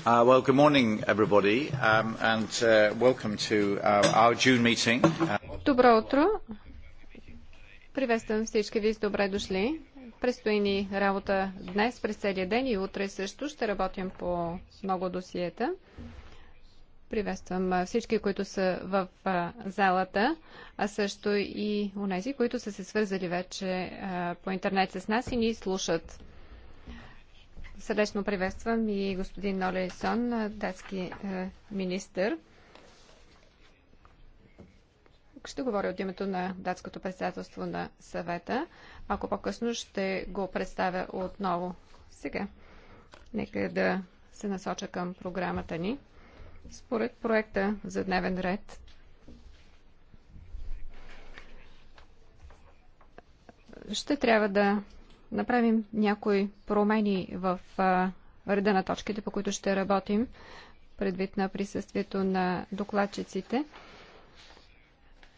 Uh, well, good morning, everybody, um, and uh, welcome to uh, our June meeting. Добро утро! Приветствам всички ви с добре дошли. Предстои ни работа днес през целия ден и утре също ще работим по много досиета. Приветствам всички, които са в залата, а също и онези, които са се свързали вече по интернет с нас и ни слушат. Сърдечно приветствам и господин Нолейсон, датски министр. Ще говоря от името на датското председателство на съвета. Ако по-късно ще го представя отново. Сега, нека да се насоча към програмата ни. Според проекта за дневен ред, ще трябва да направим някои промени в реда на точките, по които ще работим, предвид на присъствието на докладчиците.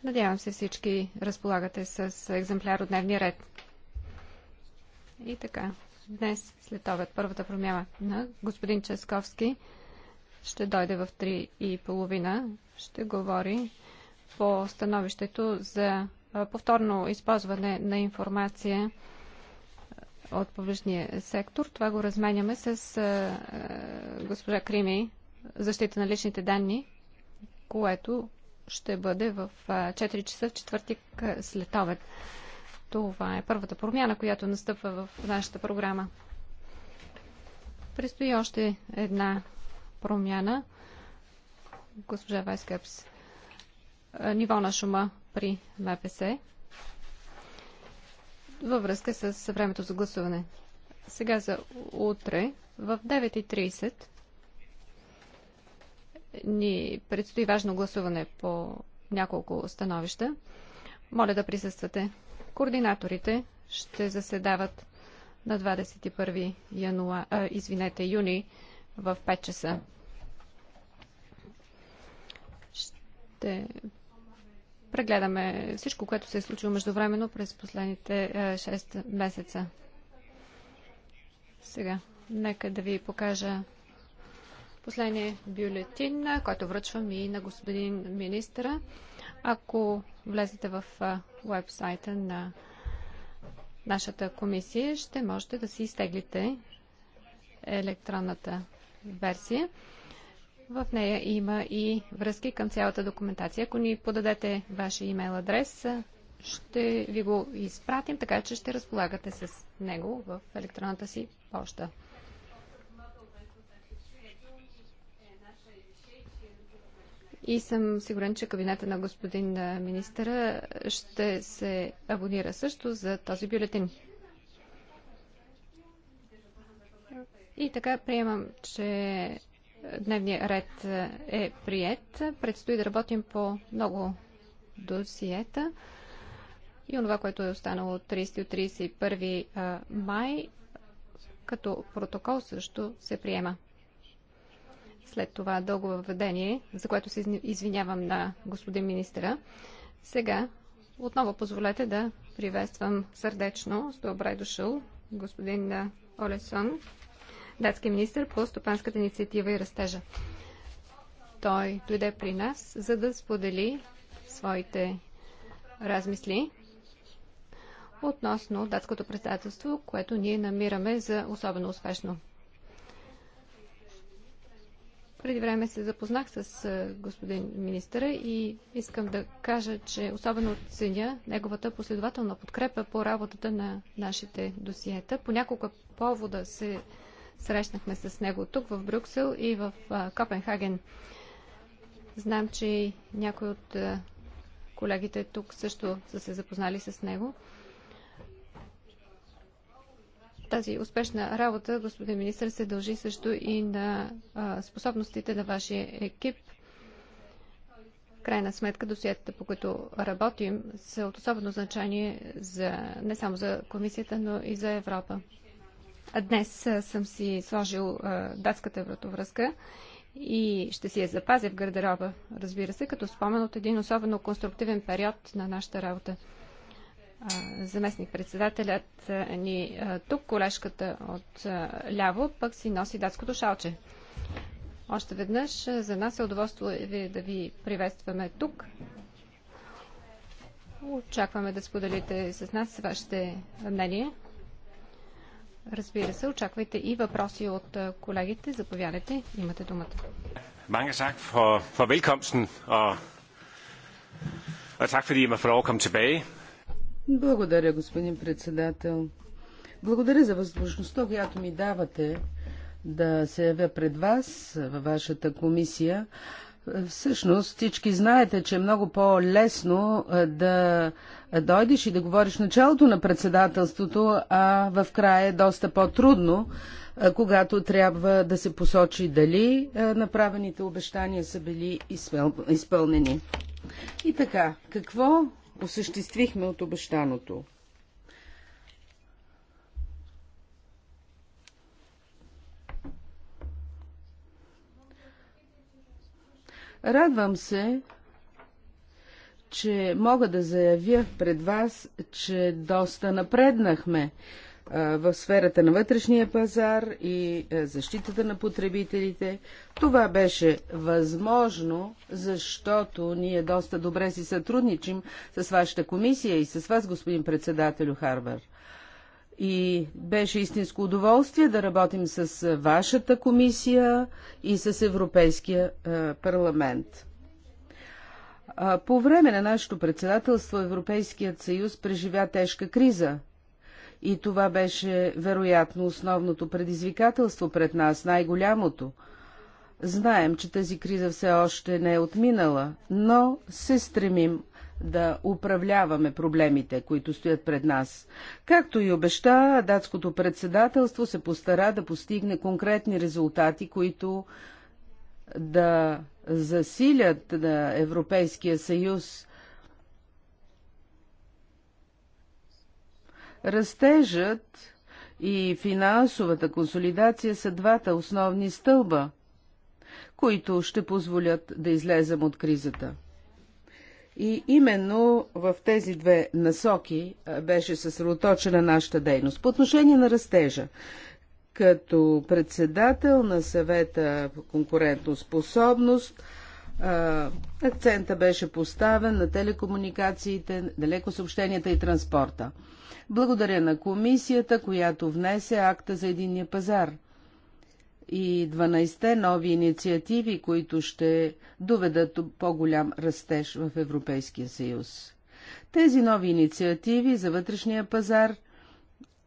Надявам се всички разполагате с екземпляр от дневния ред. И така, днес след обед първата промяна на господин Ческовски ще дойде в 3 и половина. Ще говори по становището за повторно използване на информация от публичния сектор. Това го разменяме с госпожа Крими, защита на личните данни, което ще бъде в 4 часа в четвъртик след обед. Това е първата промяна, която настъпва в нашата програма. Престои още една промяна. Госпожа Вайскепс, ниво на шума при МПС във връзка с времето за гласуване. Сега за утре в 9.30 ни предстои важно гласуване по няколко становища. Моля да присъствате. Координаторите ще заседават на 21 януа, а, извинете, юни в 5 часа. Ще прегледаме всичко, което се е случило междувременно през последните 6 е, месеца. Сега, нека да ви покажа последния бюлетин, който връчвам и на господин министра. Ако влезете в вебсайта е, на нашата комисия, ще можете да си изтеглите електронната версия. В нея има и връзки към цялата документация. Ако ни подадете вашия имейл адрес, ще ви го изпратим, така че ще разполагате с него в електронната си поща. И съм сигурен, че кабинета на господин министъра ще се абонира също за този бюлетин. И така приемам, че Дневният ред е прият. Предстои да работим по много досиета. И онова, което е останало от 30 от 31 май, като протокол също се приема. След това дълго въведение, за което се извинявам на господин министра. Сега отново позволете да приветствам сърдечно, с добре дошъл господин Олесон, датски министр по стопанската инициатива и растежа. Той дойде при нас, за да сподели своите размисли относно датското председателство, което ние намираме за особено успешно. Преди време се запознах с господин министъра и искам да кажа, че особено оценя неговата последователна подкрепа по работата на нашите досиета. По няколко повода се Срещнахме с него тук в Брюксел и в Копенхаген. Знам, че и някои от колегите тук също са се запознали с него. Тази успешна работа, господин министр, се дължи също и на способностите на вашия екип. крайна сметка, досиетата, по които работим, са от особено значение за, не само за комисията, но и за Европа. Днес съм си сложил датската вратовръзка и ще си я запазя в гардероба, разбира се, като спомен от един особено конструктивен период на нашата работа. Заместник-председателят ни тук, колежката от ляво, пък си носи датското шалче. Още веднъж за нас е удоволствие да ви приветстваме тук. Очакваме да споделите с нас вашите мнение. Разбира се, очаквайте и въпроси от колегите. Заповядайте, имате думата. Mange tak for, for velkomsten, og, og tak fordi има for at tilbage. Благодаря, господин председател. Благодаря за възможността, която ми давате да се явя пред вас във вашата комисия. Всъщност всички знаете, че е много по-лесно да дойдеш и да говориш в началото на председателството, а в края е доста по-трудно, когато трябва да се посочи дали направените обещания са били изпълнени. И така, какво осъществихме от обещаното? Радвам се, че мога да заявя пред вас, че доста напреднахме в сферата на вътрешния пазар и защитата на потребителите. Това беше възможно, защото ние доста добре си сътрудничим с вашата комисия и с вас, господин председател Харвар. И беше истинско удоволствие да работим с вашата комисия и с Европейския е, парламент. По време на нашето председателство Европейският съюз преживя тежка криза. И това беше, вероятно, основното предизвикателство пред нас, най-голямото. Знаем, че тази криза все още не е отминала, но се стремим да управляваме проблемите, които стоят пред нас. Както и обеща, датското председателство се постара да постигне конкретни резултати, които да засилят на Европейския съюз. Растежът и финансовата консолидация са двата основни стълба, които ще позволят да излезем от кризата. И именно в тези две насоки беше съсредоточена нашата дейност. По отношение на растежа, като председател на съвета по конкурентоспособност, акцента беше поставен на телекомуникациите, далеко съобщенията и транспорта. Благодаря на комисията, която внесе акта за единния пазар и 12-те нови инициативи, които ще доведат по-голям растеж в Европейския съюз. Тези нови инициативи за вътрешния пазар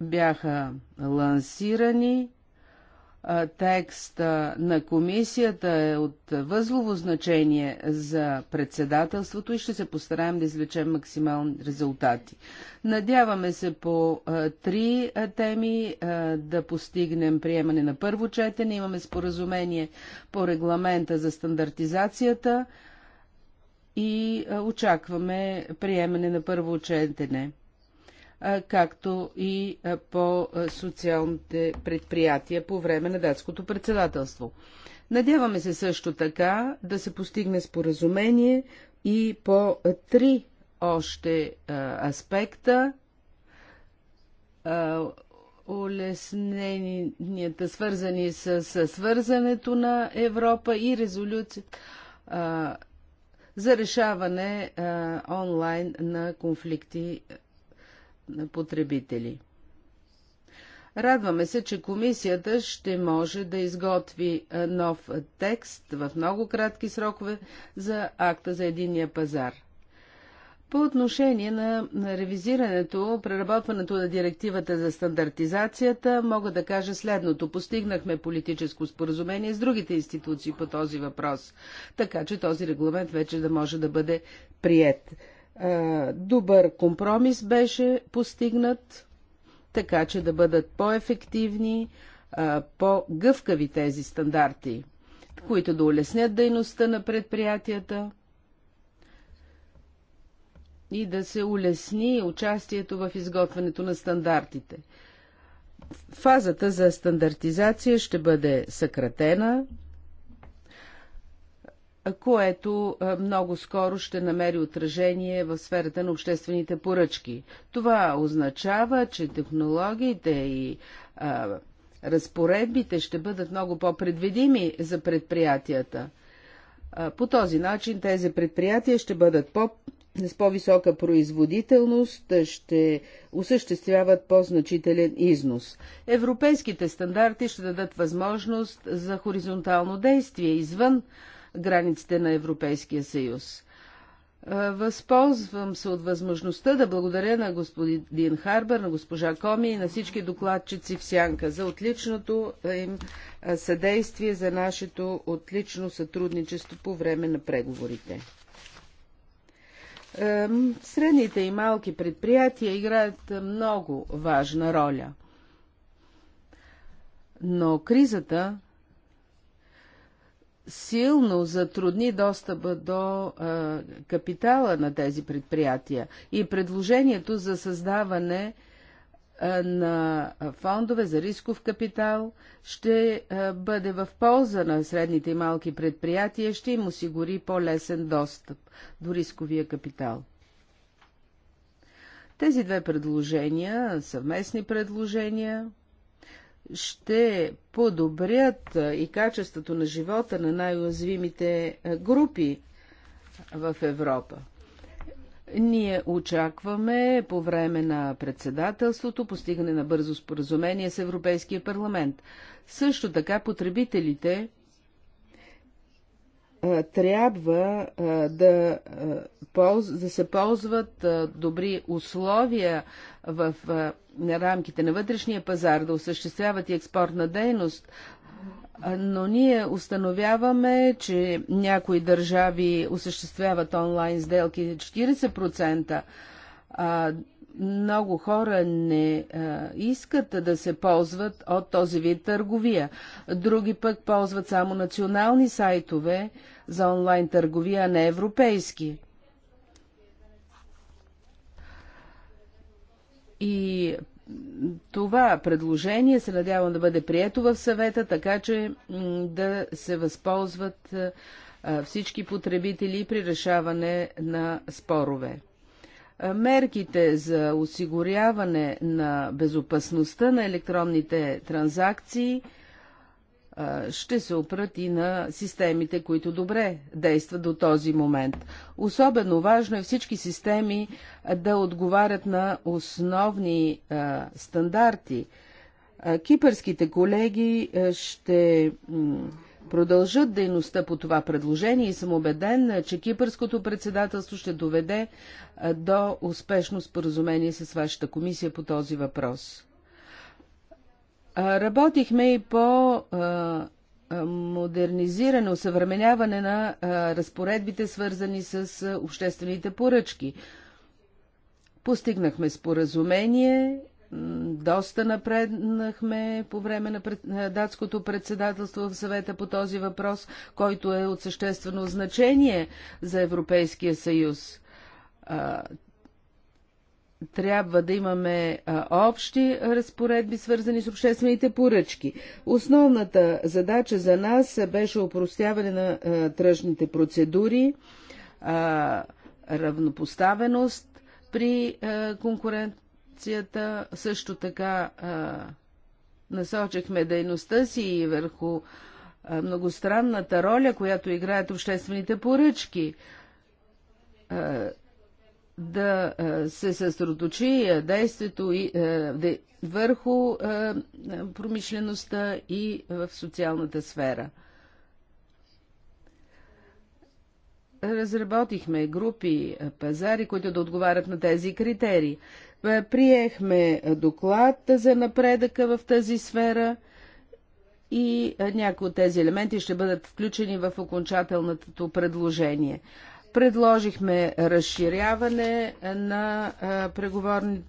бяха лансирани текста на комисията е от възлово значение за председателството и ще се постараем да извлечем максимални резултати. Надяваме се по три теми да постигнем приемане на първо четене. Имаме споразумение по регламента за стандартизацията и очакваме приемане на първо четене както и по социалните предприятия по време на датското председателство. Надяваме се също така да се постигне споразумение и по три още аспекта улесненията, свързани с, свързането на Европа и резолюция за решаване онлайн на конфликти потребители. Радваме се, че комисията ще може да изготви нов текст в много кратки срокове за акта за единния пазар. По отношение на ревизирането, преработването на директивата за стандартизацията, мога да кажа следното. Постигнахме политическо споразумение с другите институции по този въпрос, така че този регламент вече да може да бъде прият. Е, добър компромис беше постигнат, така че да бъдат по-ефективни, е, по-гъвкави тези стандарти, които да улеснят дейността на предприятията и да се улесни участието в изготвянето на стандартите. Фазата за стандартизация ще бъде съкратена, което е, много скоро ще намери отражение в сферата на обществените поръчки. Това означава, че технологиите и а, разпоредбите ще бъдат много по-предвидими за предприятията. А, по този начин тези предприятия ще бъдат по- с по-висока производителност, ще осъществяват по-значителен износ. Европейските стандарти ще дадат възможност за хоризонтално действие извън границите на Европейския съюз. Възползвам се от възможността да благодаря на господин Харбър, на госпожа Коми и на всички докладчици в Сянка за отличното им съдействие за нашето отлично сътрудничество по време на преговорите. Средните и малки предприятия играят много важна роля. Но кризата силно затрудни достъпа до а, капитала на тези предприятия и предложението за създаване а, на фондове за рисков капитал ще а, бъде в полза на средните и малки предприятия, ще им осигури по-лесен достъп до рисковия капитал. Тези две предложения, съвместни предложения, ще подобрят и качеството на живота на най-уязвимите групи в Европа. Ние очакваме по време на председателството постигане на бързо споразумение с Европейския парламент. Също така потребителите трябва да, да се ползват добри условия в рамките на вътрешния пазар, да осъществяват и експортна дейност, но ние установяваме, че някои държави осъществяват онлайн сделки 40%, а много хора не а, искат да се ползват от този вид търговия. Други пък ползват само национални сайтове, за онлайн търговия, а не европейски. И това предложение се надявам да бъде прието в съвета, така че да се възползват всички потребители при решаване на спорове. Мерките за осигуряване на безопасността на електронните транзакции – ще се опрати на системите, които добре действат до този момент. Особено важно е всички системи да отговарят на основни стандарти. кипърските колеги ще продължат дейността по това предложение и съм убеден, че кипърското председателство ще доведе до успешно споразумение с вашата комисия по този въпрос. Работихме и по модернизиране, усъвременяване на разпоредбите, свързани с обществените поръчки. Постигнахме споразумение, доста напреднахме по време на датското председателство в съвета по този въпрос, който е от съществено значение за Европейския съюз трябва да имаме общи разпоредби, свързани с обществените поръчки. Основната задача за нас беше упростяване на тръжните процедури, равнопоставеност при конкуренцията. Също така насочихме дейността си и върху многостранната роля, която играят обществените поръчки да е, се съсредоточи е, действието и, е, върху промишлеността и в социалната сфера. Разработихме групи пазари, които да отговарят на тези критерии. Приехме доклад за напредъка в тази сфера и някои от тези елементи ще бъдат включени в окончателното предложение. Предложихме разширяване на преговорни,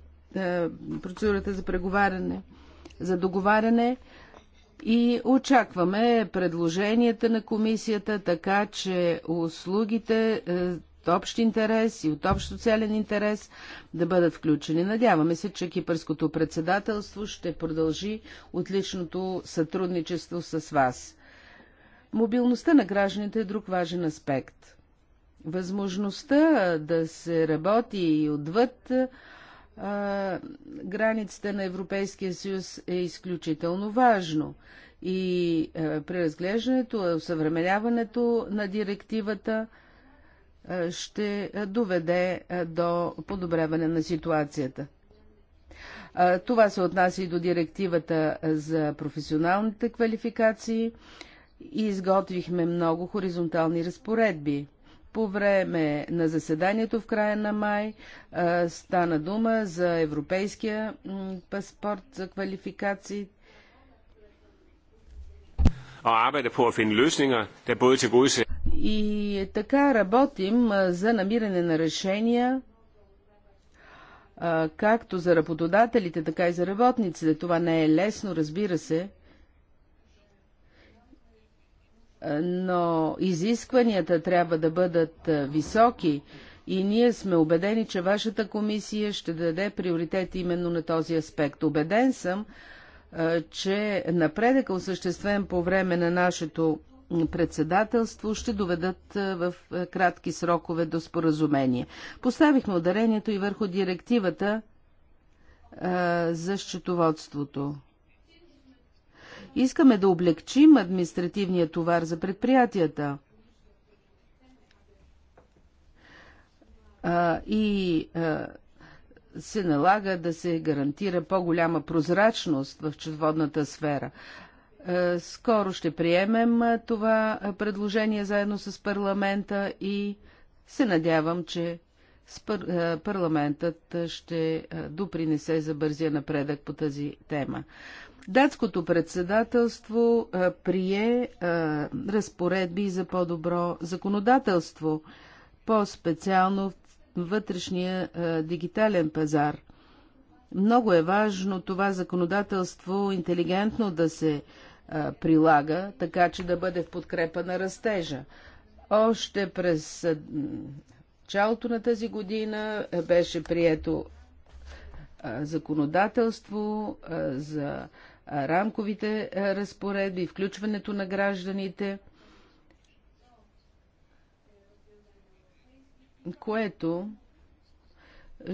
процедурата за преговаряне, за договаряне и очакваме предложенията на комисията, така че услугите от общ интерес и от общ социален интерес да бъдат включени. Надяваме се, че кипърското председателство ще продължи отличното сътрудничество с вас. Мобилността на гражданите е друг важен аспект. Възможността да се работи и отвъд а, границата на Европейския съюз е изключително важно. И а, преразглеждането, съвременяването на директивата а, ще доведе а, до подобряване на ситуацията. А, това се отнася и до директивата за професионалните квалификации и изготвихме много хоризонтални разпоредби. По време на заседанието в края на май стана дума за европейския паспорт за квалификации. И така работим за намиране на решения както за работодателите, така и за работниците. Това не е лесно, разбира се но изискванията трябва да бъдат високи и ние сме убедени, че вашата комисия ще даде приоритет именно на този аспект. Убеден съм, че напредък, осъществен по време на нашето председателство, ще доведат в кратки срокове до споразумение. Поставихме ударението и върху директивата за счетоводството. Искаме да облегчим административния товар за предприятията. А, и а, се налага да се гарантира по-голяма прозрачност в четводната сфера. А, скоро ще приемем това предложение заедно с парламента и се надявам, че парламентът ще допринесе за бързия напредък по тази тема. Датското председателство прие разпоредби за по-добро законодателство, по-специално вътрешния дигитален пазар. Много е важно това законодателство интелигентно да се прилага, така че да бъде в подкрепа на растежа. Още през началото на тази година беше прието законодателство за рамковите е, разпоредби, включването на гражданите, което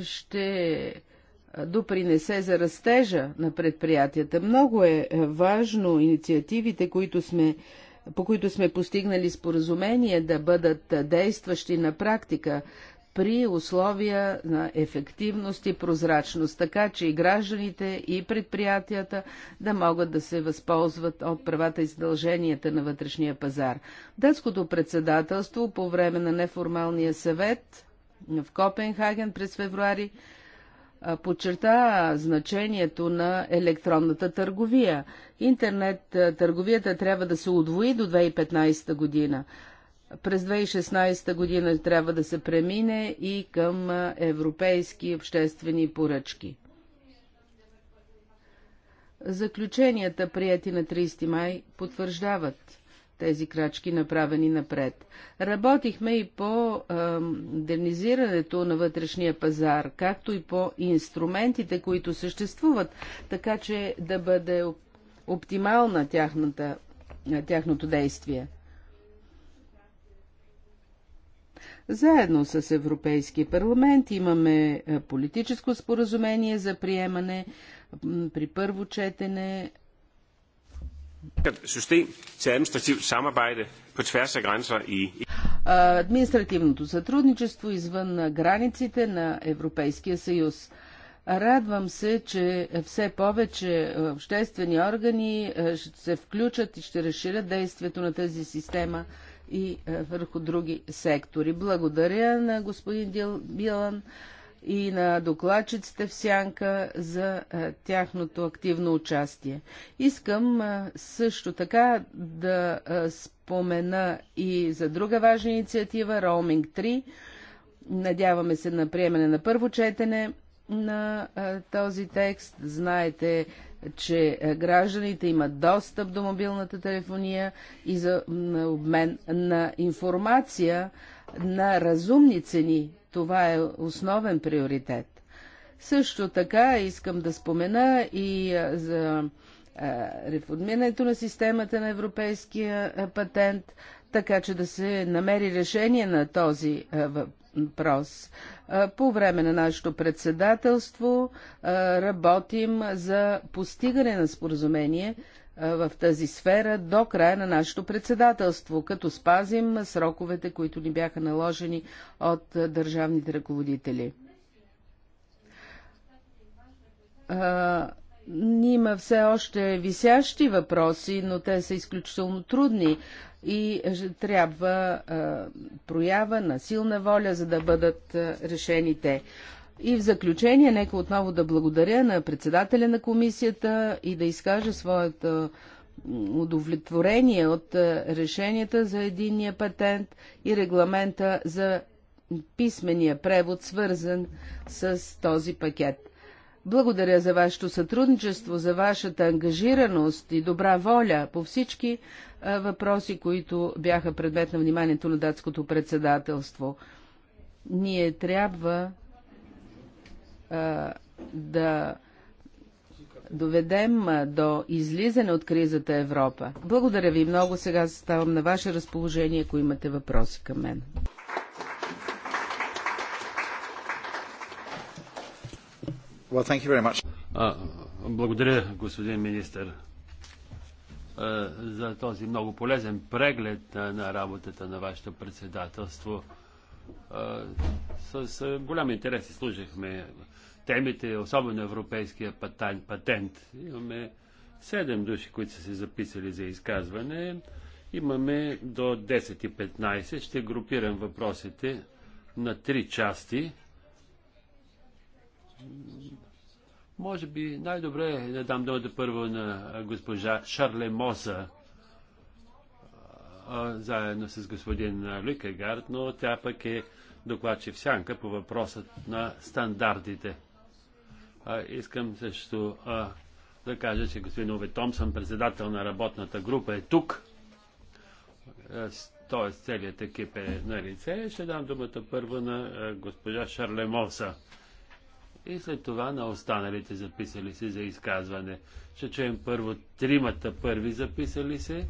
ще допринесе за растежа на предприятията. Много е, е важно инициативите, които сме, по които сме постигнали споразумение, да бъдат действащи на практика, при условия на ефективност и прозрачност, така че и гражданите, и предприятията да могат да се възползват от правата и задълженията на вътрешния пазар. Датското председателство по време на неформалния съвет в Копенхаген през февруари подчерта значението на електронната търговия. Интернет търговията трябва да се удвои до 2015 година. През 2016 година трябва да се премине и към европейски обществени поръчки. Заключенията, прияти на 30 май, потвърждават тези крачки, направени напред. Работихме и по модернизирането на вътрешния пазар, както и по инструментите, които съществуват, така че да бъде оптимална тяхната, тяхното действие. Заедно с Европейския парламент имаме е, политическо споразумение за приемане при първо четене. Систем за по административното сътрудничество извън границите на Европейския съюз. Радвам се, че все повече е, обществени органи е, ще се включат и ще разширят действието на тази система и е, върху други сектори. Благодаря на господин Дил Билан и на докладчиците в Сянка за а, е, тяхното активно участие. Искам а, е, също така да а, спомена и за друга важна инициатива Roaming 3. Надяваме се на приемане на първо четене на този текст. Знаете, че е, гражданите имат достъп до мобилната телефония и за обмен на информация на разумни цени. Това е основен приоритет. Също така искам да спомена и е, за е, реформирането на системата на европейския патент така че да се намери решение на този е, въпрос. Е, по време на нашето председателство е, работим за постигане на споразумение в тази сфера до края на нашето председателство, като спазим сроковете, които ни бяха наложени от държавните ръководители. Има все още висящи въпроси, но те са изключително трудни и трябва проява на силна воля, за да бъдат решени те. И в заключение, нека отново да благодаря на председателя на комисията и да изкажа своето удовлетворение от решенията за единния патент и регламента за писмения превод, свързан с този пакет. Благодаря за вашето сътрудничество, за вашата ангажираност и добра воля по всички въпроси, които бяха предмет на вниманието на датското председателство. Ние трябва а, да доведем до излизане от кризата Европа. Благодаря ви много. Сега ставам на ваше разположение, ако имате въпроси към мен. Well, благодаря, господин министър. Е, за този много полезен преглед е, на работата на вашето председателство. Е, с голям интерес изслужихме служихме темите, особено европейския патент. Имаме седем души, които са се записали за изказване. Имаме до 10.15. Ще групирам въпросите на три части може би най-добре е да дам думата първо на госпожа Шарле Моса, заедно с господин Люкегард, но тя пък е докладчик сянка по въпросът на стандартите. А, искам също а, да кажа, че господин Ове Томсън, председател на работната група, е тук. Т.е. целият екип е на лице. Ще дам думата първо на госпожа госпожа Шарлемоса и след това на останалите записали се за изказване. Ще чуем първо тримата първи записали се.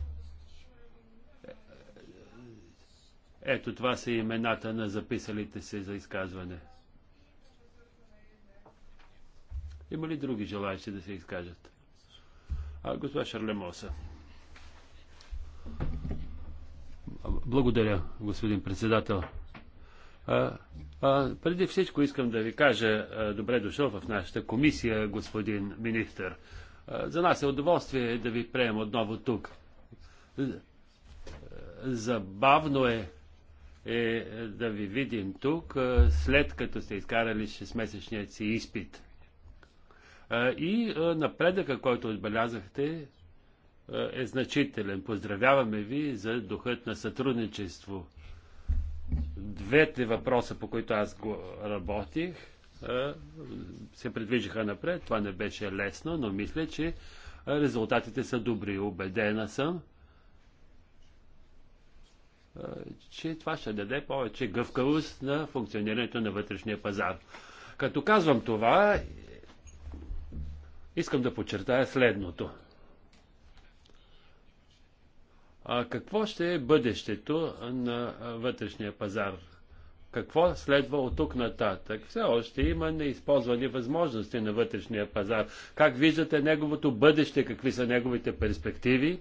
Ето това са имената на записалите се за изказване. Има ли други желаящи да се изкажат? А, госпожа Шарлемоса. Благодаря, господин председател. А, а, преди всичко искам да ви кажа а, добре дошъл в нашата комисия, господин министр. за нас е удоволствие да ви прием отново тук. Забавно е, е да ви видим тук, след като сте изкарали 6-месечният си изпит. А, и а, напредъка, който отбелязахте, е значителен. Поздравяваме ви за духът на сътрудничество двете въпроса, по които аз го работих, се предвижиха напред. Това не беше лесно, но мисля, че резултатите са добри. Убедена съм, че това ще даде повече гъвкавост на функционирането на вътрешния пазар. Като казвам това, искам да подчертая следното – а какво ще е бъдещето на вътрешния пазар? Какво следва от тук нататък? Все още има неизползвани възможности на вътрешния пазар. Как виждате неговото бъдеще? Какви са неговите перспективи?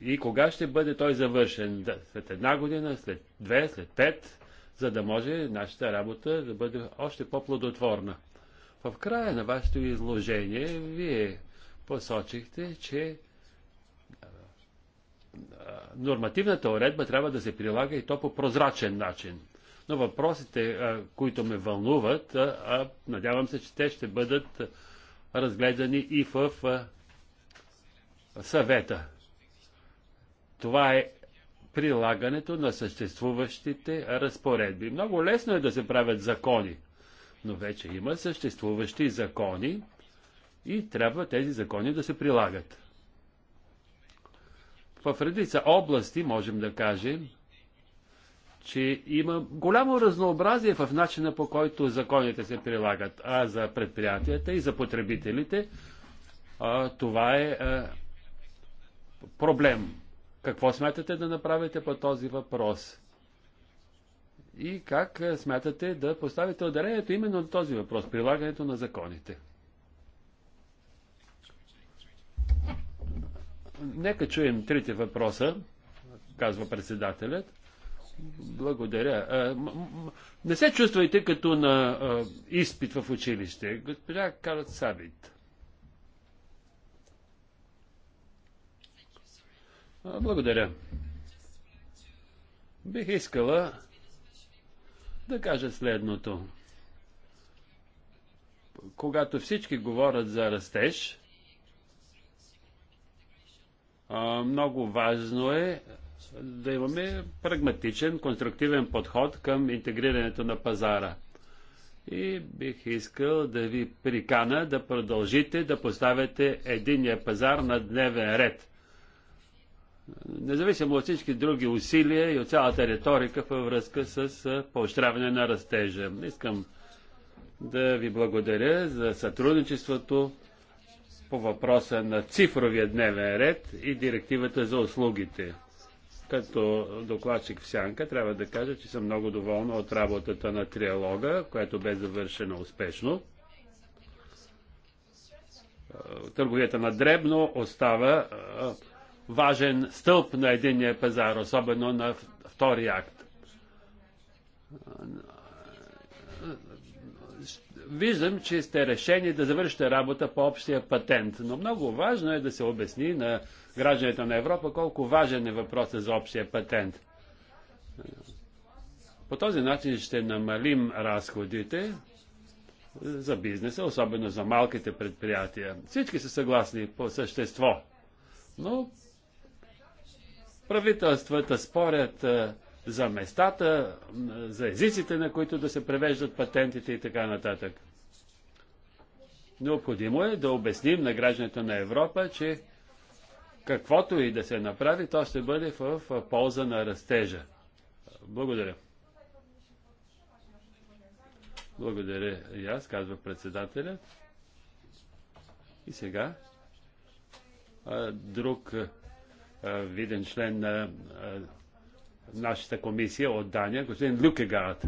И кога ще бъде той завършен? след една година, след две, след пет, за да може нашата работа да бъде още по-плодотворна. В края на вашето изложение вие посочихте, че нормативната уредба трябва да се прилага и то по прозрачен начин. Но въпросите, които ме вълнуват, надявам се, че те ще бъдат разгледани и в съвета. Това е прилагането на съществуващите разпоредби. Много лесно е да се правят закони, но вече има съществуващи закони и трябва тези закони да се прилагат в редица области можем да кажем, че има голямо разнообразие в начина по който законите се прилагат. А за предприятията и за потребителите а, това е а, проблем. Какво смятате да направите по този въпрос? И как смятате да поставите ударението именно на този въпрос, прилагането на законите? Нека чуем трите въпроса, казва председателят. Благодаря. Не се чувствайте като на изпит в училище. Госпожа Карат Сабит. Благодаря. Бих искала да кажа следното. Когато всички говорят за растеж, много важно е да имаме прагматичен, конструктивен подход към интегрирането на пазара. И бих искал да ви прикана да продължите да поставяте единия пазар на дневен ред. Независимо от всички други усилия и от цялата риторика във връзка с поощряване на растежа. Искам да ви благодаря за сътрудничеството по въпроса на цифровия дневен ред и директивата за услугите. Като докладчик в Сянка трябва да кажа, че съм много доволна от работата на триалога, която бе завършена успешно. Търговията на дребно остава важен стълб на единния пазар, особено на втори акт виждам, че сте решени да завършите работа по общия патент, но много важно е да се обясни на гражданите на Европа колко важен е въпросът за общия патент. По този начин ще намалим разходите за бизнеса, особено за малките предприятия. Всички са съгласни по същество, но правителствата спорят за местата, за езиците, на които да се превеждат патентите и така нататък. Необходимо е да обясним на гражданите на Европа, че каквото и да се направи, то ще бъде в полза на растежа. Благодаря. Благодаря и аз, казва председателя. И сега друг виден член на нашата комисия от Дания, господин Люкегард.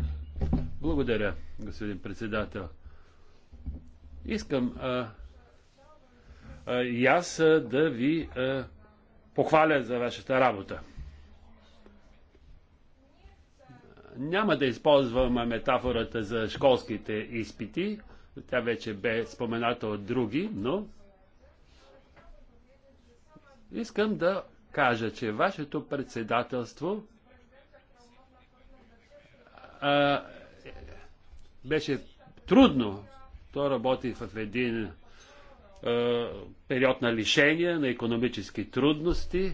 Благодаря, господин председател. Искам а, а, и аз а, да ви а, похваля за вашата работа. Няма да използвам метафората за школските изпити. Тя вече бе спомената от други, но искам да кажа, че вашето председателство а, беше трудно. Той работи в един а, период на лишения, на економически трудности,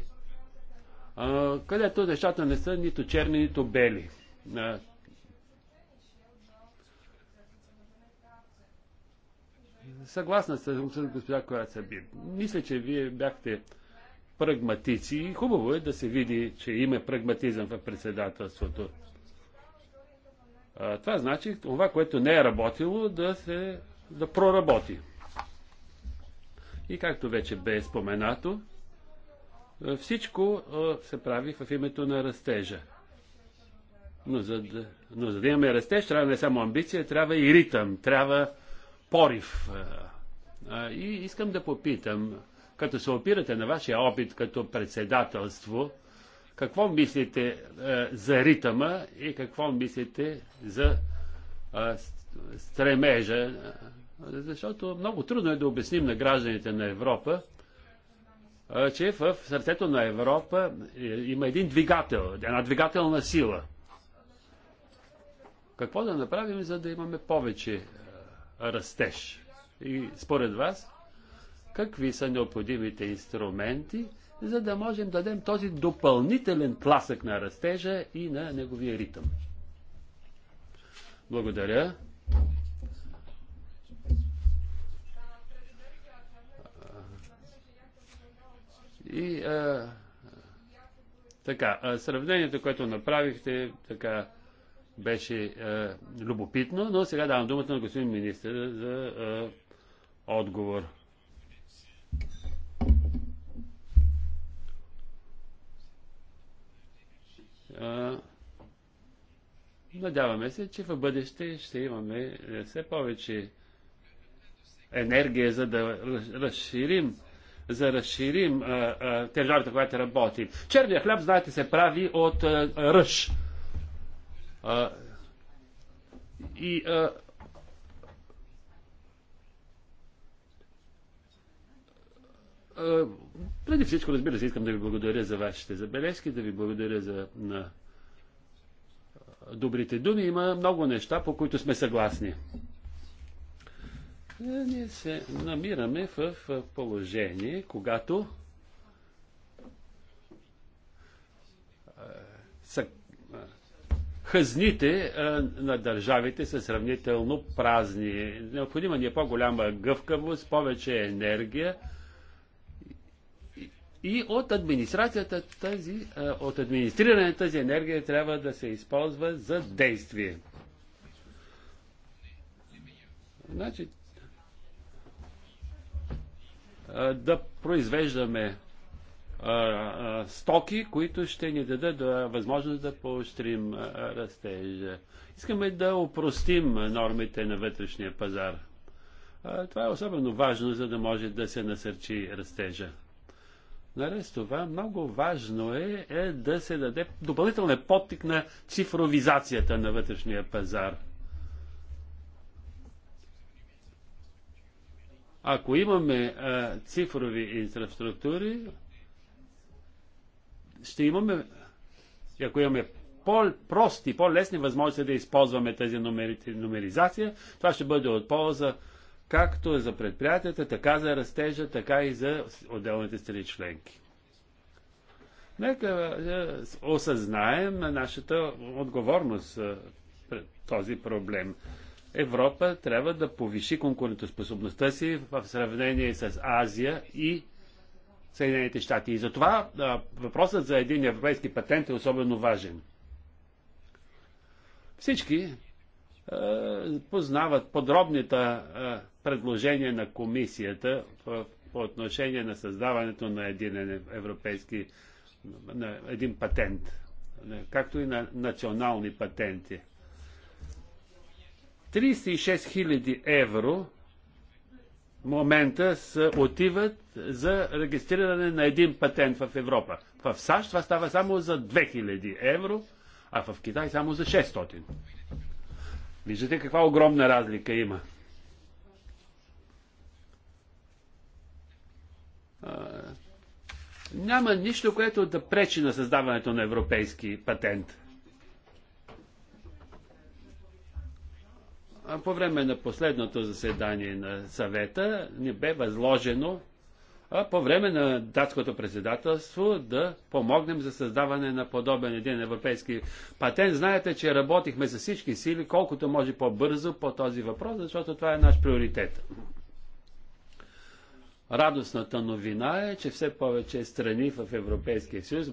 а, където нещата не са нито черни, нито бели. А, съгласна съм с госпожа Корацаби. Мисля, че вие бяхте прагматици и хубаво е да се види, че има прагматизъм в председателството. Това значи това, което не е работило, да се да проработи. И както вече бе споменато, всичко се прави в името на растежа. Но за да, но за да имаме растеж, трябва не само амбиция, трябва и ритъм, трябва порив. И искам да попитам, като се опирате на вашия опит като председателство, какво мислите е, за ритъма и какво мислите за е, стремежа? Защото много трудно е да обясним на гражданите на Европа, е, че в сърцето на Европа е, има един двигател, една двигателна сила. Какво да направим, за да имаме повече е, растеж? И според вас, какви са необходимите инструменти, за да можем да дадем този допълнителен тласък на растежа и на неговия ритъм. Благодаря. И а, така, сравнението, което направихте, така беше а, любопитно, но сега давам думата на господин министър за а, отговор. Надяваме се, че в бъдеще ще имаме е, все повече енергия, за да разширим за разширим тежарата, която работи. Черния хляб, знаете, се прави от а, ръж. А, и а, преди всичко, разбира се, искам да ви благодаря за вашите забележки, да ви благодаря за на добрите думи. Има много неща, по които сме съгласни. Е, ние се намираме в положение, когато е, е, хазните на държавите са сравнително празни. Необходима ни е по-голяма гъвкавост, повече енергия, и от администрацията тази, от администриране тази енергия трябва да се използва за действие. Значи, да произвеждаме стоки, които ще ни дадат възможност да поощрим растежа. Искаме да опростим нормите на вътрешния пазар. Това е особено важно, за да може да се насърчи растежа. Наред с това, много важно е, е да се даде допълнителен подтик на цифровизацията на вътрешния пазар. Ако имаме а, цифрови инфраструктури, ще имаме, ако имаме по-прости, по-лесни възможности да използваме тази номери, номеризация, това ще бъде от полза както за предприятията, така за растежа, така и за отделните страни членки. Нека е, осъзнаем нашата отговорност е, пред този проблем. Европа трябва да повиши конкурентоспособността си в сравнение с Азия и Съединените щати. И затова е, въпросът за един европейски патент е особено важен. Всички е, познават подробните е, предложения на комисията по отношение на създаването на един европейски, на един патент, както и на национални патенти. 36 000 евро момента са, отиват за регистриране на един патент в Европа. В САЩ това става само за 2000 евро, а в Китай само за 600. Виждате каква огромна разлика има. няма нищо, което да пречи на създаването на европейски патент. По време на последното заседание на съвета ни бе възложено по време на датското председателство да помогнем за създаване на подобен един европейски патент. Знаете, че работихме с всички сили, колкото може по-бързо по този въпрос, защото това е наш приоритет. Радостната новина е, че все повече страни в Европейския съюз,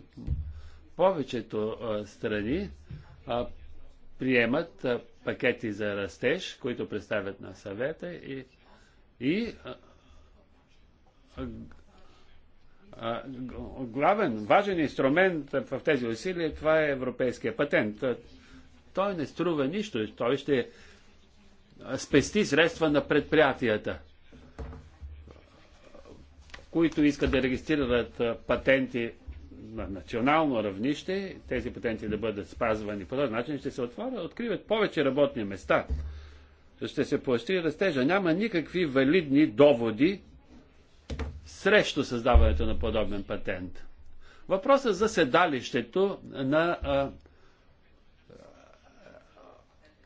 повечето страни приемат пакети за растеж, които представят на съвета и, и главен, важен инструмент в тези усилия, това е европейския патент. Той не струва нищо, той ще спести средства на предприятията, които искат да регистрират патенти на национално равнище, тези патенти да бъдат спазвани. По този начин ще се отворят, откриват повече работни места. Ще се поощри растежа. Няма никакви валидни доводи срещу създаването на подобен патент. Въпросът за седалището на а,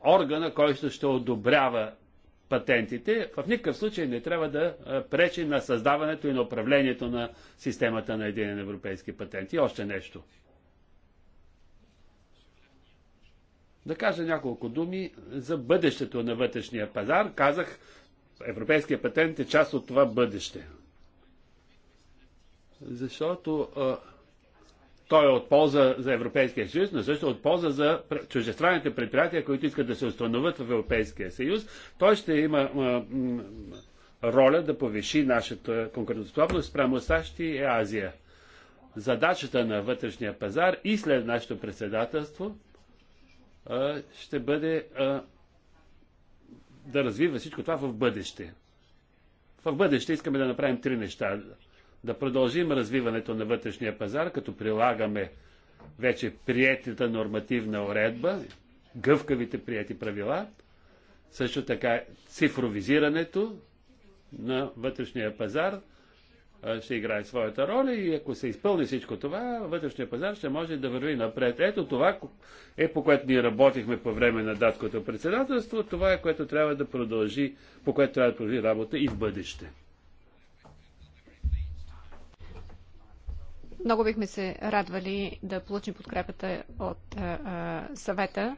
органа, който ще одобрява патентите, в никакъв случай не трябва да пречи на създаването и на управлението на системата на един европейски патент. И още нещо. Да кажа няколко думи за бъдещето на вътрешния пазар. Казах, европейския патент е част от това бъдеще защото а, той е от полза за Европейския съюз, но също от полза за чужестранните предприятия, които искат да се установят в Европейския съюз. Той ще има а, м, роля да повиши нашата конкурентоспособност спрямо САЩ и Азия. Задачата на вътрешния пазар и след нашето председателство а, ще бъде а, да развива всичко това в бъдеще. В бъдеще искаме да направим три неща да продължим развиването на вътрешния пазар, като прилагаме вече приятата нормативна уредба, гъвкавите прияти правила, също така цифровизирането на вътрешния пазар ще играе своята роля и ако се изпълни всичко това, вътрешния пазар ще може да върви напред. Ето това е по което ние работихме по време на датското председателство, това е което трябва да продължи, по което трябва да продължи работа и в бъдеще. Много бихме се радвали да получим подкрепата от а, съвета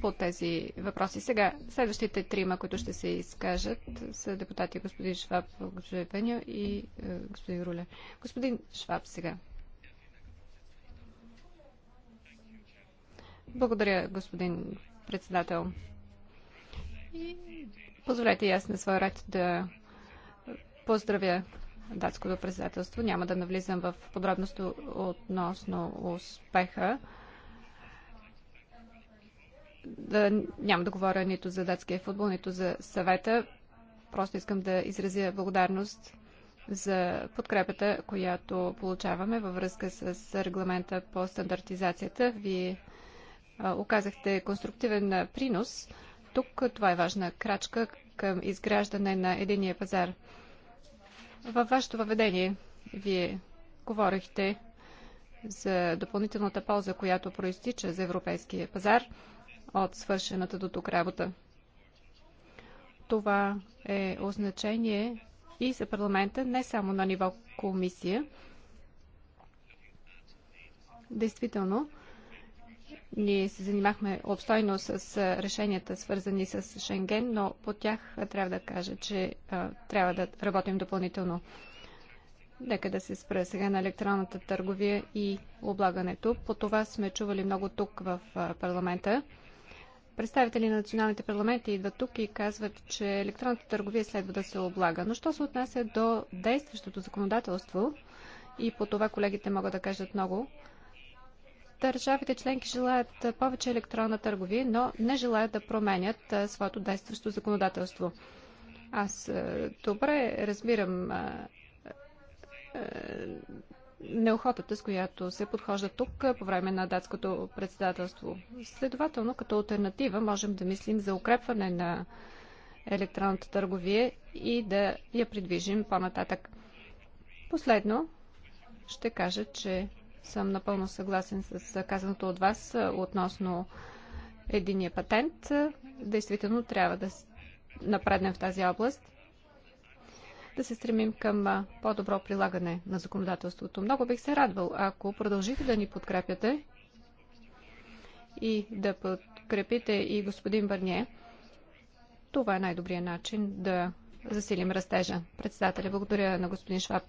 по тези въпроси. Сега, следващите трима, които ще се изкажат, са депутати господин Шваб, господин Пеню и господин Руле. Господин Шваб сега. Благодаря, господин председател. И позволете и аз на своя ред да поздравя датското председателство. Няма да навлизам в подробности относно успеха. Да, няма да говоря нито за датския футбол, нито за съвета. Просто искам да изразя благодарност за подкрепата, която получаваме във връзка с регламента по стандартизацията. Вие оказахте конструктивен принос. Тук това е важна крачка към изграждане на единия пазар. Във вашето въведение вие говорихте за допълнителната полза, която проистича за европейския пазар от свършената до тук работа. Това е означение и за парламента, не само на ниво комисия. Действително, ние се занимахме обстойно с решенията, свързани с Шенген, но по тях трябва да кажа, че а, трябва да работим допълнително. Нека да се спра сега на електронната търговия и облагането. По това сме чували много тук в парламента. Представители на националните парламенти идват тук и казват, че електронната търговия следва да се облага. Но що се отнася до действащото законодателство, и по това колегите могат да кажат много, Държавите членки желаят повече електронна търговия, но не желаят да променят своето действащо законодателство. Аз добре разбирам неохотата, с която се подхожда тук по време на датското председателство. Следователно, като альтернатива можем да мислим за укрепване на електронната търговия и да я придвижим по-нататък. Последно ще кажа, че съм напълно съгласен с казаното от вас относно единия патент. Действително трябва да напреднем в тази област, да се стремим към по-добро прилагане на законодателството. Много бих се радвал, ако продължите да ни подкрепяте и да подкрепите и господин Барние. Това е най-добрият начин да засилим растежа. Председателя, благодаря на господин Шваб.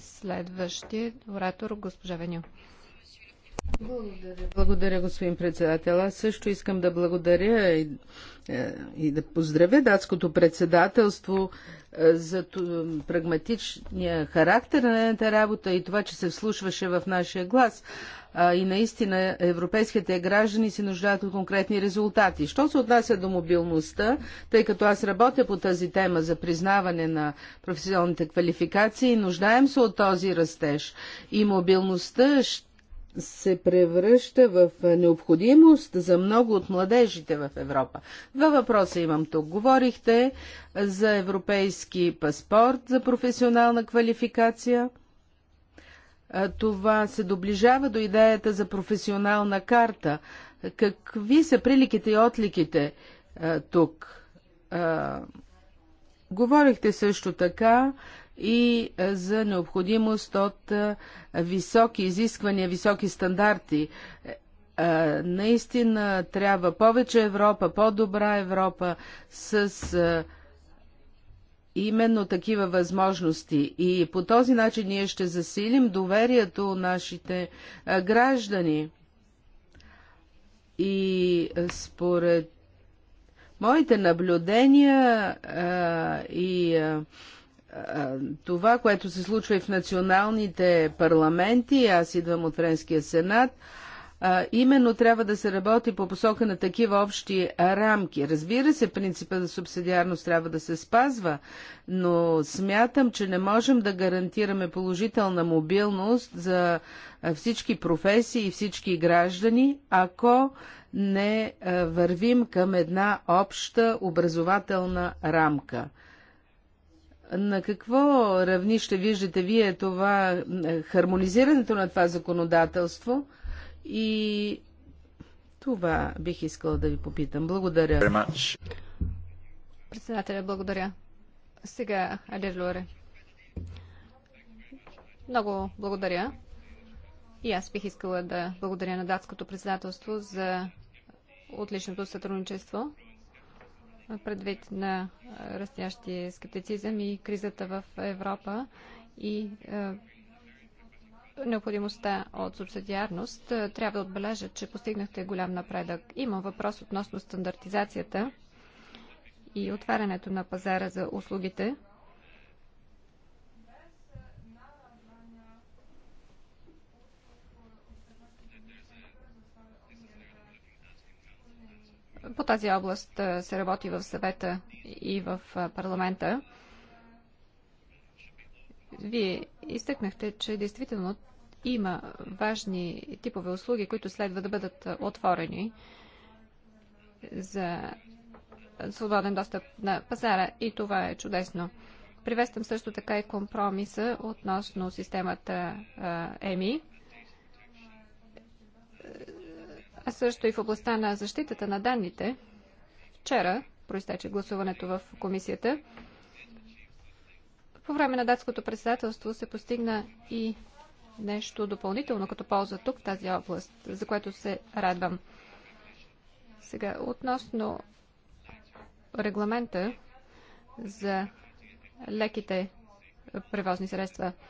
Следващият оратор, госпожа Веню. Благодаря. Благодаря, господин председател. Аз също искам да благодаря и, е, и да поздравя датското председателство е, за прагматичния характер на едната работа и това, че се вслушваше в нашия глас. И наистина европейските граждани се нуждаят от конкретни резултати. Що се отнася до мобилността, тъй като аз работя по тази тема за признаване на професионалните квалификации, нуждаем се от този растеж. И мобилността ще се превръща в необходимост за много от младежите в Европа. Два въпроса имам тук. Говорихте за европейски паспорт за професионална квалификация. Това се доближава до идеята за професионална карта. Какви са приликите и отликите тук? Говорихте също така и е, за необходимост от е, високи изисквания, високи стандарти. Е, наистина трябва повече Европа, по-добра Европа с именно такива възможности. И по този начин ние ще засилим доверието нашите граждани. И според моите наблюдения и а, това, което се случва и в националните парламенти, аз идвам от Френския сенат, именно трябва да се работи по посока на такива общи рамки. Разбира се, принципа за субсидиарност трябва да се спазва, но смятам, че не можем да гарантираме положителна мобилност за всички професии и всички граждани, ако не вървим към една обща образователна рамка. На какво равнище виждате вие това, е, хармонизирането на това законодателство и това бих искала да ви попитам. Благодаря. Председателя, благодаря. Сега, Алир Много благодаря. И аз бих искала да благодаря на датското председателство за отличното сътрудничество предвид на растящия скептицизъм и кризата в Европа и необходимостта от субсидиарност, трябва да отбележа, че постигнахте голям напредък. Има въпрос относно стандартизацията и отварянето на пазара за услугите. По тази област се работи в съвета и в парламента. Вие изтъкнахте, че действително има важни типове услуги, които следва да бъдат отворени за свободен достъп на пазара и това е чудесно. Приветствам също така и компромиса относно системата а, ЕМИ. а също и в областта на защитата на данните. Вчера проистече гласуването в комисията. По време на датското председателство се постигна и нещо допълнително като полза тук в тази област, за което се радвам. Сега, относно регламента за леките превозни средства –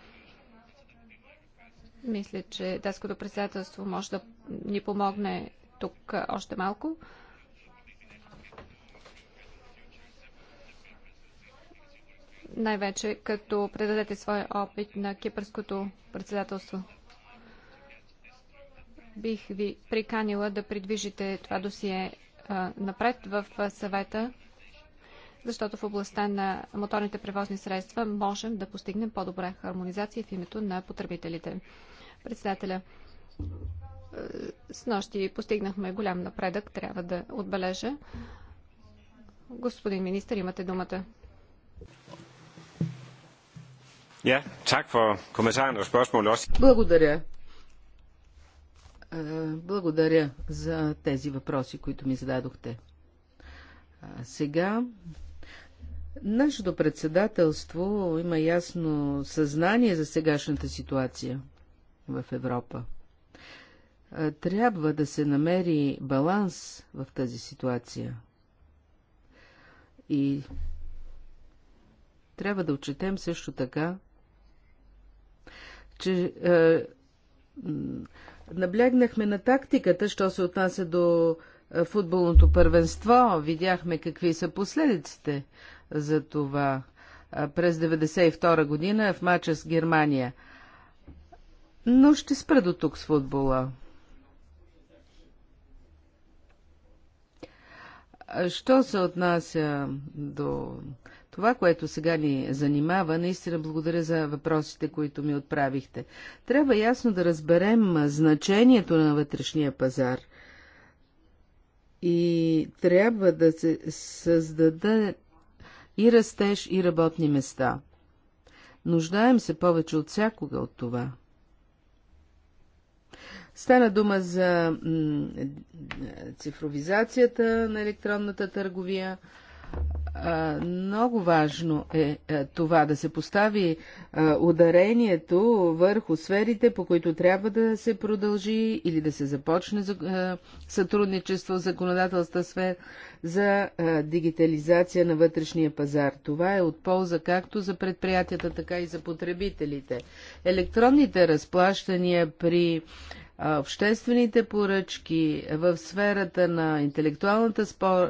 мисля, че датското председателство може да ни помогне тук още малко. Най-вече като предадете своя опит на кипърското председателство. Бих ви приканила да придвижите това досие напред в съвета защото в областта на моторните превозни средства можем да постигнем по-добра хармонизация в името на потребителите. Председателя, с нощи постигнахме голям напредък, трябва да отбележа. Господин министр, имате думата. Благодаря. Е, благодаря за тези въпроси, които ми зададохте. сега Нашето председателство има ясно съзнание за сегашната ситуация в Европа. Трябва да се намери баланс в тази ситуация. И трябва да отчетем също така, че е, наблягнахме на тактиката, що се отнася до футболното първенство, видяхме какви са последиците за това през 1992 година в мача с Германия. Но ще спра до тук с футбола. Що се отнася до това, което сега ни занимава, наистина благодаря за въпросите, които ми отправихте. Трябва ясно да разберем значението на вътрешния пазар. И трябва да се създаде и растеж, и работни места. Нуждаем се повече от всякога от това. Стана дума за цифровизацията на електронната търговия. много важно е, е това да се постави е, ударението върху сферите, по които трябва да се продължи или да се започне е, сътрудничество в законодателната сфера, за дигитализация на вътрешния пазар. Това е от полза както за предприятията, така и за потребителите. Електронните разплащания при обществените поръчки в сферата на интелектуалната спор...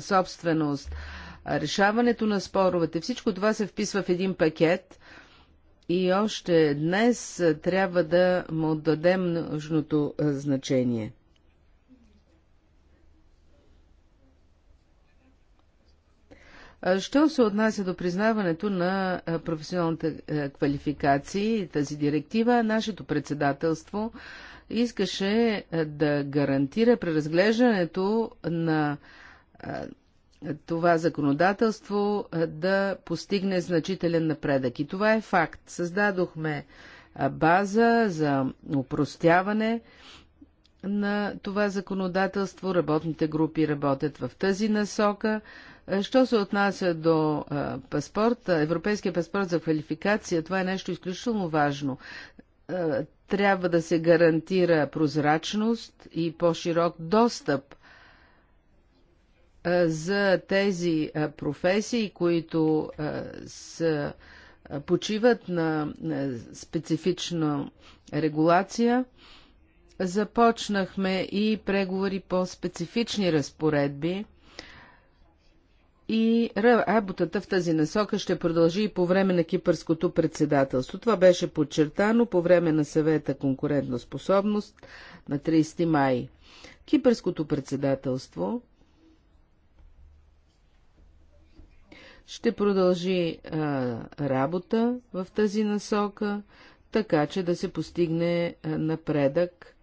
собственост, решаването на споровете, всичко това се вписва в един пакет и още днес трябва да му дадем нужното значение. Що се отнася до признаването на професионалните квалификации, тази директива, нашето председателство искаше да гарантира преразглеждането на това законодателство да постигне значителен напредък. И това е факт. Създадохме база за упростяване на това законодателство. Работните групи работят в тази насока. Е, що се отнася до е, паспорта, европейския паспорт за квалификация, това е нещо изключително важно. Е, трябва да се гарантира прозрачност и по-широк достъп за тези професии, които са, почиват на специфична регулация. Започнахме и преговори по специфични разпоредби и работата в тази насока ще продължи и по време на кипърското председателство. Това беше подчертано по време на съвета конкурентна способност на 30 май. Кипърското председателство ще продължи а, работа в тази насока, така че да се постигне а, напредък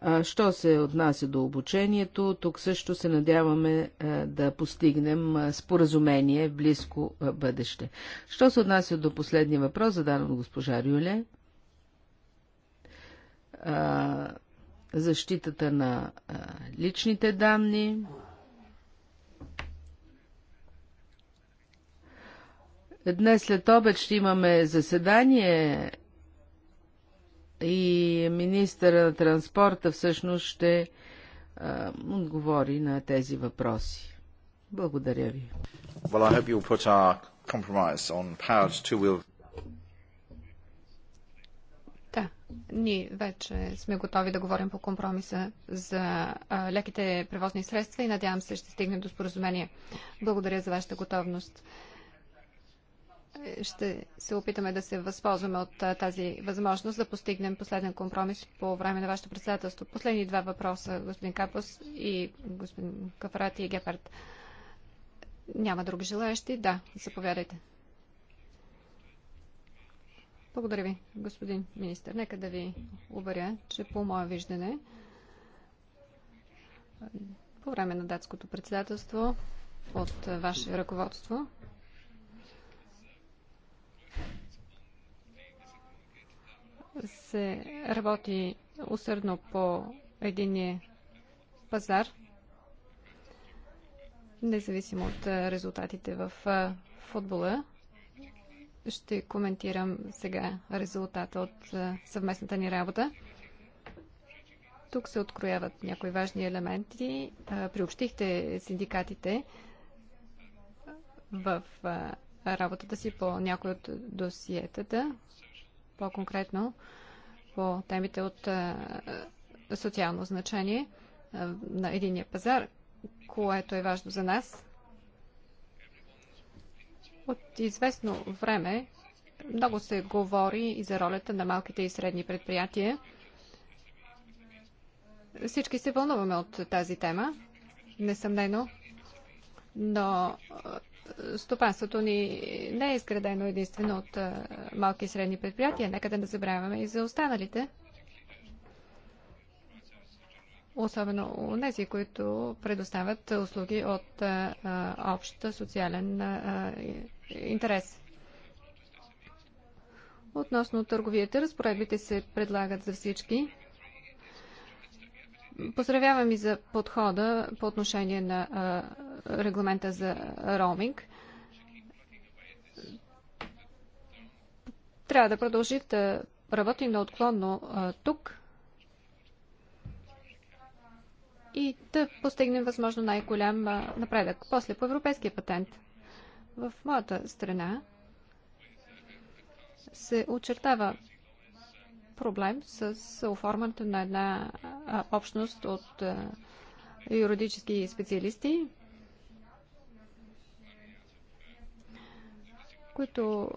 а, що се отнася до обучението, тук също се надяваме а, да постигнем а, споразумение в близко бъдеще. Що се отнася до последния въпрос, задан от госпожа Рюле? защитата на личните данни. Днес след обед ще имаме заседание и министъра на транспорта всъщност ще а, отговори на тези въпроси. Благодаря ви. Well, I hope you'll put our compromise on powered two-wheel да, ние вече сме готови да говорим по компромиса за а, леките превозни средства и надявам се ще стигнем до споразумение. Благодаря за вашата готовност ще се опитаме да се възползваме от тази възможност да постигнем последен компромис по време на вашето председателство. Последни два въпроса, господин Капос и господин Кафарати и Гепард. Няма други желаящи? Да, заповядайте. Благодаря ви, господин министр. Нека да ви уверя, че по мое виждане по време на датското председателство от ваше ръководство се работи усърдно по единия пазар, независимо от резултатите в футбола. Ще коментирам сега резултата от съвместната ни работа. Тук се открояват някои важни елементи. Приобщихте синдикатите в работата си по някои от досиетата по-конкретно по темите от е, е, социално значение е, на единия пазар, което е важно за нас. От известно време много се говори и за ролята на малките и средни предприятия. Всички се вълнуваме от тази тема, несъмнено, но стопанството ни не е изградено единствено от малки и средни предприятия. Нека да не забравяме и за останалите. Особено у нези, които предоставят услуги от общ социален интерес. Относно търговията, разпоредбите се предлагат за всички. Поздравявам и за подхода по отношение на регламента за роуминг. Трябва да продължи да работи неотклонно тук и да постигнем възможно най-голям напредък. После по европейския патент. В моята страна се очертава проблем с оформянето на една общност от юридически специалисти, които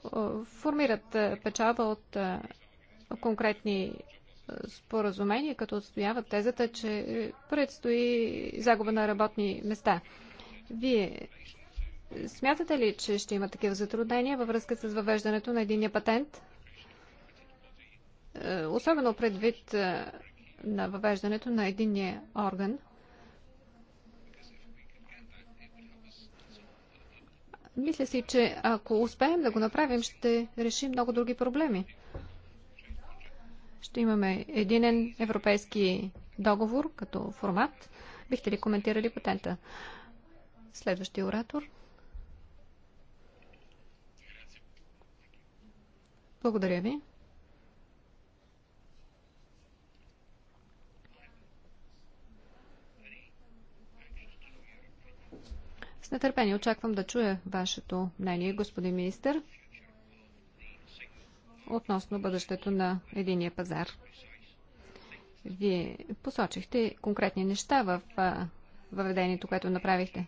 формират печалба от конкретни споразумения, като отстояват тезата, че предстои загуба на работни места. Вие смятате ли, че ще има такива затруднения във връзка с въвеждането на единия патент? Е, особено предвид е, на въвеждането на единния орган. Мисля си, че ако успеем да го направим, ще решим много други проблеми. Ще имаме единен европейски договор като формат. Бихте ли коментирали патента? Следващия оратор. Благодаря ви. С нетърпение очаквам да чуя вашето мнение, господин министр, относно бъдещето на единия пазар. Вие посочихте конкретни неща в въведението, което направихте.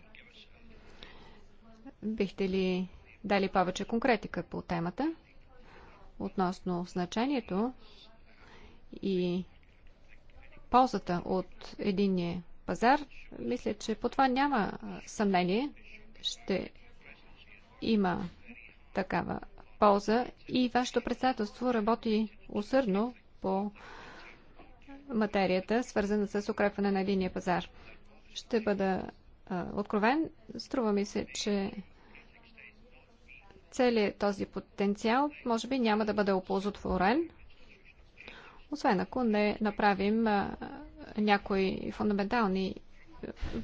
Бихте ли дали повече конкретика по темата относно значението и ползата от единния пазар. Мисля, че по това няма съмнение. Ще има такава полза и вашето председателство работи усърдно по материята, свързана с укрепване на единия пазар. Ще бъда а, откровен. Струва ми се, че целият този потенциал може би няма да бъде оползотворен, освен ако не направим а, някои фундаментални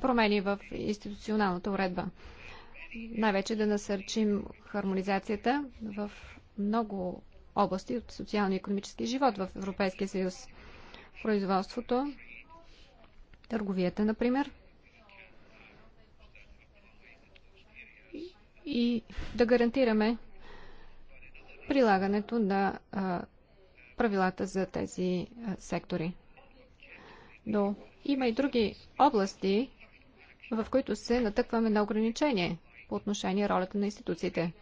промени в институционалната уредба. Най-вече да насърчим хармонизацията в много области от социално-економически живот в Европейския съюз. Производството, търговията, например. И да гарантираме прилагането на правилата за тези сектори. Но има и други области, в които се натъкваме на ограничение по отношение ролята на институциите.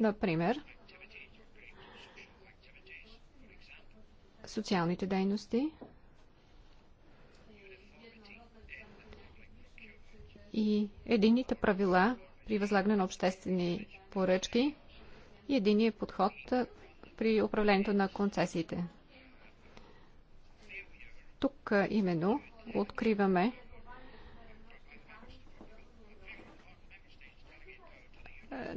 Например, социалните дейности и едините правила при възлагане на обществени поръчки и единия подход при управлението на концесиите. Тук именно откриваме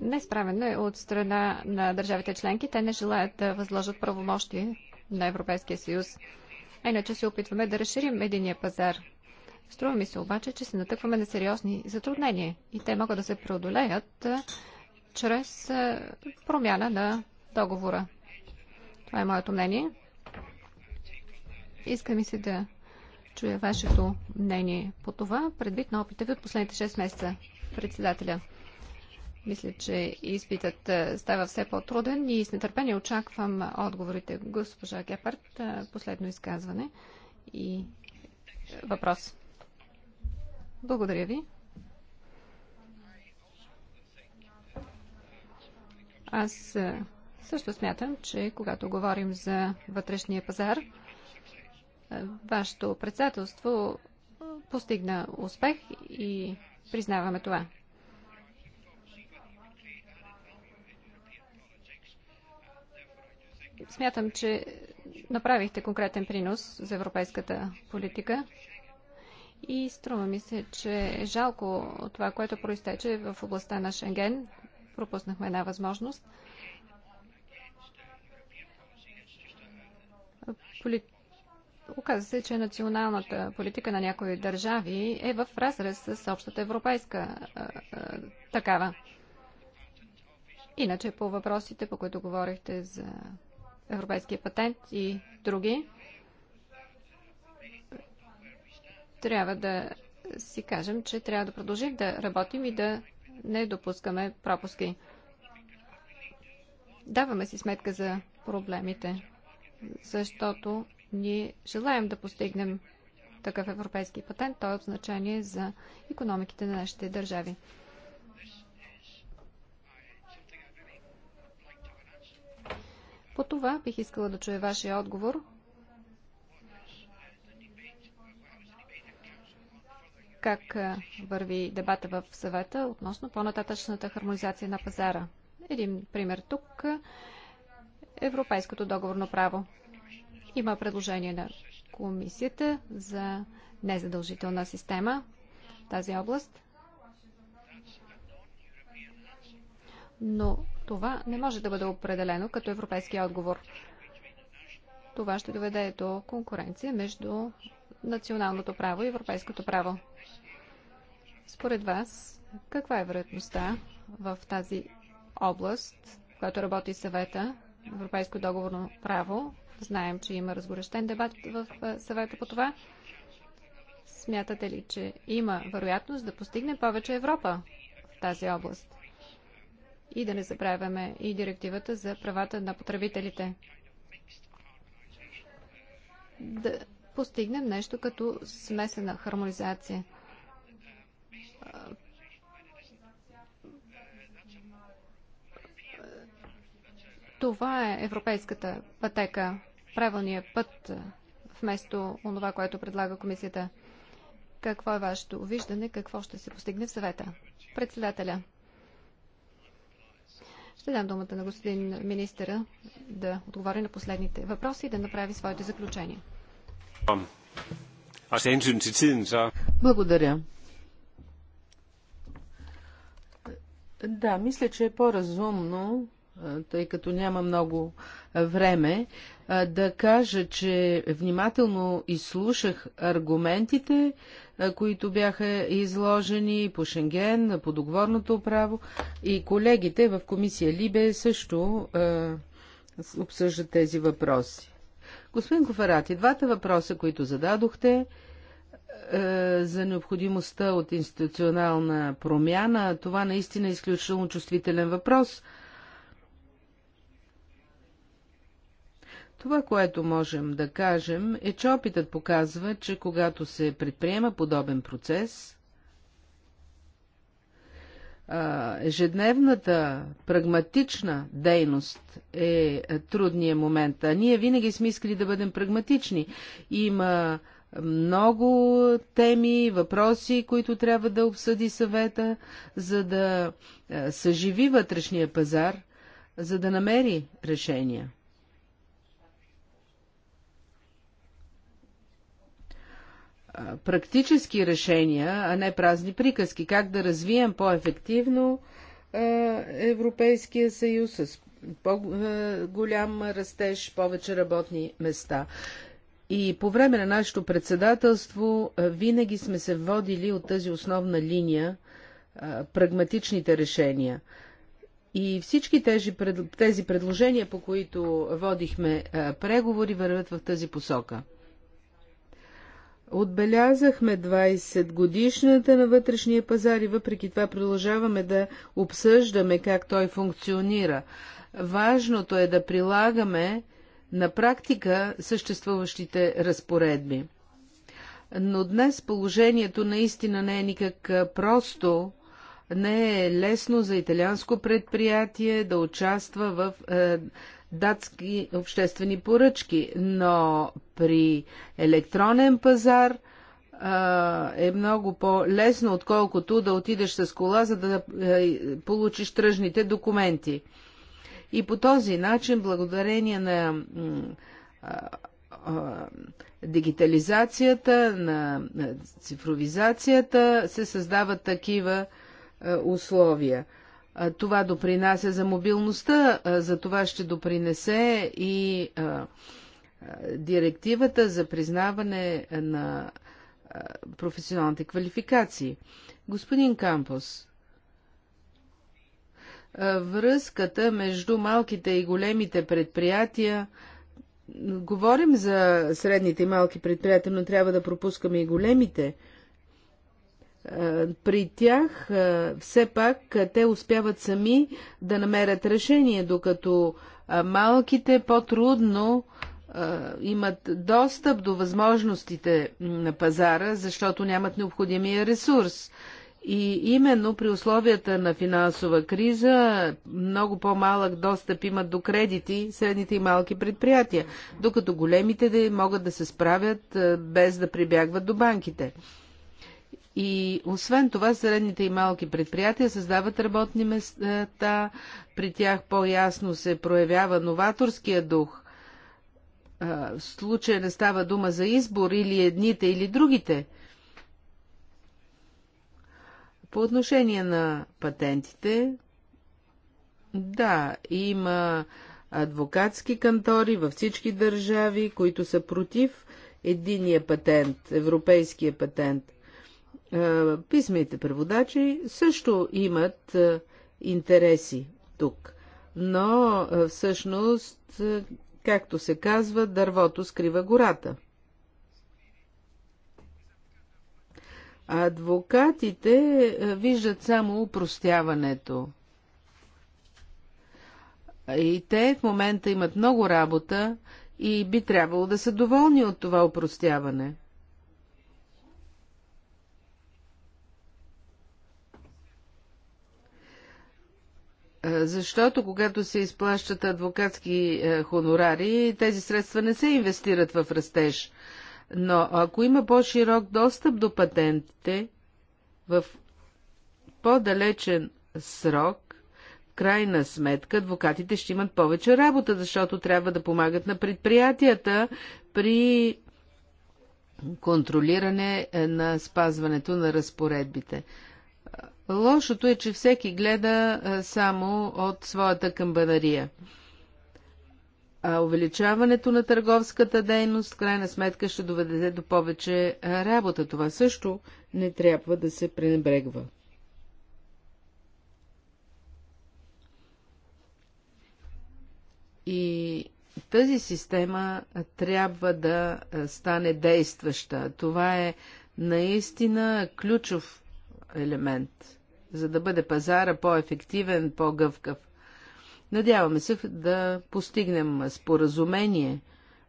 несправене от страна на държавите членки. Те не желаят да възложат правомощи на Европейския съюз. А иначе се опитваме да разширим единия пазар. Струва ми се обаче, че се натъкваме на сериозни затруднения и те могат да се преодолеят чрез промяна на договора. Това е моето мнение. Иска ми се да чуя вашето мнение по това, предвид на опита ви от последните 6 месеца, председателя. Мисля, че изпитът става все по-труден и с нетърпение очаквам отговорите. Госпожа Гепард, последно изказване и въпрос. Благодаря ви. Аз също смятам, че когато говорим за вътрешния пазар, Вашето председателство постигна успех и признаваме това. Смятам, че направихте конкретен принос за европейската политика и струва ми се, че е жалко това, което проистече в областта на Шенген. Пропуснахме една възможност. Полит Оказва се, че националната политика на някои държави е в разрез с общата европейска такава. Иначе по въпросите, по които говорихте за европейския патент и други, трябва да си кажем, че трябва да продължим да работим и да не допускаме пропуски. Даваме си сметка за проблемите, защото ние желаем да постигнем такъв европейски патент, той е от значение за економиките на нашите държави. По това бих искала да чуя вашия отговор. Как върви дебата в съвета относно по-нататъчната хармонизация на пазара? Един пример тук Европейското договорно право. Има предложение на комисията за незадължителна система в тази област. Но това не може да бъде определено като европейски отговор. Това ще доведе до конкуренция между националното право и европейското право. Според вас, каква е вероятността в тази област, в която работи съвета, Европейско договорно право, Знаем, че има разгорещен дебат в е, съвета по това. Смятате ли, че има вероятност да постигне повече Европа в тази област? И да не забравяме и директивата за правата на потребителите. Да постигнем нещо като смесена хармонизация. Това е европейската пътека правилния път вместо онова, което предлага комисията. Какво е вашето виждане? Какво ще се постигне в съвета? Председателя. Ще дам думата на господин министъра да отговори на последните въпроси и да направи своите заключения. Благодаря. Да, мисля, че е по-разумно тъй като няма много време, да кажа, че внимателно изслушах аргументите, които бяха изложени по Шенген, по договорното право и колегите в комисия Либе също обсъждат тези въпроси. Господин Коферати, двата въпроса, които зададохте, за необходимостта от институционална промяна, това наистина е изключително чувствителен въпрос – Това, което можем да кажем, е, че опитът показва, че когато се предприема подобен процес, ежедневната прагматична дейност е, е трудният момент. А ние винаги сме искали да бъдем прагматични. Има много теми, въпроси, които трябва да обсъди съвета, за да съживи вътрешния пазар, за да намери решения. практически решения, а не празни приказки. Как да развием по-ефективно Европейския съюз с по-голям растеж, повече работни места. И по време на нашето председателство винаги сме се водили от тази основна линия прагматичните решения. И всички тези, тези предложения, по които водихме преговори, вървят в тази посока. Отбелязахме 20 годишната на вътрешния пазар и въпреки това продължаваме да обсъждаме как той функционира. Важното е да прилагаме на практика съществуващите разпоредби. Но днес положението наистина не е никак просто, не е лесно за италианско предприятие да участва в е, датски обществени поръчки, но при електронен пазар а, е много по-лесно, отколкото да отидеш с кола, за да а, получиш тръжните документи. И по този начин, благодарение на а, дигитализацията, на цифровизацията, се създават такива условия. Това допринася за мобилността, за това ще допринесе и директивата за признаване на професионалните квалификации. Господин Кампус, връзката между малките и големите предприятия, говорим за средните и малки предприятия, но трябва да пропускаме и големите – при тях все пак те успяват сами да намерят решение, докато малките по-трудно имат достъп до възможностите на пазара, защото нямат необходимия ресурс. И именно при условията на финансова криза много по-малък достъп имат до кредити средните и малки предприятия, докато големите могат да се справят без да прибягват до банките. И освен това, средните и малки предприятия създават работни места, при тях по-ясно се проявява новаторския дух. В случая не става дума за избор или едните или другите. По отношение на патентите, да, има адвокатски кантори във всички държави, които са против единия патент, европейския патент – е, писмените преводачи също имат е, интереси тук. Но е, всъщност, както се казва, дървото скрива гората. Адвокатите виждат само упростяването. И те в момента имат много работа и би трябвало да са доволни от това упростяване. Защото когато се изплащат адвокатски е, хонорари, тези средства не се инвестират в растеж. Но ако има по-широк достъп до патентите, в по-далечен срок, в крайна сметка, адвокатите ще имат повече работа, защото трябва да помагат на предприятията при контролиране е, на спазването на разпоредбите. Лошото е, че всеки гледа само от своята камбанария. А увеличаването на търговската дейност, в крайна сметка, ще доведе до повече работа. Това също не трябва да се пренебрегва. И тази система трябва да стане действаща. Това е наистина ключов елемент за да бъде пазара по-ефективен, по-гъвкав. Надяваме се да постигнем споразумение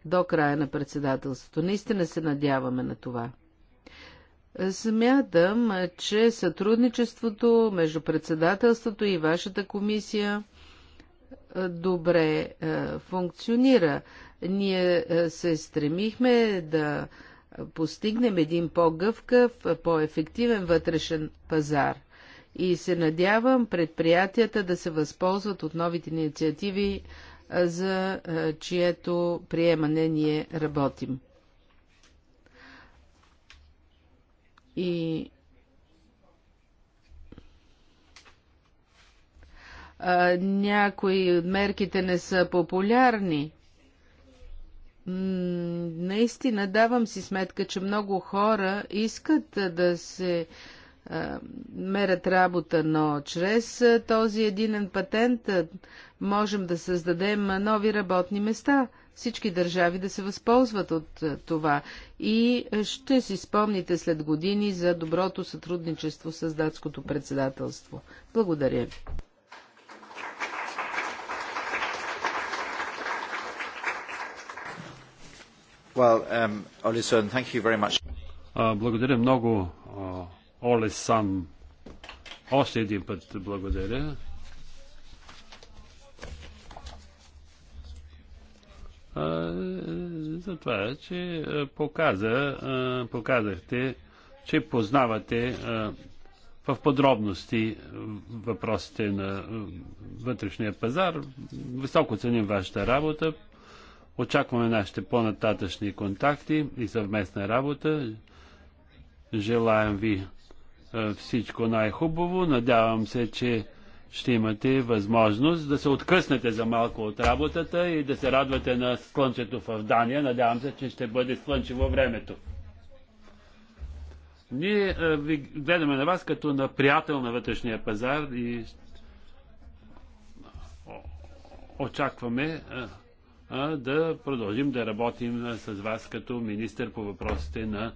до края на председателството. Наистина се надяваме на това. Смятам, че сътрудничеството между председателството и вашата комисия е, добре е, функционира. Ние е, се стремихме да постигнем един по-гъвкав, по-ефективен вътрешен пазар – и се надявам предприятията да се възползват от новите инициативи, за чието приемане ние работим. И някои от мерките не са популярни. Наистина давам си сметка, че много хора искат да се мерят работа, но чрез този единен патент можем да създадем нови работни места. Всички държави да се възползват от това. И ще си спомните след години за доброто сътрудничество с датското председателство. Благодаря ви. Well, um, Olison, благодаря много, Оле Сам. Още един път благодаря. за това, че показа, показахте, че познавате в подробности въпросите на вътрешния пазар. Високо ценим вашата работа. Очакваме нашите по-нататъчни контакти и съвместна работа. Желаем ви е, всичко най-хубаво. Надявам се, че ще имате възможност да се откъснете за малко от работата и да се радвате на слънчето в Дания. Надявам се, че ще бъде слънчево времето. Ние е, ви гледаме на вас като на приятел на вътрешния пазар и очакваме е, да продължим да работим с вас като министър по въпросите на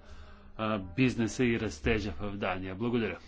бизнеса и растежа в Дания. Благодаря.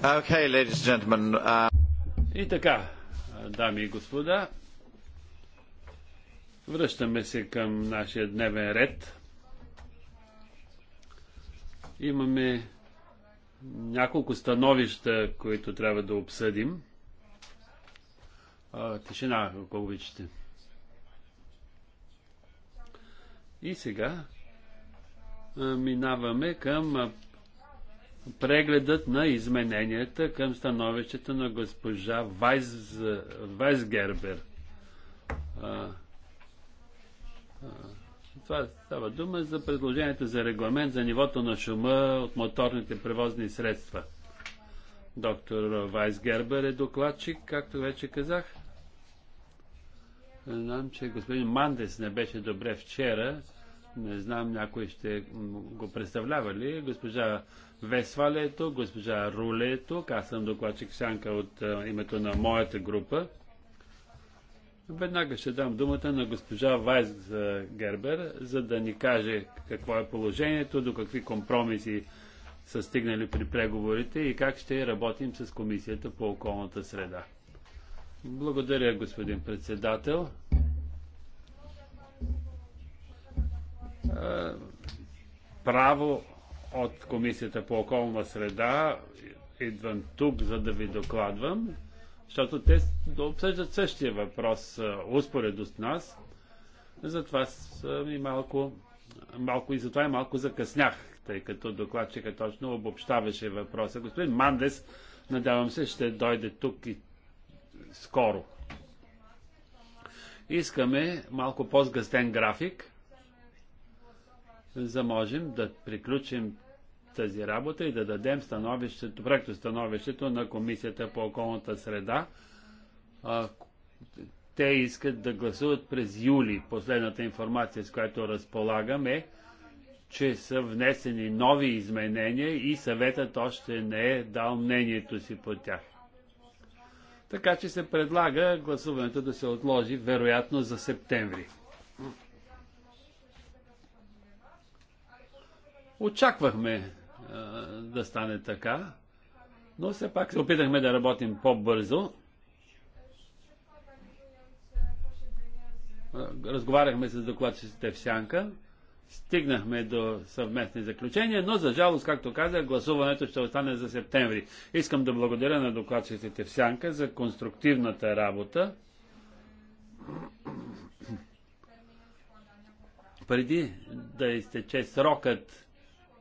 Okay, ladies and gentlemen. Uh, и така, дами и господа, връщаме се към нашия дневен ред. Имаме няколко становища, които трябва да обсъдим. А, тишина, ако обичате. И сега а, минаваме към прегледът на измененията към становището на госпожа Вайз, Вайсгербер. А, а, това става дума за предложението за регламент за нивото на шума от моторните превозни средства. Доктор Вайсгербер е докладчик, както вече казах. Знам, че господин Мандес не беше добре вчера. Не знам някой ще го представлява ли. Госпожа Весвале е тук, госпожа Руле е тук. Аз съм докладчик Сянка от а, името на моята група. Веднага ще дам думата на госпожа Вайс Гербер, за да ни каже какво е положението, до какви компромиси са стигнали при преговорите и как ще работим с Комисията по околната среда. Благодаря, господин председател. Е, право от Комисията по околна среда, идвам тук, за да ви докладвам, защото те обсъждат същия въпрос е, успоредно с нас. Затова и малко, малко и затова и малко закъснях, тъй като докладчика точно обобщаваше въпроса. Господин Мандес, надявам се, ще дойде тук и скоро. Искаме малко по-сгъстен график – за можем да приключим тази работа и да дадем становището, проекто становището на Комисията по околната среда. А, те искат да гласуват през юли. Последната информация, с която разполагам е, че са внесени нови изменения и съветът още не е дал мнението си по тях. Така че се предлага гласуването да се отложи вероятно за септември. Очаквахме а, да стане така, но все пак се опитахме да работим по-бързо. Разговаряхме с докладчиците в Сянка, стигнахме до съвместни заключения, но за жалост, както казах, гласуването ще остане за септември. Искам да благодаря на докладчиците в Сянка за конструктивната работа. Преди да изтече срокът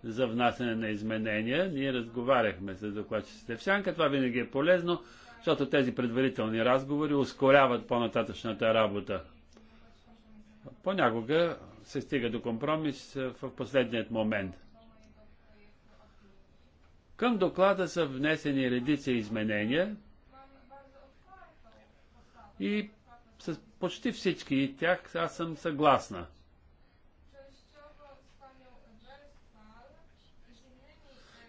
за внасяне на изменения. Ние разговаряхме с докладчиците в Сянка. Това винаги е полезно, защото тези предварителни разговори ускоряват по-нататъчната работа. Понякога се стига до компромис в последният момент. Към доклада са внесени редица изменения и с почти всички тях аз съм съгласна.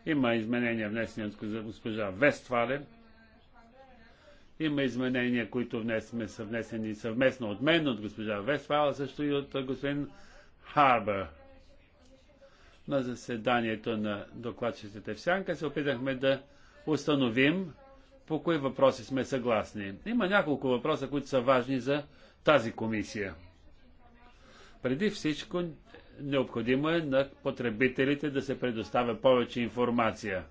Има изменения внесени от госпожа Вествале. Има изменения, които внесме, са внесени съвместно от мен, от госпожа Вествала, също и от господин Харбър. На заседанието на докладчиците в Сянка се опитахме да установим по кои въпроси сме съгласни. Има няколко въпроса, които са важни за тази комисия. Преди всичко Необходимо е на потребителите да се предоставя повече информация.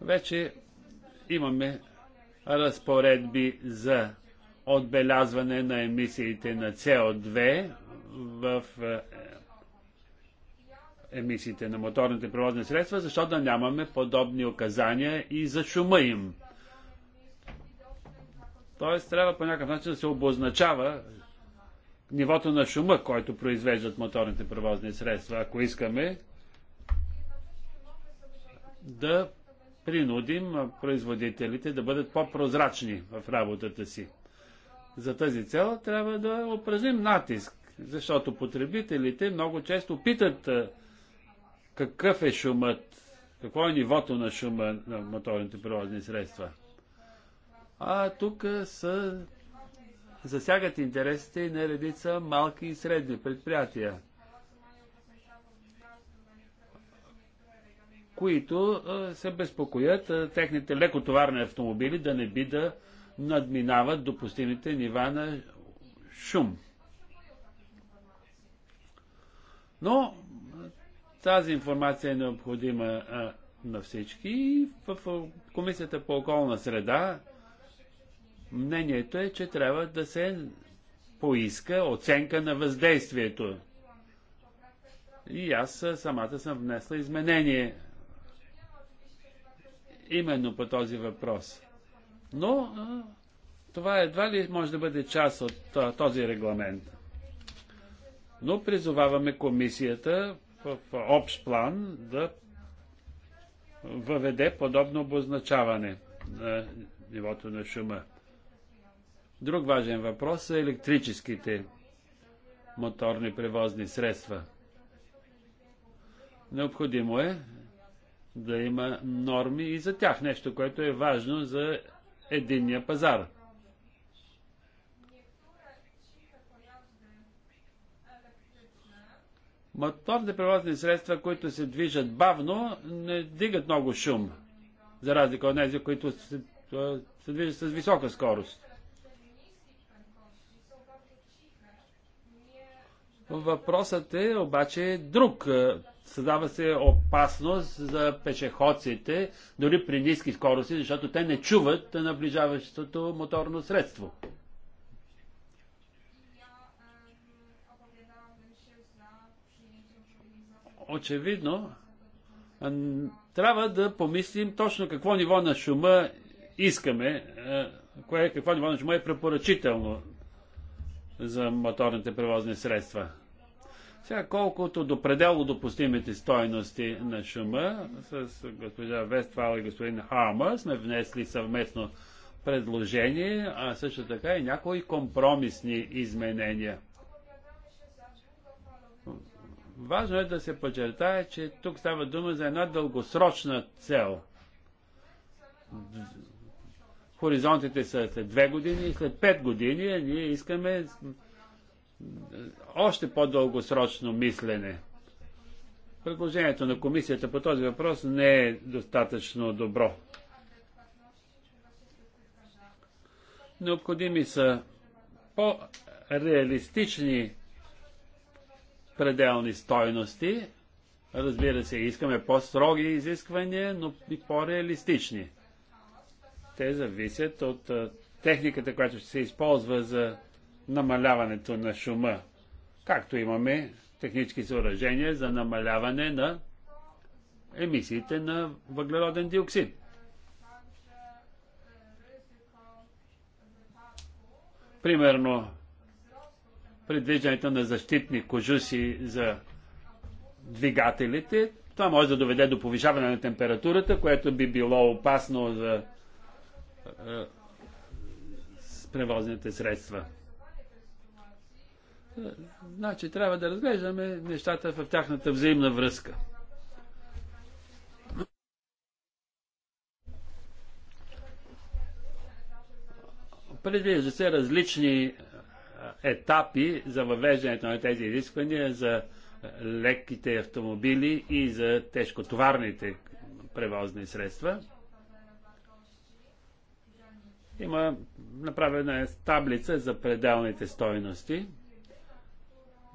Вече имаме разпоредби за отбелязване на емисиите на CO2 в е, емисиите на моторните превозни средства, защото да нямаме подобни указания и за шума им. Тоест трябва по някакъв начин да се обозначава нивото на шума, който произвеждат моторните превозни средства, ако искаме да принудим производителите да бъдат по-прозрачни в работата си. За тази цел трябва да упражним натиск, защото потребителите много често питат какъв е шумът, какво е нивото на шума на моторните превозни средства. А тук са засягат интересите на редица малки и средни предприятия, които се безпокоят техните лекотоварни автомобили да не би да надминават допустимите нива на шум. Но тази информация е необходима а, на всички. В, в Комисията по околна среда мнението е, че трябва да се поиска оценка на въздействието. И аз самата съм внесла изменение именно по този въпрос. Но това едва ли може да бъде част от този регламент. Но призоваваме комисията в общ план да въведе подобно обозначаване на нивото на шума. Друг важен въпрос са електрическите моторни превозни средства. Необходимо е да има норми и за тях, нещо, което е важно за единния пазар. Моторните превозни средства, които се движат бавно, не дигат много шум, за разлика от тези, които се, се движат с висока скорост. Въпросът е обаче друг. Създава се опасност за пешеходците, дори при ниски скорости, защото те не чуват наближаващото моторно средство. Очевидно, трябва да помислим точно какво ниво на шума искаме, е, кое, какво ниво на шума е препоръчително за моторните превозни средства. Сега колкото до пределно допустимите стойности на шума, с госпожа Вествал и господин Хармър сме внесли съвместно предложение, а също така и някои компромисни изменения. Важно е да се подчертае, че тук става дума за една дългосрочна цел. Хоризонтите са след две години и след пет години. Ние искаме още по-дългосрочно мислене. Предложението на комисията по този въпрос не е достатъчно добро. Необходими са по-реалистични пределни стойности. Разбира се, искаме по-строги изисквания, но и по-реалистични. Те зависят от техниката, която ще се използва за намаляването на шума, както имаме технически съоръжения за намаляване на емисиите на въглероден диоксид. Примерно, предвиждането на защитни кожуси за двигателите, това може да доведе до повишаване на температурата, което би било опасно за е, превозните средства. Значи трябва да разглеждаме нещата в тяхната взаимна връзка. Предвижда се различни е, етапи за въвеждането на тези изисквания за е, леките автомобили и за тежкотоварните превозни средства. Има направена е таблица за пределните стойности –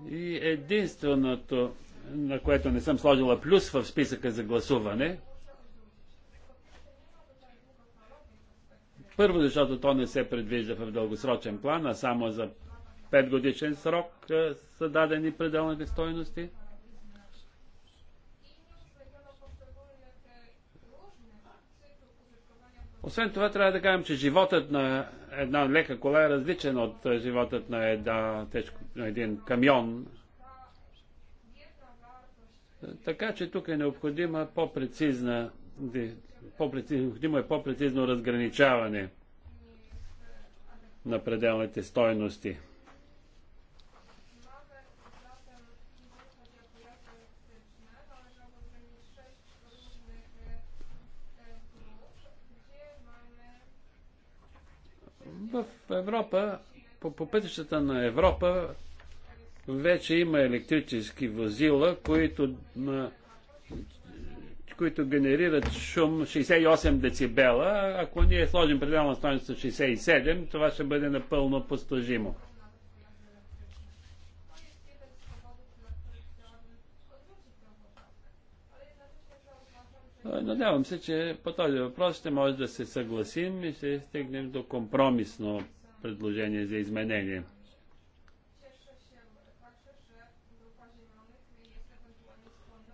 и единственото, на което не съм сложила плюс в списъка за гласуване, първо, защото то не се предвижда в дългосрочен план, а само за 5 годишен срок са дадени пределните стойности – Освен това, трябва да кажем, че животът на една лека кола е различен от е, животът на, една, тежко, на един камион. Така че тук е необходима по-прецизна, по-прецизно, е по-прецизно разграничаване на пределните стойности. В Европа, по, по пътищата на Европа, вече има електрически возила, които, които генерират шум 68 децибела. Ако ние сложим пределна стоеност 67, това ще бъде напълно постижимо. Е, надявам се, че по този въпрос ще може да се съгласим и ще стигнем до компромисно предложение за изменение.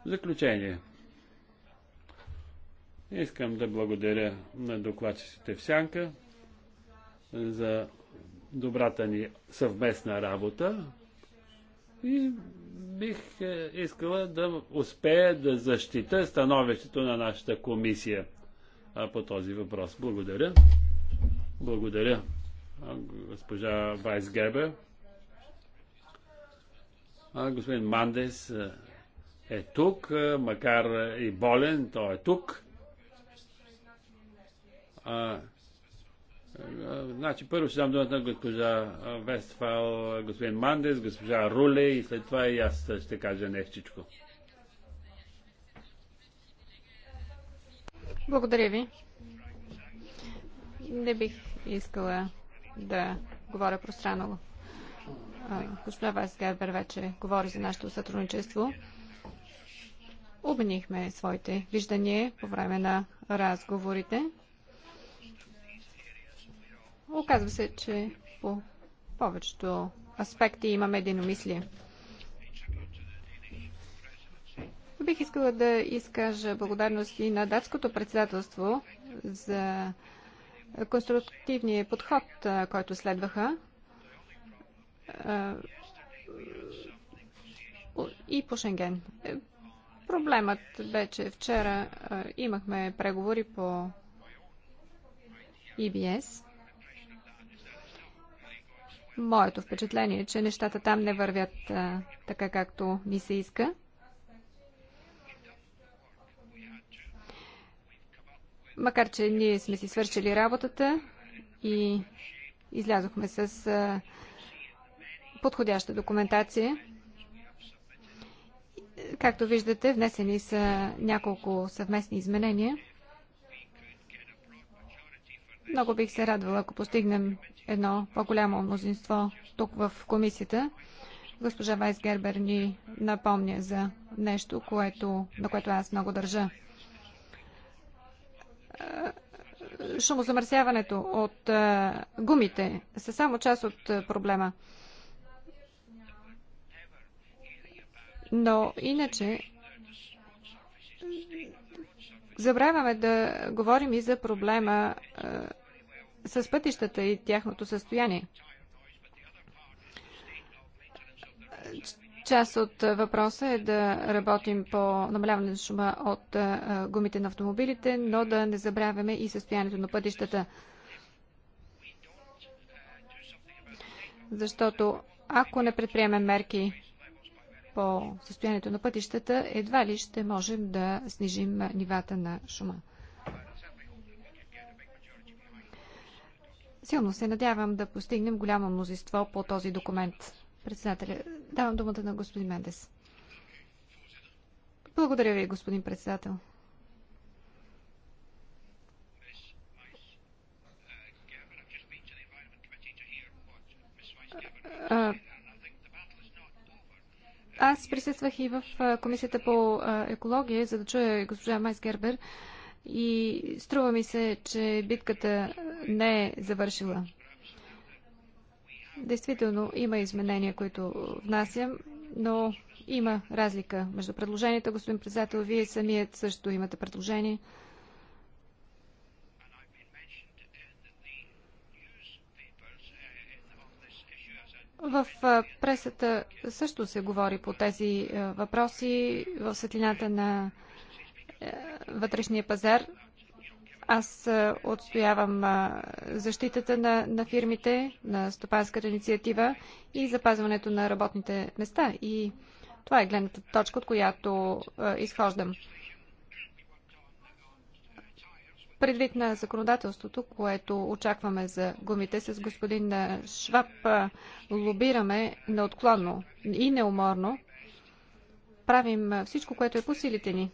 В заключение. Искам да благодаря на докладчиците в Сянка за добрата ни съвместна работа и бих е, искала да успея да защита становището на нашата комисия по този въпрос. Благодаря. Благодаря, госпожа Вайс Гебер. Господин Мандес е, е тук, макар и болен, той е тук. Значи, първо ще дам думата на госпожа Вестфал, господин Мандес, госпожа Руле и след това и аз ще кажа нещичко. Благодаря ви. Не бих искала да говоря пространно. Госпожа Гербер вече говори за нашето сътрудничество. Обменихме своите виждания по време на разговорите. Оказва се, че по повечето аспекти имаме единомислие. Бих искала да изкажа благодарност и на датското председателство за конструктивния подход, който следваха. И по Шенген. Проблемът бе, че вчера имахме преговори по EBS. Моето впечатление е, че нещата там не вървят а, така, както ми се иска. Макар, че ние сме си свършили работата и излязохме с а, подходяща документация. Както виждате, внесени са няколко съвместни изменения. Много бих се радвала, ако постигнем едно по-голямо мнозинство тук в комисията. Госпожа Вайс Гербер ни напомня за нещо, което, на което аз много държа. Е, шумозамърсяването от е, гумите са само част от е, проблема. Но иначе забравяме да говорим и за проблема с пътищата и тяхното състояние. Част от въпроса е да работим по намаляване на шума от гумите на автомобилите, но да не забравяме и състоянието на пътищата. Защото ако не предприемем мерки по състоянието на пътищата, едва ли ще можем да снижим нивата на шума. Силно се надявам да постигнем голямо мнозинство по този документ. Председателя, давам думата на господин Мендес. Благодаря ви, господин председател. Аз присъствах и в Комисията по екология, за да чуя госпожа Майс Гербер и струва ми се, че битката не е завършила. Действително има изменения, които внасям, но има разлика между предложенията. Господин председател, вие самият също имате предложение. В пресата също се говори по тези въпроси в светлината на вътрешния пазар. Аз е, отстоявам е, защитата на, на фирмите, на стопанската инициатива и запазването на работните места. И това е гледната точка, от която е, изхождам. Предвид на законодателството, което очакваме за гумите, с господин Шваб лобираме неотклонно и неуморно. Правим всичко, което е по силите ни.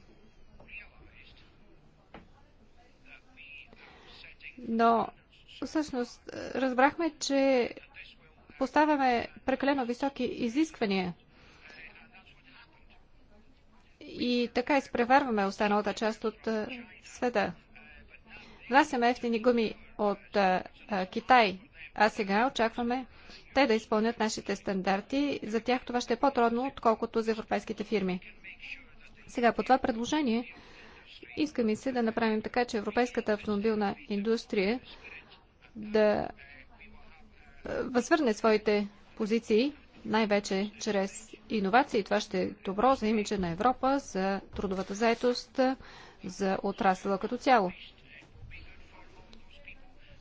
Но всъщност разбрахме, че поставяме прекалено високи изисквания и така изпреварваме останалата част от света. Внасяме ефтини гуми от Китай, а сега очакваме те да изпълнят нашите стандарти. За тях това ще е по-трудно, отколкото за европейските фирми. Сега по това предложение иска ми се да направим така, че европейската автомобилна индустрия да възвърне своите позиции, най-вече чрез иновации. Това ще е добро за имиджа на Европа, за трудовата заетост, за отрасъла като цяло.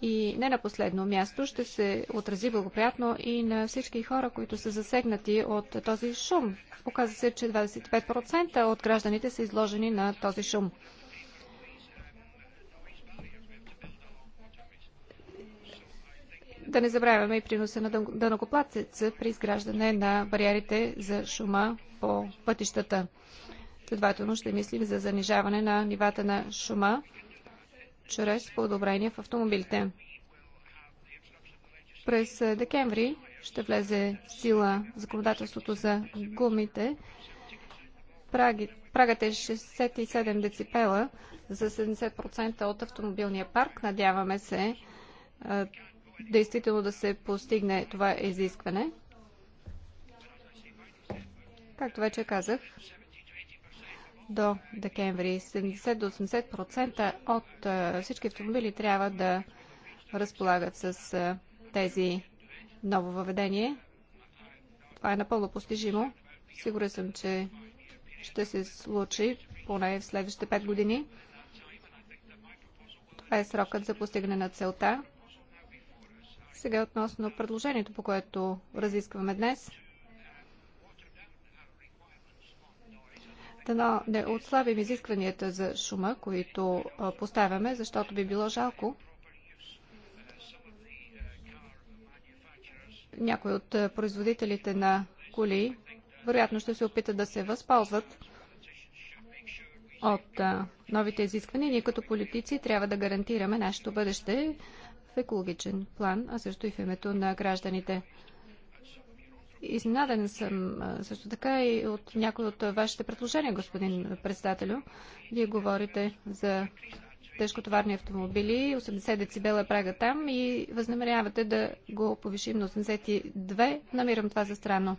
И не на последно място ще се отрази благоприятно и на всички хора, които са засегнати от този шум. Оказва се, че 25% от гражданите са изложени на този шум. Да не забравяме и приноса на дънокоплацец при изграждане на бариерите за шума по пътищата. Следователно ще мислим за занижаване на нивата на шума чрез подобрение в автомобилите. През е, декември ще влезе в сила законодателството за гумите. прагът е 67 децибела за 70% от автомобилния парк. Надяваме се е, действително да се постигне това изискване. Както вече казах, до декември. 70 80% от всички автомобили трябва да разполагат с тези ново въведение. Това е напълно постижимо. Сигурен съм, че ще се случи поне в следващите 5 години. Това е срокът за постигане на целта. Сега относно предложението, по което разискваме днес – Дано не отслабим изискванията за шума, които поставяме, защото би било жалко някои от производителите на коли вероятно ще се опитат да се възползват от новите изисквания. Ние като политици трябва да гарантираме нашето бъдеще в екологичен план, а също и в името на гражданите. Изненаден съм също така и от някои от вашите предложения, господин председателю. Вие говорите за тежкотоварни автомобили, 80 децибела е прага там и възнамерявате да го повишим на 82. Намирам това за странно.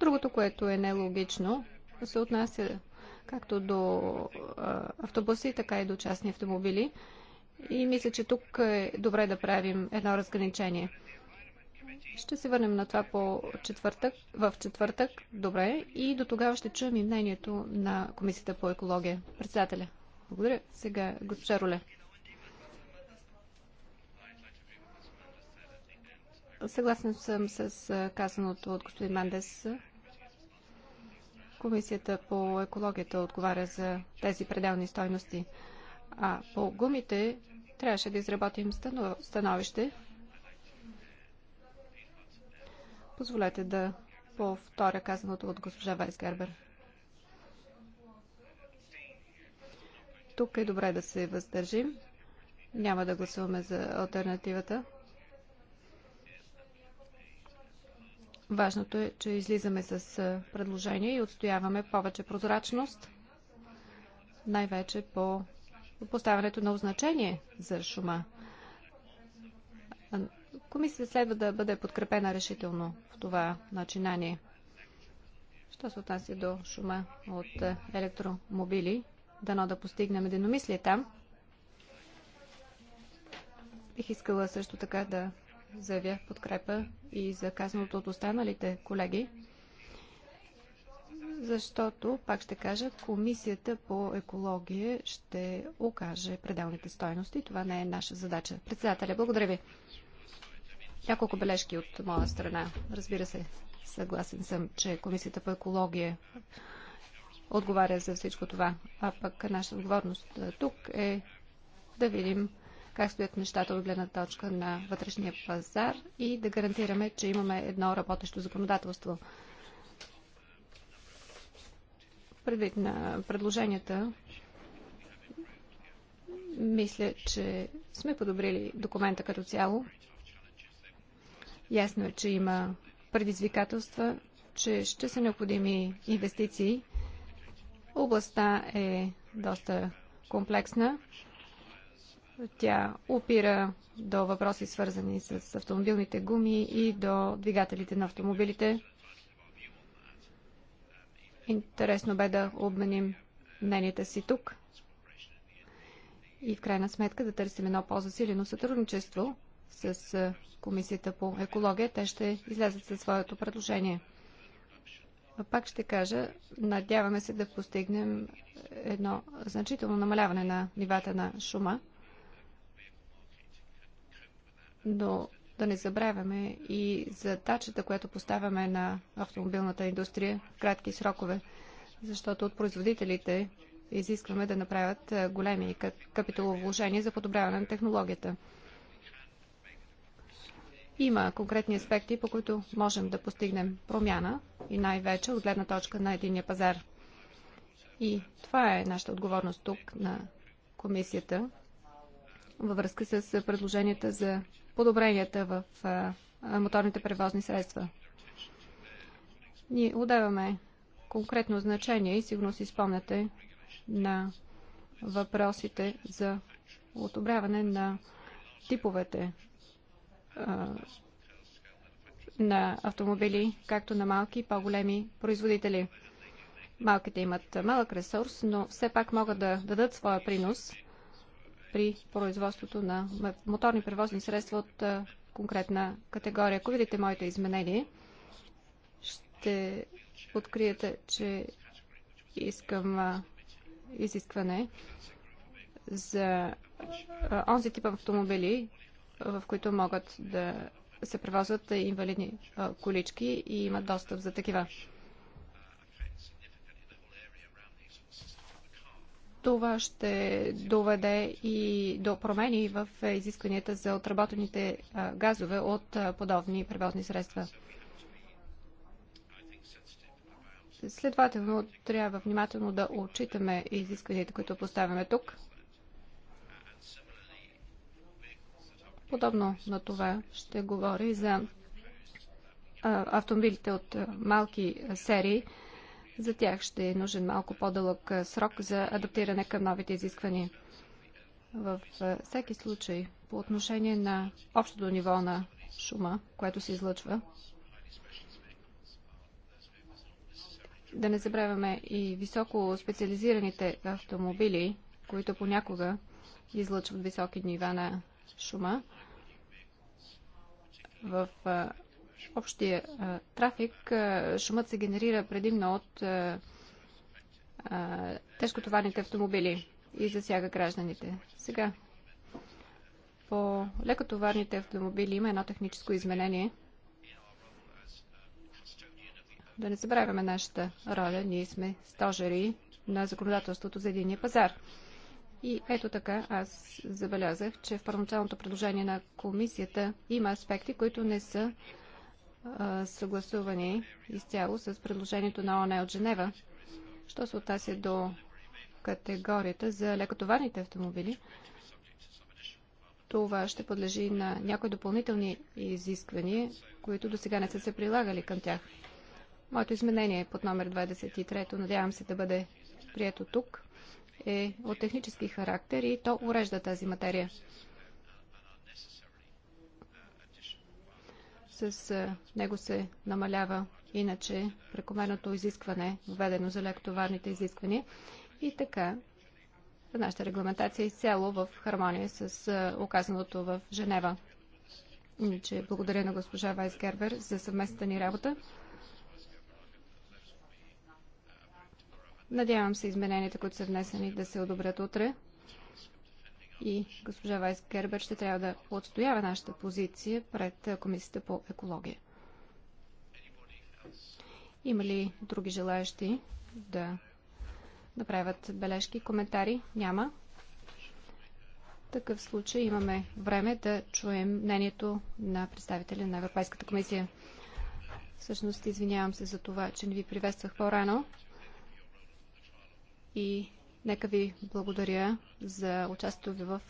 Другото, което е нелогично, се отнася както до автобуси, така и до частни автомобили. И мисля, че тук е добре да правим едно разграничение. Ще се върнем на това по четвъртък, в четвъртък. Добре. И до тогава ще чуем и мнението на Комисията по екология. Председателя. Благодаря. Сега госпожа Руле. Съгласен съм с казаното от господин Мандес. Комисията по екологията отговаря за тези пределни стойности. А по гумите трябваше да изработим становище Позволете да повторя казаното от госпожа Вайс Гербер. Тук е добре да се въздържим. Няма да гласуваме за альтернативата. Важното е, че излизаме с предложение и отстояваме повече прозрачност, най-вече по поставянето на означение за шума. Комисията следва да бъде подкрепена решително в това начинание. Що се отнася до шума от електромобили, дано да постигнем единомислие там. Бих искала също така да заявя подкрепа и за казаното от останалите колеги, защото, пак ще кажа, Комисията по екология ще окаже пределните стойности. Това не е наша задача. Председателя, благодаря ви. Няколко бележки от моя страна. Разбира се, съгласен съм, че Комисията по екология отговаря за всичко това. А пък нашата отговорност тук е да видим как стоят нещата от гледна точка на вътрешния пазар и да гарантираме, че имаме едно работещо законодателство. Предвид на предложенията, мисля, че сме подобрили документа като цяло. Ясно е, че има предизвикателства, че ще са необходими инвестиции. Областта е доста комплексна. Тя опира до въпроси свързани с автомобилните гуми и до двигателите на автомобилите. Интересно бе да обменим мненията си тук и в крайна сметка да търсим едно по-засилено сътрудничество – с Комисията по екология. Те ще излязат със своето предложение. Пак ще кажа, надяваме се да постигнем едно значително намаляване на нивата на шума, но да не забравяме и задачата, която поставяме на автомобилната индустрия в кратки срокове, защото от производителите изискваме да направят големи капиталовложения за подобряване на технологията. Има конкретни аспекти, по които можем да постигнем промяна и най-вече от гледна точка на единия пазар. И това е нашата отговорност тук на комисията във връзка с предложенията за подобренията в моторните превозни средства. Ние отдаваме конкретно значение и сигурно си спомняте на въпросите за одобряване на типовете на автомобили, както на малки и по-големи производители. Малките имат малък ресурс, но все пак могат да дадат своя принос при производството на моторни превозни средства от конкретна категория. Ако видите моите изменения, ще откриете, че искам изискване за онзи тип автомобили, в които могат да се превозват инвалидни колички и имат достъп за такива. Това ще доведе и до промени в изискванията за отработените газове от подобни превозни средства. Следователно, трябва внимателно да отчитаме изискванията, които поставяме тук. Подобно на това ще говори за автомобилите от малки серии. За тях ще е нужен малко по-дълъг срок за адаптиране към новите изисквания. Във всеки случай, по отношение на общото ниво на шума, което се излъчва, да не забравяме и високо специализираните автомобили, които понякога излъчват високи нива на шума в общия трафик шумът се генерира предимно от тежкотоварните автомобили и засяга гражданите. Сега, по лекотоварните автомобили има едно техническо изменение. Да не забравяме нашата роля. Ние сме стожери на законодателството за единия пазар. И ето така аз забелязах, че в първоначалното предложение на комисията има аспекти, които не са а, съгласувани изцяло с предложението на ОНЕ от Женева. Що се отнася до категорията за лекотоварните автомобили, това ще подлежи на някои допълнителни изисквания, които до сега не са се прилагали към тях. Моето изменение е под номер 23. Надявам се да бъде прието тук е от технически характер и то урежда тази материя. С него се намалява иначе прекомерното изискване, введено за лектоварните изисквания и така нашата регламентация е изцяло в хармония с оказаното в Женева. Иначе благодаря на госпожа Вайс Гербер за съвместната ни работа. Надявам се измененията, които са внесени, да се одобрят утре. И госпожа Вайс Гербер ще трябва да отстоява нашата позиция пред Комисията по екология. Има ли други желаящи да направят бележки, коментари? Няма. В такъв случай имаме време да чуем мнението на представителя на Европейската комисия. Всъщност, извинявам се за това, че не ви приветствах по-рано и нека ви благодаря за участието ви в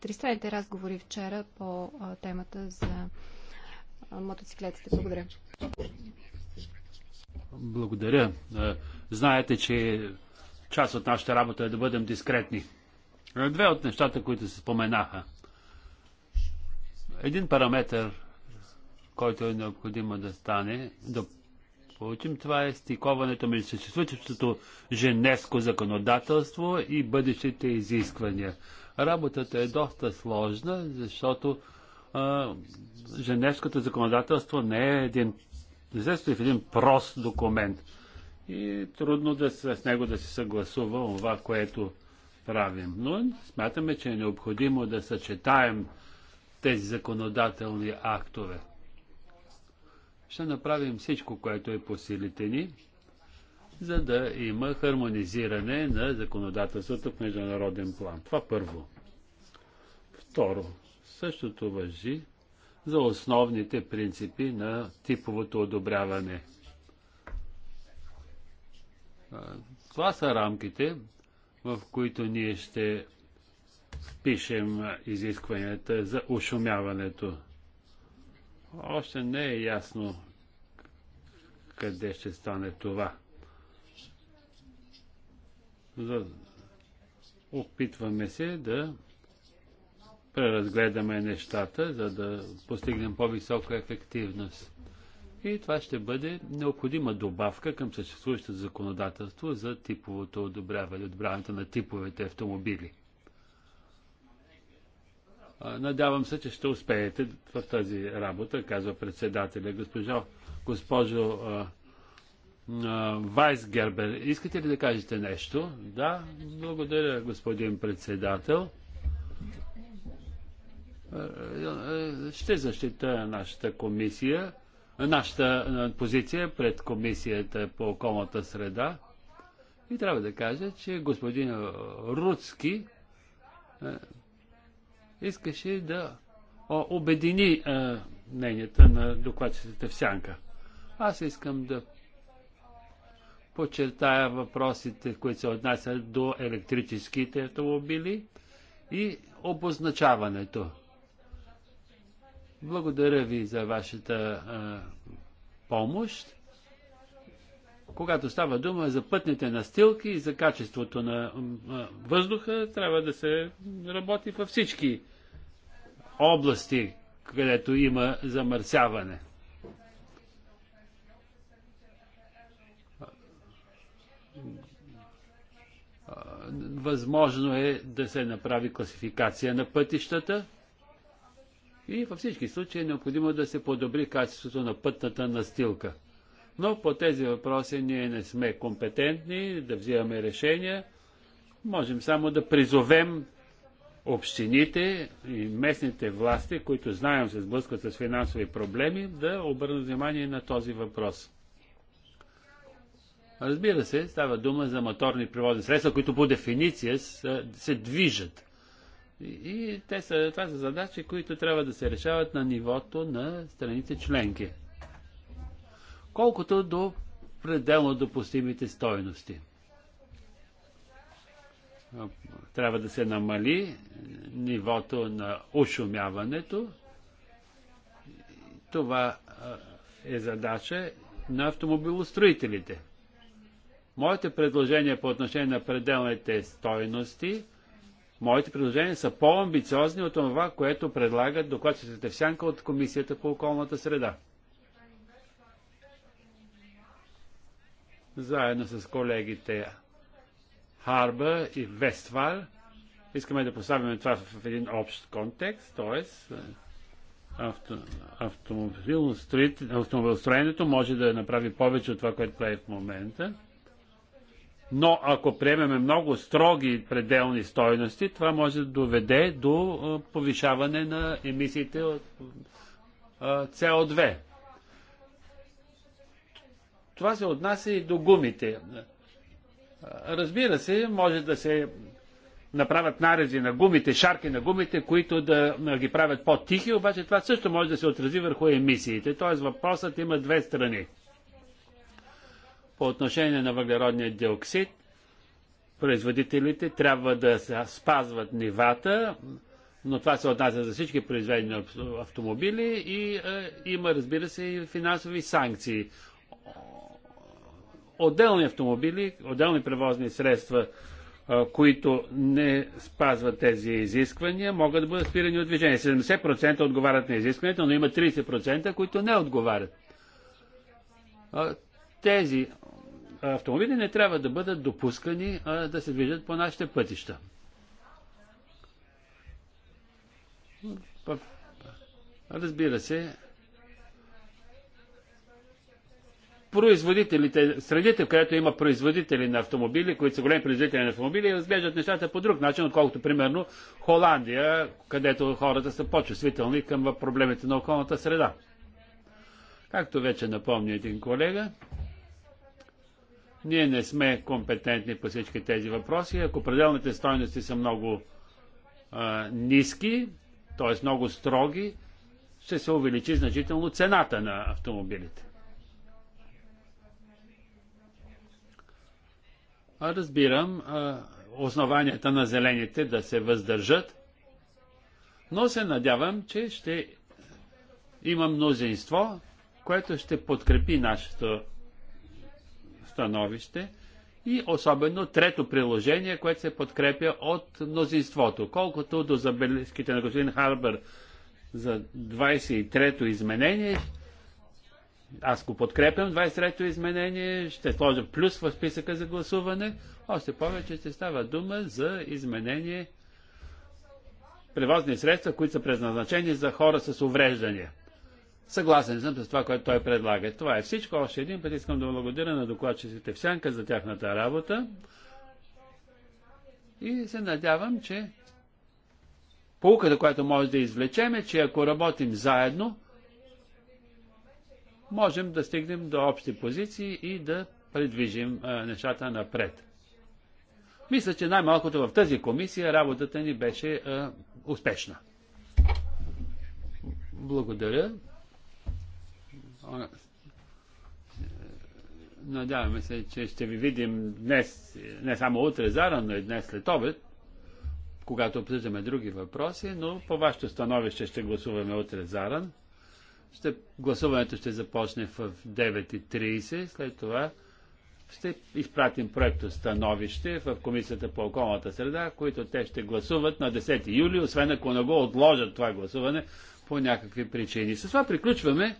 тристранните разговори вчера по темата за мотоциклетите. Благодаря. Благодаря. Знаете, че част от нашата работа е да бъдем дискретни. Две от нещата, които се споменаха. Един параметр, който е необходимо да стане, да получим, това е стиковането между съществуващото женевско законодателство и бъдещите изисквания. Работата е доста сложна, защото а, женевското законодателство не е един, не е един прост документ. И трудно да се, с него да се съгласува това, което правим. Но смятаме, че е необходимо да съчетаем тези законодателни актове ще направим всичко, което е по силите ни, за да има хармонизиране на законодателството в международен план. Това първо. Второ, същото въжи за основните принципи на типовото одобряване. Това са рамките, в които ние ще впишем изискванията за ушумяването. Още не е ясно къде ще стане това. За... Опитваме се да преразгледаме нещата, за да постигнем по-висока ефективност. И това ще бъде необходима добавка към съществуващото законодателство за типовото одобряване, одобряването на типовете автомобили. Надявам се, че ще успеете в тази работа, казва председателя. Госпожо, госпожо Вайс Гербер, искате ли да кажете нещо? Да, благодаря, господин председател. Ще защита нашата комисия, нашата позиция пред комисията по околната среда. И трябва да кажа, че господин Руцки искаше да обедини е, мненията на докладчиците в сянка. Аз искам да подчертая въпросите, които се отнасят до електрическите автомобили и обозначаването. Благодаря ви за вашата а, е, помощ когато става дума за пътните настилки и за качеството на въздуха, трябва да се работи във всички области, където има замърсяване. Възможно е да се направи класификация на пътищата и във всички случаи е необходимо да се подобри качеството на пътната настилка. Но по тези въпроси ние не сме компетентни да взимаме решения. Можем само да призовем общините и местните власти, които знаем се сблъскват с финансови проблеми, да обърнат внимание на този въпрос. Разбира се, става дума за моторни превозни средства, които по дефиниция са, се движат. И, и те са, това са задачи, които трябва да се решават на нивото на страните членки колкото до пределно допустимите стойности. Трябва да се намали нивото на ушумяването. Това е задача на автомобилостроителите. Моите предложения по отношение на пределните стойности, моите предложения са по-амбициозни от това, което предлагат докладчиците в сянка от Комисията по околната среда. заедно с колегите Харба и Вествал. Искаме да поставим това в един общ контекст, т.е. Авто, автомобилостроенето може да направи повече от това, което прави в момента. Но ако приемеме много строги пределни стойности, това може да доведе до повишаване на емисиите от CO2. Това се отнася и до гумите. Разбира се, може да се направят нарези на гумите, шарки на гумите, които да ги правят по-тихи, обаче това също може да се отрази върху емисиите. Т.е. въпросът има две страни. По отношение на въглеродния диоксид, производителите трябва да се спазват нивата, но това се отнася за всички произведени автомобили и е, има, разбира се, и финансови санкции отделни автомобили, отделни превозни средства, които не спазват тези изисквания, могат да бъдат спирани от движение. 70% отговарят на изискването, но има 30%, които не отговарят. Тези автомобили не трябва да бъдат допускани да се движат по нашите пътища. Разбира се, производителите, средите, където има производители на автомобили, които са големи производители на автомобили, разглеждат нещата по друг начин, отколкото примерно Холандия, където хората са по-чувствителни към проблемите на околната среда. Както вече напомня един колега, ние не сме компетентни по всички тези въпроси. Ако пределните стойности са много а, ниски, т.е. много строги, ще се увеличи значително цената на автомобилите. Разбирам основанията на зелените да се въздържат, но се надявам, че ще има мнозинство, което ще подкрепи нашето становище и особено трето приложение, което се подкрепя от мнозинството. Колкото до забележките на господин Харбър за 23-то изменение, аз го подкрепям 23-то изменение, ще сложа плюс в списъка за гласуване, още повече ще става дума за изменение превозни средства, които са предназначени за хора с увреждания. Съгласен съм с това, което той предлага. Това е всичко. Още един път искам да благодаря на докладчиците в Сянка за тяхната работа. И се надявам, че полуката, която може да извлечем е, че ако работим заедно, можем да стигнем до общи позиции и да придвижим нещата напред. Мисля, че най-малкото в тази комисия работата ни беше а, успешна. Благодаря. Надяваме се, че ще ви видим днес, не само утре но и днес след обед, когато обсъждаме други въпроси, но по вашето становище ще гласуваме утре заран. Ще, гласуването ще започне в 9.30, след това ще изпратим проекто становище в Комисията по околната среда, които те ще гласуват на 10 юли, освен ако не го отложат това гласуване по някакви причини. С това приключваме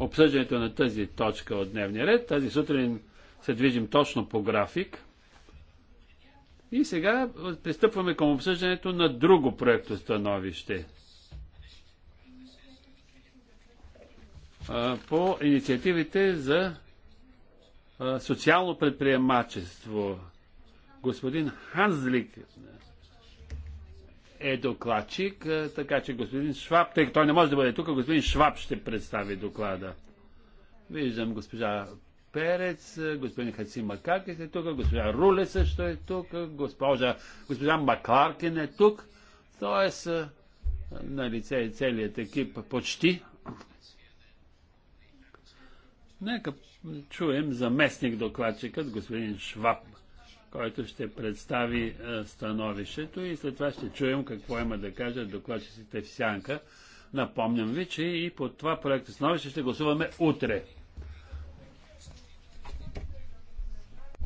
обсъждането на тази точка от дневния ред. Тази сутрин се движим точно по график. И сега пристъпваме към обсъждането на друго проекто становище. по инициативите за социално предприемачество. Господин Ханзлик е докладчик, така че господин Шваб, тъй като той не може да бъде тук, господин Шваб ще представи доклада. Виждам госпожа Перец, господин Хаси Макакис е тук, госпожа Руле също е тук, госпожа, госпожа Макларкин е тук. т.е. на лице е целият екип почти. Нека чуем заместник докладчикът господин Шваб, който ще представи е, становището и след това ще чуем какво има да каже докладчиците в сянка. Напомням ви, че и по това проект становище ще гласуваме утре.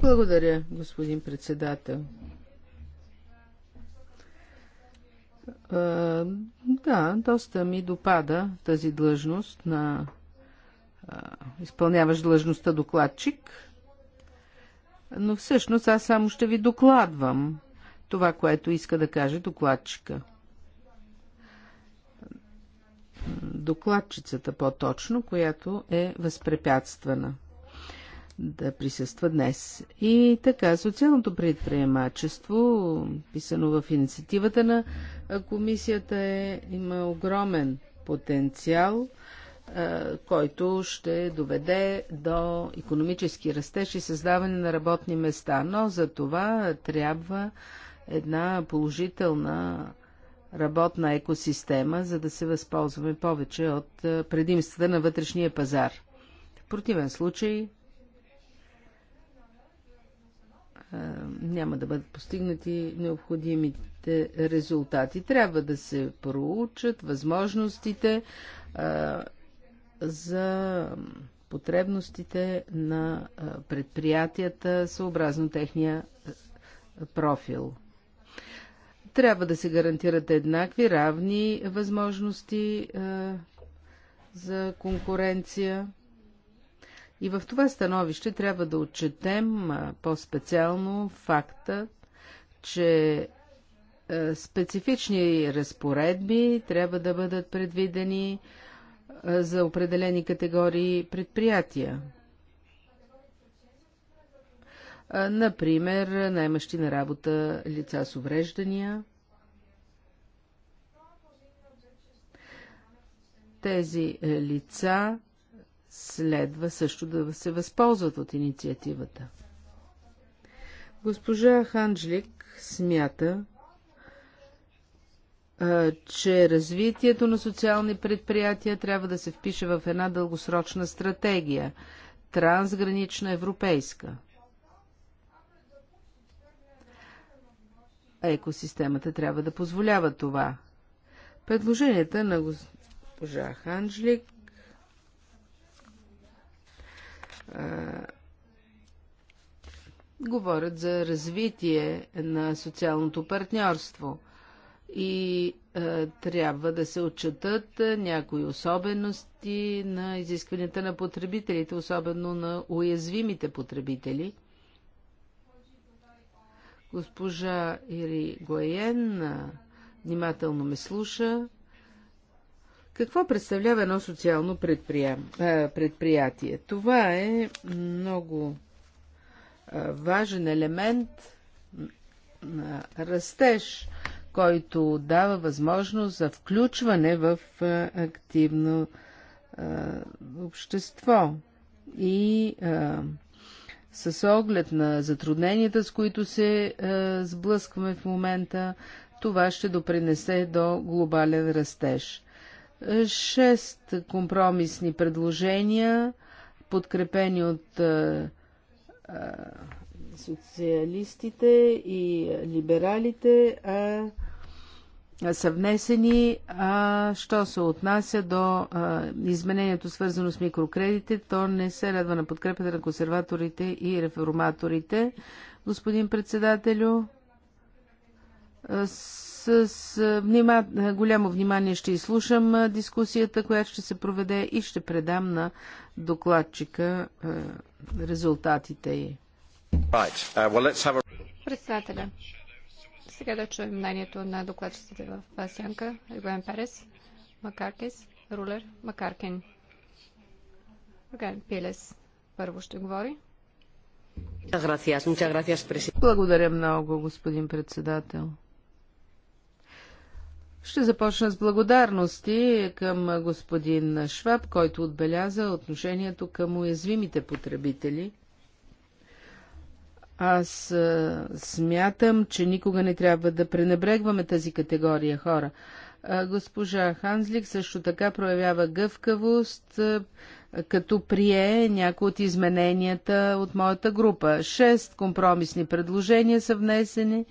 Благодаря, господин председател. А, е, да, доста ми допада тази длъжност на изпълняваш длъжността докладчик, но всъщност аз само ще ви докладвам това, което иска да каже докладчика. Докладчицата по-точно, която е възпрепятствана да присъства днес. И така, социалното предприемачество, писано в инициативата на комисията, е, има огромен потенциал е, който ще доведе до економически растеж и създаване на работни места. Но за това трябва една положителна работна екосистема, за да се възползваме повече от е, предимствата на вътрешния пазар. В противен случай е, няма да бъдат постигнати необходимите резултати. Трябва да се проучат възможностите за потребностите на предприятията съобразно техния профил. Трябва да се гарантират еднакви, равни възможности за конкуренция. И в това становище трябва да отчетем по-специално факта, че специфични разпоредби трябва да бъдат предвидени за определени категории предприятия. Например, наймащи на работа лица с увреждания. Тези е, лица следва също да се възползват от инициативата. Госпожа Ханджлик смята, че развитието на социални предприятия трябва да се впише в една дългосрочна стратегия, трансгранична европейска. Екосистемата трябва да позволява това. Предложенията на госпожа Ханджлик а, говорят за развитие на социалното партньорство – и е, трябва да се отчетат е, някои особености на изискванията на потребителите, особено на уязвимите потребители. Госпожа Ири Гоен е, внимателно ме слуша. Какво представлява едно социално е, предприятие? Това е много важен елемент на растеж който дава възможност за включване в активно общество. И а, с оглед на затрудненията, с които се а, сблъскваме в момента, това ще допринесе до глобален растеж. Шест компромисни предложения, подкрепени от а, социалистите и либералите а, а са внесени, а що се отнася до а, изменението свързано с микрокредите, то не се радва на подкрепата на консерваторите и реформаторите. Господин председателю, с, с внима, голямо внимание ще изслушам дискусията, която ще се проведе и ще предам на докладчика резултатите й. Uh, Председателя. Сега да чуем мнението на докладчиците в Сянка. Регуен Перес, Макаркес, Рулер, Макаркин. Регуен Пилес първо ще говори. Благодаря много, господин председател. Ще започна с благодарности към господин Шваб, който отбеляза отношението към уязвимите потребители аз а, смятам, че никога не трябва да пренебрегваме тази категория хора. А, госпожа Ханзлик също така проявява гъвкавост, а, като прие някои от измененията от моята група. Шест компромисни предложения са внесени.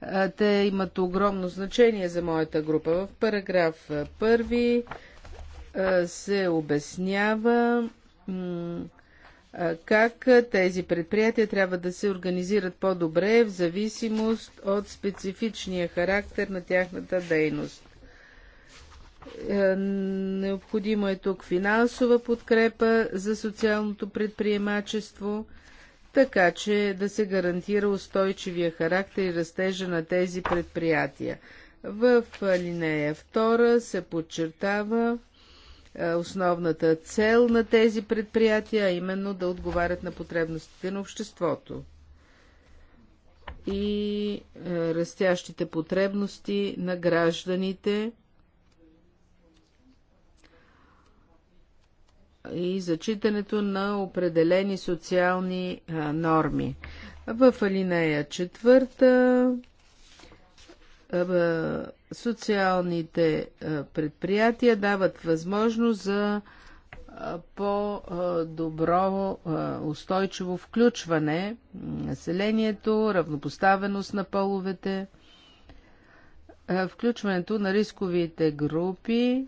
А, те имат огромно значение за моята група. В параграф първи се обяснява как тези предприятия трябва да се организират по-добре в зависимост от специфичния характер на тяхната дейност. Е, необходимо е тук финансова подкрепа за социалното предприемачество, така че да се гарантира устойчивия характер и растежа на тези предприятия. В линея 2 се подчертава е, основната цел на тези предприятия, а именно да отговарят на потребностите на обществото и е, растящите потребности на гражданите и зачитането на определени социални е, норми. В алинея четвърта е, е, социалните е, предприятия дават възможност за по-добро устойчиво включване на населението, равнопоставеност на половете, включването на рисковите групи,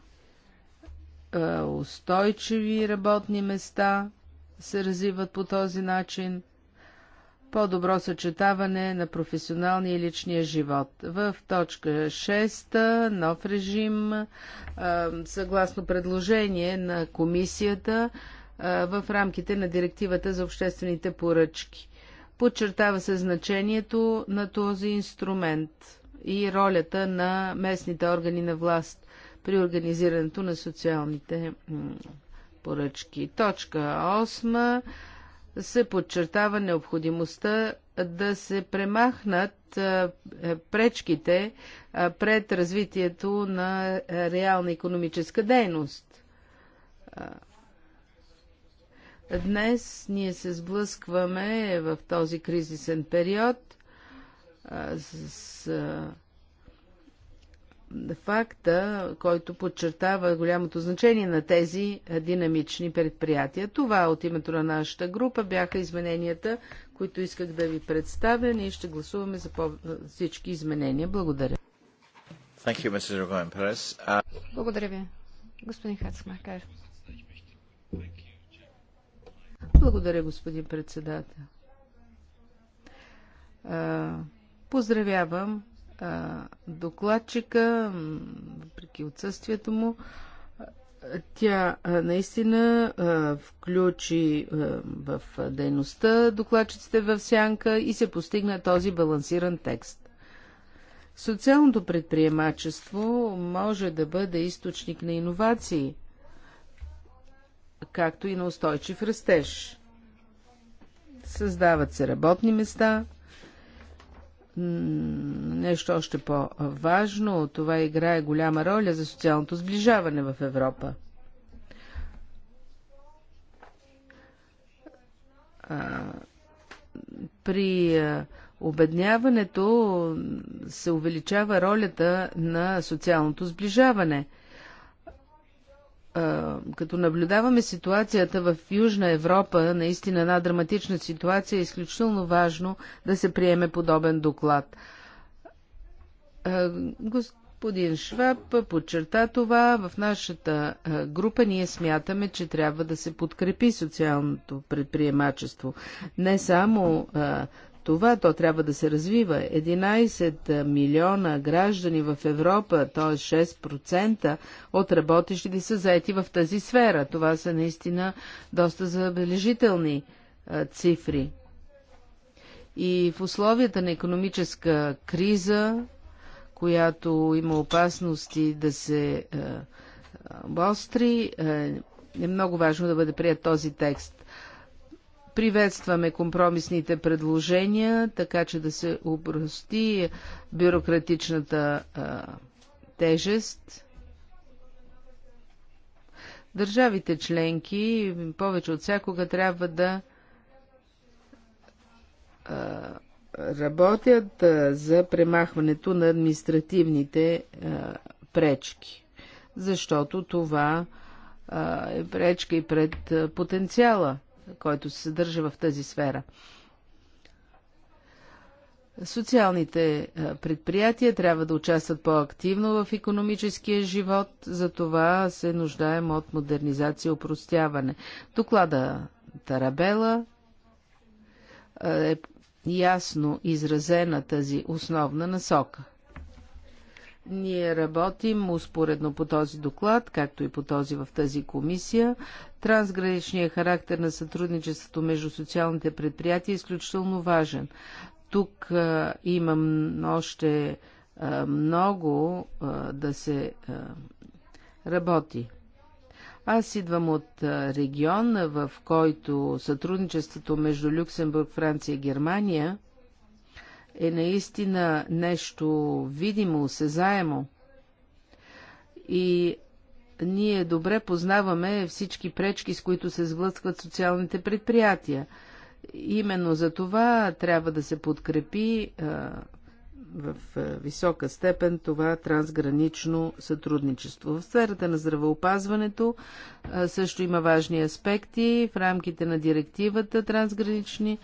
устойчиви работни места се развиват по този начин по-добро съчетаване на професионалния и личния живот. В точка 6 нов режим, съгласно предложение на комисията в рамките на директивата за обществените поръчки. Подчертава се значението на този инструмент и ролята на местните органи на власт при организирането на социалните поръчки. Точка 8 се подчертава необходимостта да се премахнат е, пречките пред развитието на е, реална економическа дейност. Днес ние се сблъскваме в този кризисен период с факта, който подчертава голямото значение на тези динамични предприятия. Това от името на нашата група бяха измененията, които исках да ви представя. Ние ще гласуваме за всички изменения. Благодаря. You, uh, Благодаря ви, господин Хацмакар. Благодаря, господин председател. Поздравявам докладчика, въпреки отсъствието му. Тя наистина включи в дейността докладчиците в сянка и се постигна този балансиран текст. Социалното предприемачество може да бъде източник на иновации, както и на устойчив растеж. Създават се работни места – нещо още по-важно, това играе голяма роля за социалното сближаване в Европа. При обедняването се увеличава ролята на социалното сближаване – като наблюдаваме ситуацията в Южна Европа, наистина една драматична ситуация, е изключително важно да се приеме подобен доклад. Господин Шваб подчерта това. В нашата група ние смятаме, че трябва да се подкрепи социалното предприемачество. Не само това то трябва да се развива. 11 милиона граждани в Европа, т.е. 6% от работещите са заети в тази сфера. Това са наистина доста забележителни а, цифри. И в условията на економическа криза, която има опасности да се обостри, е, е много важно да бъде прият този текст. Приветстваме компромисните предложения, така че да се упрости бюрократичната а, тежест. Държавите членки повече от всякога трябва да а, работят а, за премахването на административните а, пречки, защото това а, е пречка и пред потенциала който се съдържа в тази сфера. Социалните предприятия трябва да участват по-активно в економическия живот, за това се нуждаем от модернизация и упростяване. Доклада Тарабела е ясно изразена тази основна насока. Ние работим успоредно по този доклад, както и по този в тази комисия. Трансграничния характер на сътрудничеството между социалните предприятия е изключително важен. Тук а, имам още а, много а, да се а, работи. Аз идвам от регион, в който сътрудничеството между Люксембург, Франция и Германия е наистина нещо видимо, осезаемо. И ние добре познаваме всички пречки, с които се сблъскват социалните предприятия. Именно за това трябва да се подкрепи а, в висока степен това трансгранично сътрудничество. В сферата на здравеопазването а, също има важни аспекти в рамките на директивата трансгранични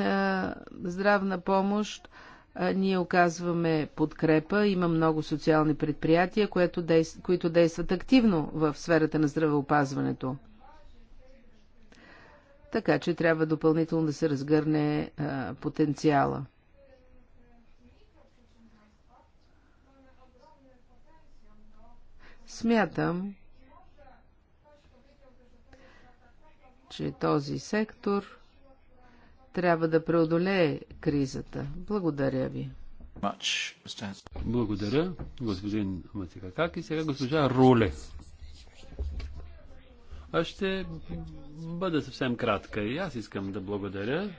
а, здравна помощ ние оказваме подкрепа. Има много социални предприятия, което които действат активно в сферата на здравеопазването. Така че трябва допълнително да се разгърне а, потенциала. Смятам, че този сектор трябва да преодолее кризата. Благодаря ви. Благодаря, господин Матикакак. И сега госпожа Руле. Аз ще бъда съвсем кратка. И аз искам да благодаря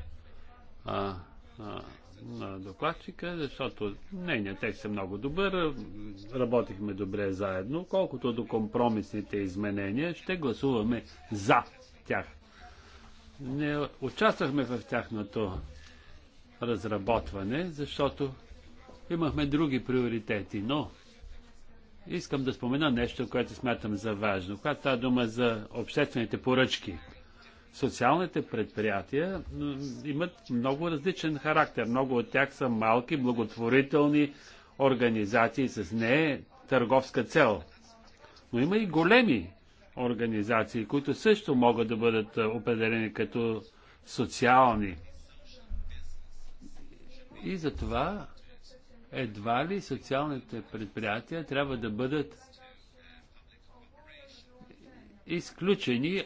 а, а, на докладчика, защото нейният текст е много добър. Работихме добре заедно. Колкото до компромисните изменения, ще гласуваме за тях не участвахме в тяхното разработване, защото имахме други приоритети, но искам да спомена нещо, което смятам за важно. Когато става дума за обществените поръчки, социалните предприятия имат много различен характер. Много от тях са малки, благотворителни организации с не търговска цел. Но има и големи организации, които също могат да бъдат определени като социални. И затова едва ли социалните предприятия трябва да бъдат изключени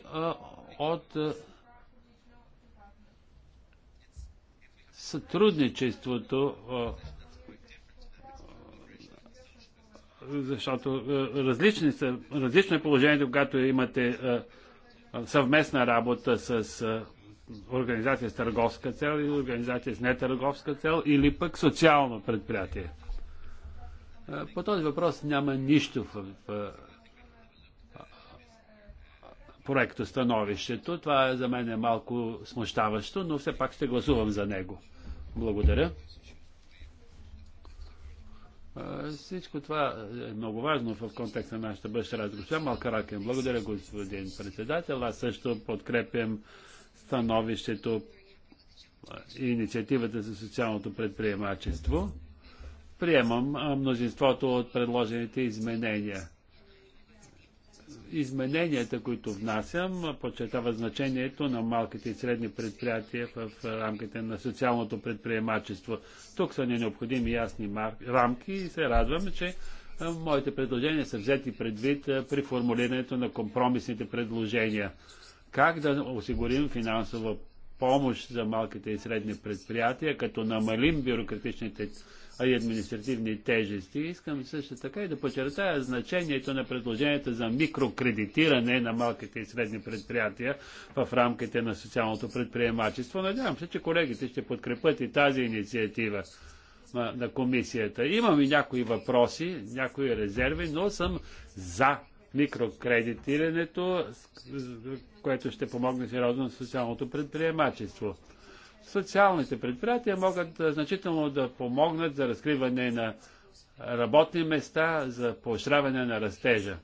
от сътрудничеството защото е, различни са, различно е положението, когато имате е, е, съвместна работа с организация с търговска цел или организация с нетърговска цел или пък социално предприятие. По този въпрос няма нищо в, в проекто становището. Това за мен е малко смущаващо, но все пак ще гласувам за него. Благодаря. Всичко това е много важно в контекста на нашата бъдеща Малка Ракен, благодаря господин председател. Аз също подкрепям становището и инициативата за социалното предприемачество. Приемам мнозинството от предложените изменения измененията, които внасям, подчертава значението на малките и средни предприятия в рамките на социалното предприемачество. Тук са ни необходими ясни рамки и се радвам, че моите предложения са взети предвид при формулирането на компромисните предложения. Как да осигурим финансова помощ за малките и средни предприятия, като намалим бюрократичните и административни тежести. Искам също така и да подчертая значението на предложенията за микрокредитиране на малките и средни предприятия в рамките на социалното предприемачество. Надявам се, че колегите ще подкрепят и тази инициатива на комисията. Имам и някои въпроси, някои резерви, но съм за микрокредитирането, което ще помогне сериозно на социалното предприемачество. Социалните предприятия могат значително да помогнат за разкриване на работни места, за поощряване на растежа.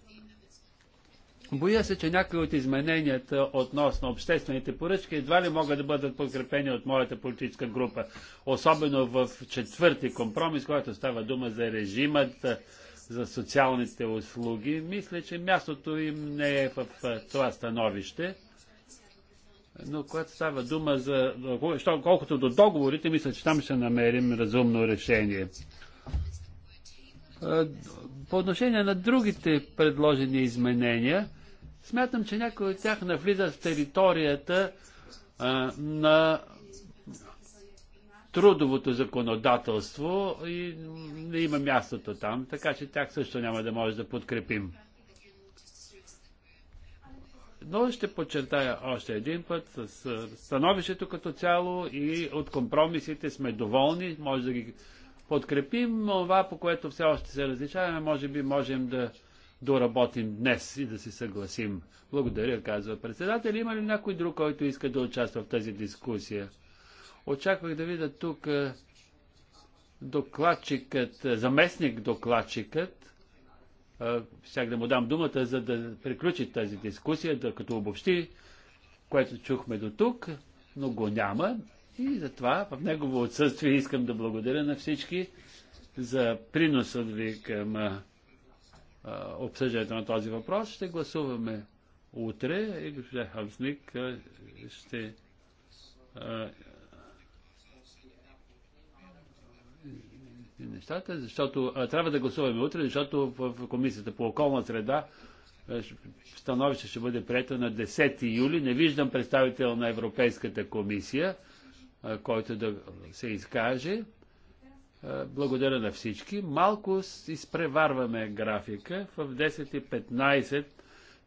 Боя се, че някои от измененията относно обществените поръчки едва ли могат да бъдат подкрепени от моята политическа група. Особено в четвърти компромис, който става дума за режимът, за социалните услуги. Мисля, че мястото им не е в това становище. Но когато става дума за... Колкото до договорите, мисля, че там ще намерим разумно решение. По отношение на другите предложени изменения, смятам, че някои от тях навлизат в територията а, на трудовото законодателство и не има мястото там, така че тях също няма да може да подкрепим. Но ще подчертая още един път с становището като цяло и от компромисите сме доволни, може да ги подкрепим, но това, по което все още се различаваме, може би можем да доработим днес и да се съгласим. Благодаря, казва председател. Има ли някой друг, който иска да участва в тази дискусия? Очаквах да видя тук докладчикът, заместник докладчикът, щях да му дам думата, за да приключи тази дискусия, да като обобщи, което чухме до тук, но го няма. И затова в негово отсъствие искам да благодаря на всички за приносът ви към а, обсъждането на този въпрос. Ще гласуваме утре и госпожа Хамсник ще а, нещата, защото а, трябва да гласуваме утре, защото в, в комисията по околна среда становище ще бъде прието на 10 юли. Не виждам представител на Европейската комисия, а, който да се изкаже. А, благодаря на всички. Малко изпреварваме графика. В 10.15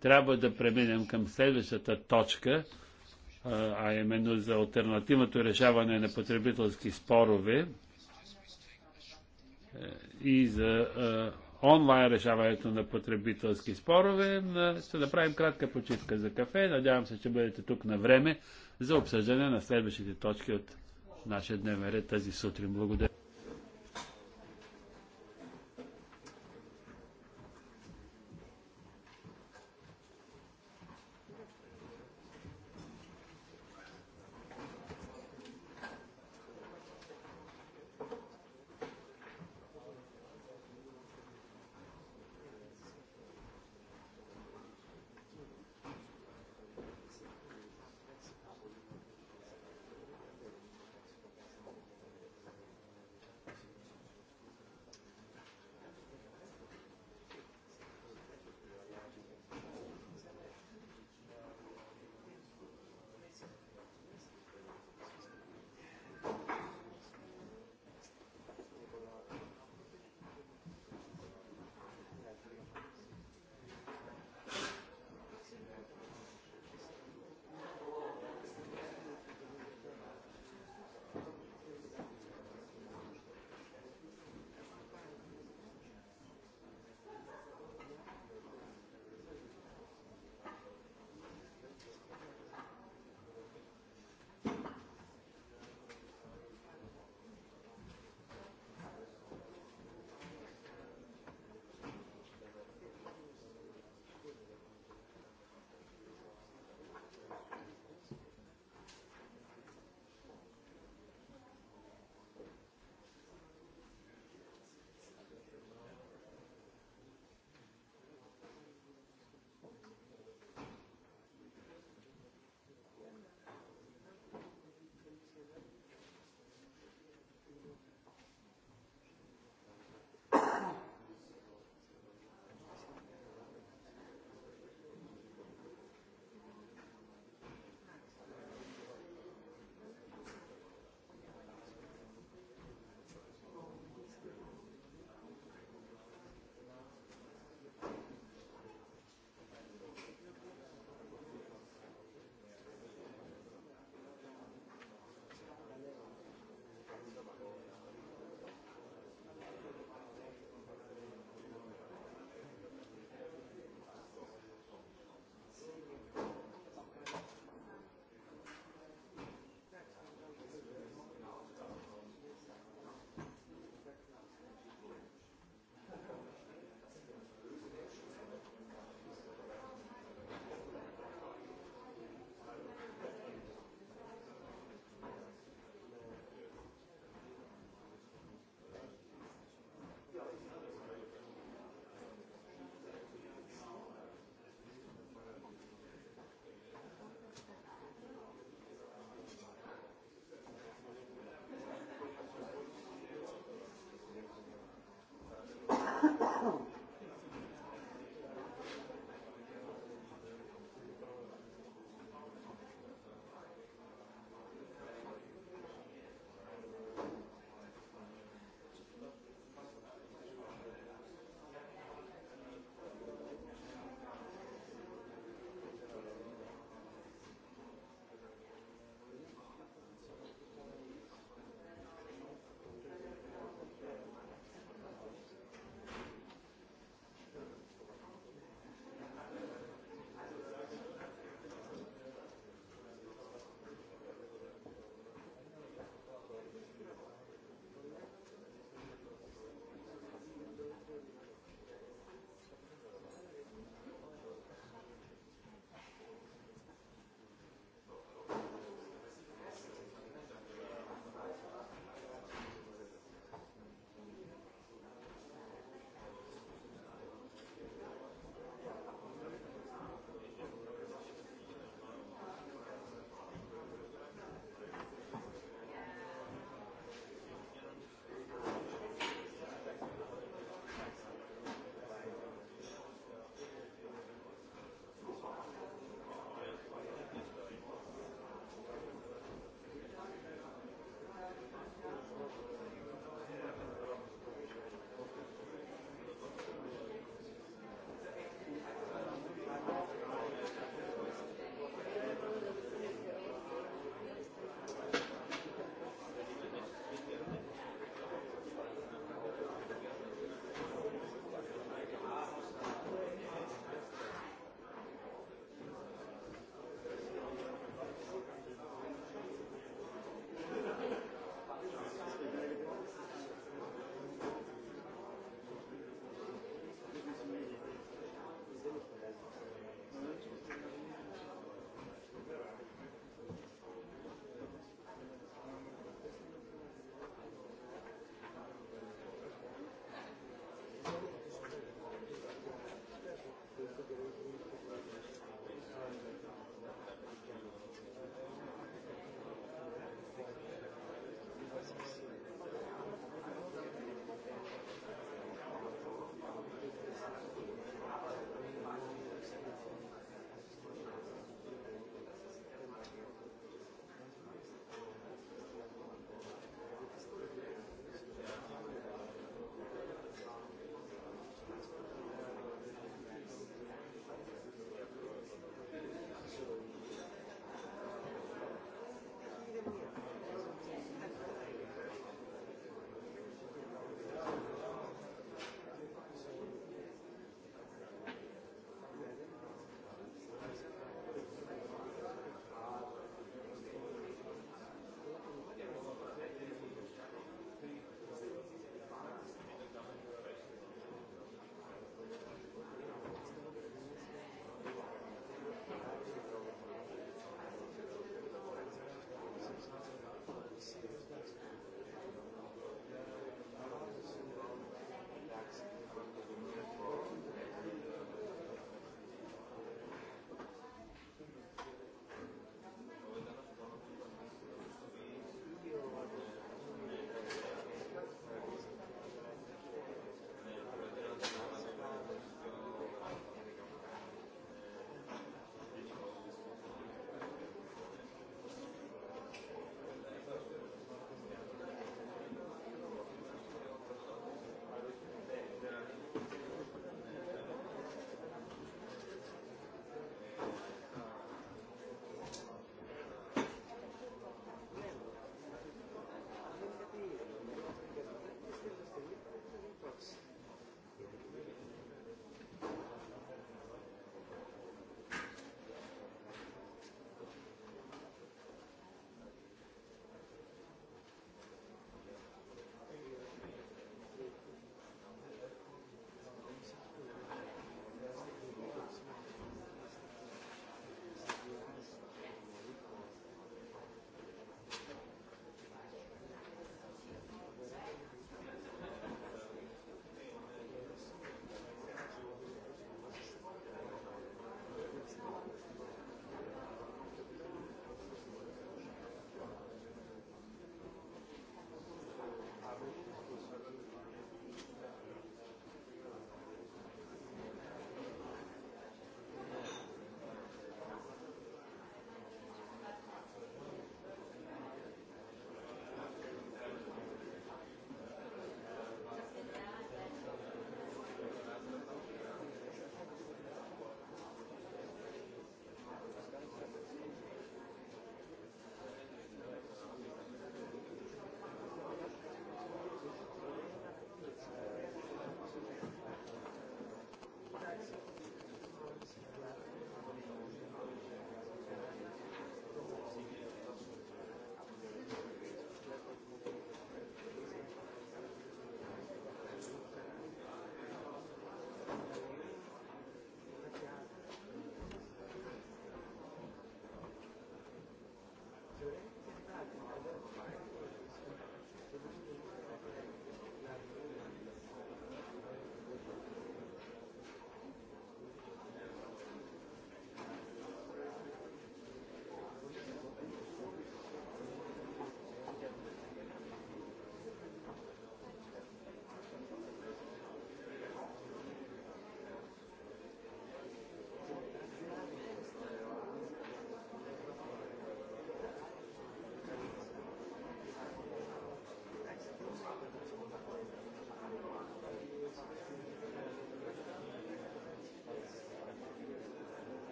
трябва да преминем към следващата точка, а именно за альтернативното решаване на потребителски спорове и за онлайн решаването на потребителски спорове. Ще направим кратка почивка за кафе. Надявам се, че бъдете тук на време за обсъждане на следващите точки от нашия дневен ред тази сутрин. Благодаря.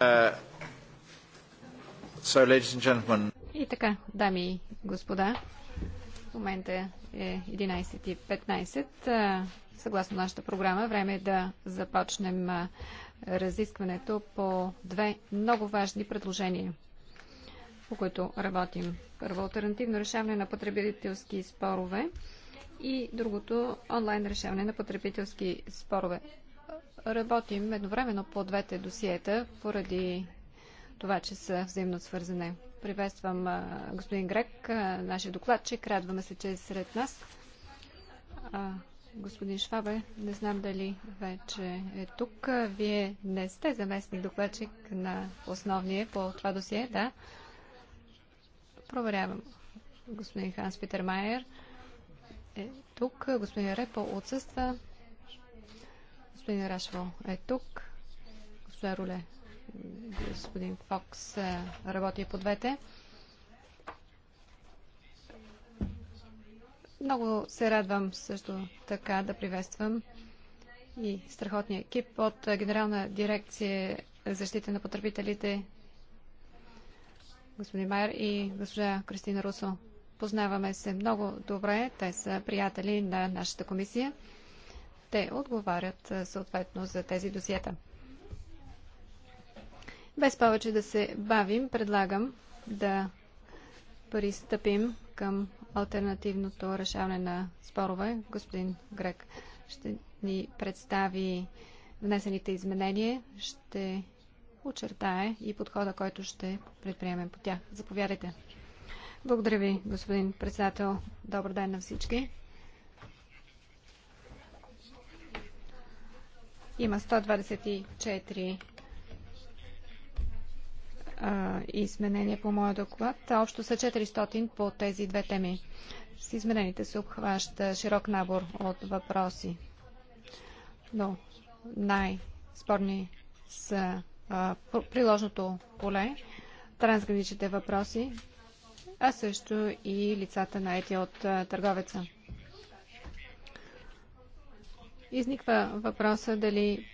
Uh, и така, дами и господа, в момента е 11.15. Съгласно нашата програма, време е да започнем разискването по две много важни предложения, по които работим. Първо, альтернативно решаване на потребителски спорове и другото онлайн решаване на потребителски спорове работим едновременно по двете досиета, поради това, че са взаимно свързане. Приветствам господин Грек, нашия докладчик. Радваме се, че е сред нас. А, господин Швабе, не знам дали вече е тук. Вие не сте заместник докладчик на основния по това досие, да? Проверявам. Господин Ханс Питер Майер е тук. Господин Репо отсъства. Господин Рашво е тук. Господин Руле, господин Фокс е, работи по двете. Много се радвам също така да приветствам и страхотния екип от Генерална дирекция защита на потребителите господин Майер и госпожа Кристина Русо. Познаваме се много добре. Те са приятели на нашата комисия те отговарят съответно за тези досиета. Без повече да се бавим, предлагам да пристъпим към альтернативното решаване на спорове. Господин Грек ще ни представи внесените изменения, ще очертае и подхода, който ще предприемем по тях. Заповядайте. Благодаря ви, господин председател. Добър ден на всички. Има 124 изменения по моя доклад. Общо са 400 по тези две теми. С изменените се обхваща широк набор от въпроси. Но най-спорни са приложното поле, трансграничните въпроси, а също и лицата на ети от търговеца. Изниква въпроса дали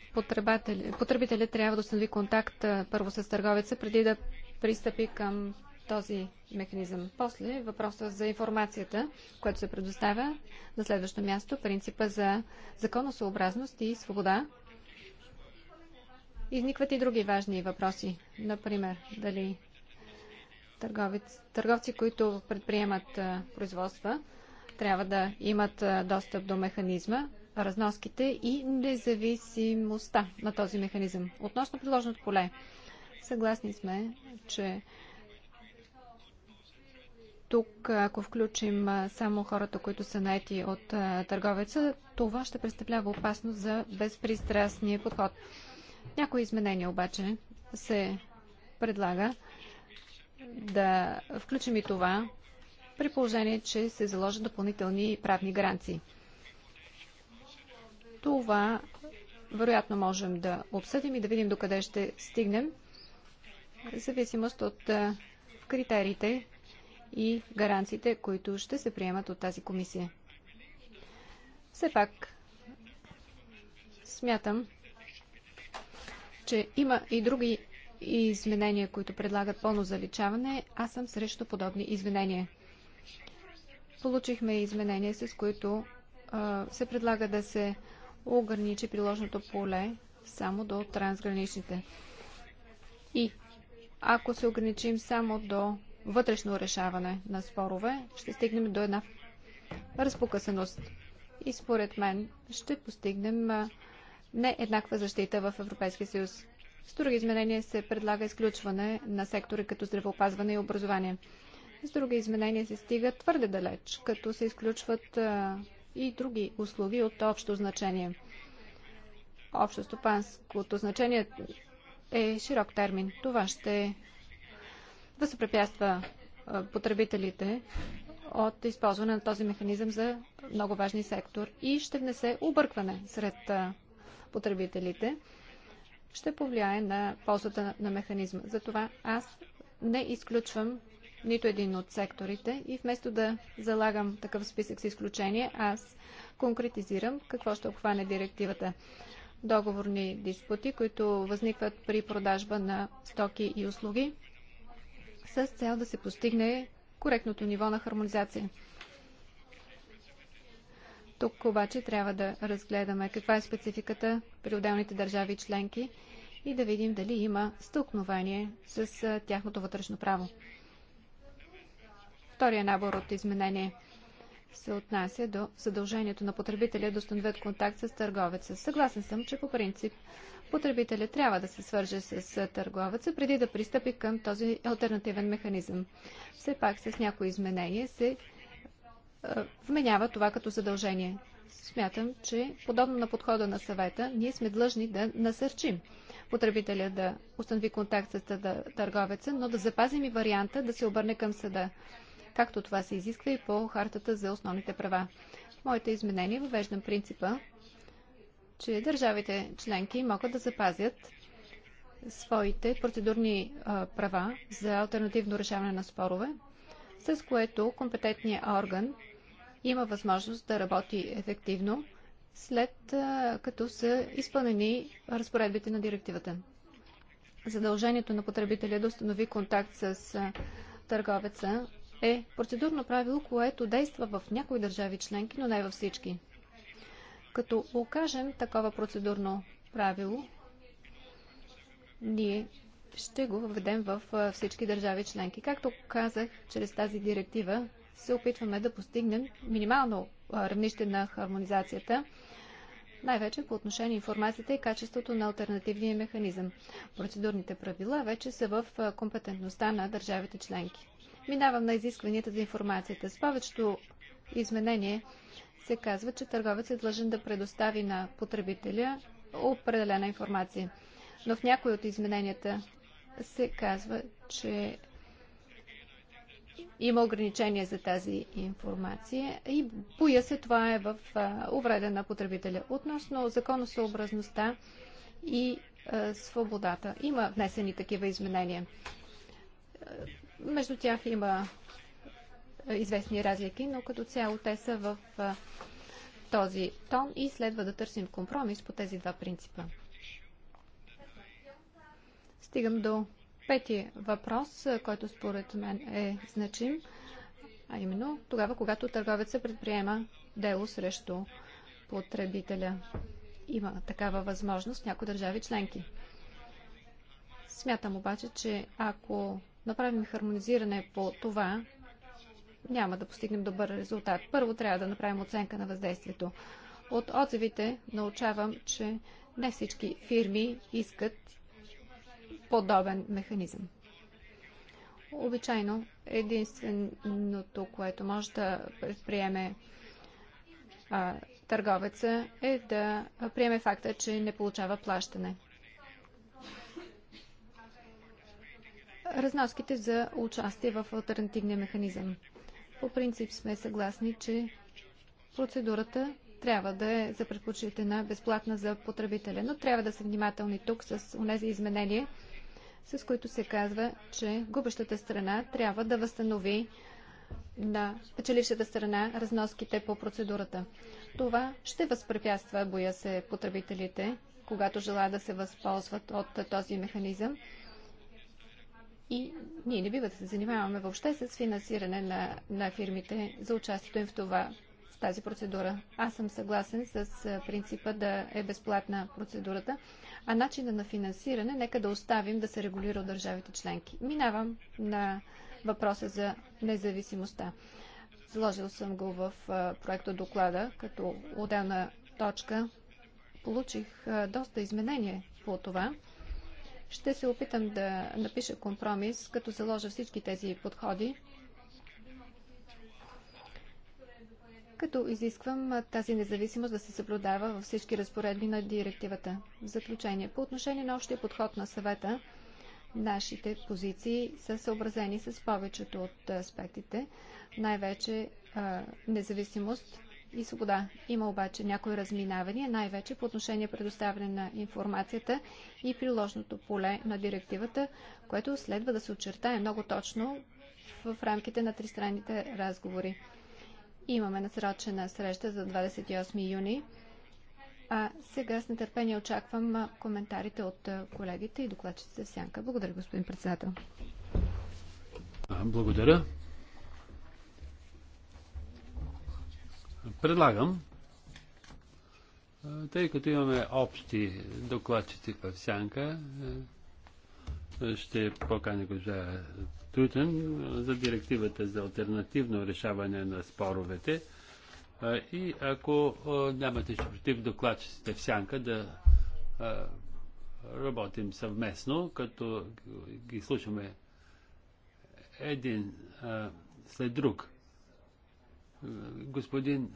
потребителят трябва да установи контакт първо с търговеца, преди да пристъпи към този механизъм. После въпроса за информацията, която се предоставя. На следващо място принципа за законосъобразност и свобода. Изникват и други важни въпроси. Например, дали търговец, търговци, които предприемат производства, трябва да имат достъп до механизма, разноските и независимостта на този механизъм. Относно предложеното поле, съгласни сме, че тук, ако включим само хората, които са наети от търговеца, това ще представлява опасност за безпристрастния подход. Някои изменения обаче се предлага да включим и това, при положение, че се заложат допълнителни правни гаранции. Това вероятно можем да обсъдим и да видим докъде ще стигнем, в зависимост от критериите и гаранциите, които ще се приемат от тази комисия. Все пак, смятам, че има и други изменения, които предлагат пълно заличаване. Аз съм срещу подобни изменения. Получихме изменения, с които а, се предлага да се ограничи приложното поле само до трансграничните. И ако се ограничим само до вътрешно решаване на спорове, ще стигнем до една разпокъсаност. И според мен ще постигнем не еднаква защита в Европейския съюз. С други изменения се предлага изключване на сектори като здравеопазване и образование. С други изменения се стига твърде далеч, като се изключват и други услуги от общо значение. Общо стопанското значение е широк термин. Това ще да се препятства потребителите от използване на този механизъм за много важни сектор и ще внесе объркване сред потребителите, ще повлияе на ползата на механизма. Затова аз не изключвам нито един от секторите и вместо да залагам такъв списък с изключение, аз конкретизирам какво ще обхване директивата. Договорни диспути, които възникват при продажба на стоки и услуги с цел да се постигне коректното ниво на хармонизация. Тук обаче трябва да разгледаме каква е спецификата при отделните държави членки и да видим дали има стълкновение с тяхното вътрешно право. Втория набор от изменения се отнася до задължението на потребителя да установят контакт с търговеца. Съгласен съм, че по принцип потребителя трябва да се свърже с търговеца преди да пристъпи към този альтернативен механизъм. Все пак с някои изменения се вменява това като задължение. Смятам, че подобно на подхода на съвета, ние сме длъжни да насърчим потребителя да установи контакт с търговеца, но да запазим и варианта да се обърне към съда както това се изисква и по Хартата за основните права. В моите изменения въвеждам принципа, че държавите членки могат да запазят своите процедурни права за альтернативно решаване на спорове, с което компетентният орган има възможност да работи ефективно след като са изпълнени разпоредбите на директивата. Задължението на потребителя да установи контакт с търговеца е процедурно правило, което действа в някои държави членки, но не във всички. Като окажем такова процедурно правило, ние ще го введем в всички държави членки. Както казах, чрез тази директива се опитваме да постигнем минимално равнище на хармонизацията, най-вече по отношение на информацията и качеството на альтернативния механизъм. Процедурните правила вече са в компетентността на държавите членки. Минавам на изискванията за информацията. С повечето изменение се казва, че търговец е длъжен да предостави на потребителя определена информация. Но в някои от измененията се казва, че има ограничения за тази информация и боя се това е в увреда на потребителя. Относно законосъобразността и свободата. Има внесени такива изменения. Между тях има е, известни разлики, но като цяло те са в е, този тон и следва да търсим компромис по тези два принципа. Стигам до пети въпрос, е, който според мен е значим, а именно тогава, когато търговецът предприема дело срещу потребителя. Има такава възможност в някои държави членки. Смятам обаче, че ако направим хармонизиране по това, няма да постигнем добър резултат. Първо трябва да направим оценка на въздействието. От отзивите научавам, че не всички фирми искат подобен механизъм. Обичайно единственото, което може да предприеме търговеца е да приеме факта, че не получава плащане. разноските за участие в альтернативния механизъм. По принцип сме съгласни, че процедурата трябва да е за предпочитана безплатна за потребителя, но трябва да са внимателни тук с тези изменения, с които се казва, че губещата страна трябва да възстанови на печелившата страна разноските по процедурата. Това ще възпрепятства, боя се, потребителите, когато желаят да се възползват от този механизъм и ние не бива да се занимаваме въобще с финансиране на, на фирмите за участието им в това, в тази процедура. Аз съм съгласен с принципа да е безплатна процедурата, а начина на финансиране нека да оставим да се регулира от държавите членки. Минавам на въпроса за независимостта. Заложил съм го в проекта доклада като отделна точка. Получих доста изменения по това. Ще се опитам да напиша компромис, като заложа всички тези подходи, като изисквам тази независимост да се съблюдава във всички разпоредби на директивата. В заключение, по отношение на общия подход на съвета, нашите позиции са съобразени с повечето от аспектите, най-вече независимост и свобода. Има обаче някои разминавания, най-вече по отношение предоставяне на информацията и приложното поле на директивата, което следва да се очертае много точно в рамките на тристранните разговори. Имаме насрочена среща за 28 юни, а сега с нетърпение очаквам коментарите от колегите и докладчиците в сянка. Благодаря, господин председател. Благодаря. Предлагам, тъй като имаме общи докладчици в сянка, ще покани госпожа Трутен за директивата за альтернативно решаване на споровете. И ако нямате ще против докладчиците в сянка да работим съвместно, като ги слушаме един след друг. Господин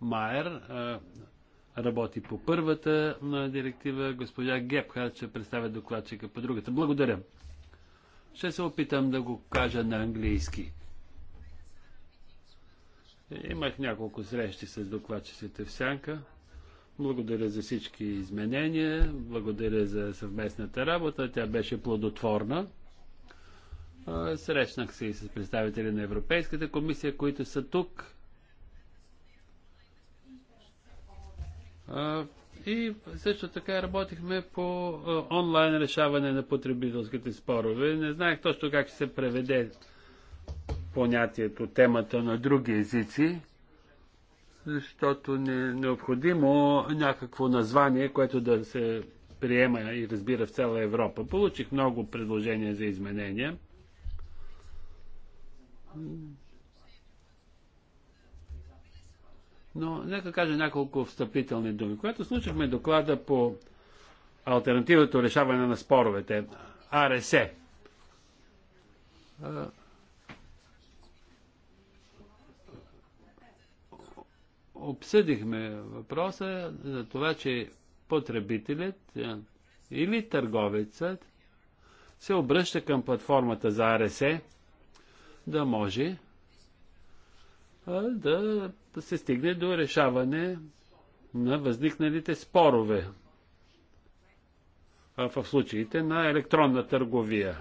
Майер работи по първата директива, госпожа Гепхар, ще представя докладчика по другата. Благодаря. Ще се опитам да го кажа на английски. Имах няколко срещи с докладчиците в Сянка. Благодаря за всички изменения, благодаря за съвместната работа. Тя беше плодотворна. Срещнах се и с представители на Европейската комисия, които са тук. И също така работихме по онлайн решаване на потребителските спорове. Не знаех точно как ще се преведе понятието, темата на други езици, защото не е необходимо някакво название, което да се приема и разбира в цяла Европа. Получих много предложения за изменения. Но нека кажа няколко встъпителни думи. Когато слушахме доклада по альтернативното решаване на споровете, АРС, обсъдихме въпроса за това, че потребителят е, или търговецът се обръща към платформата за АРС да може да се стигне до решаване на възникналите спорове в случаите на електронна търговия.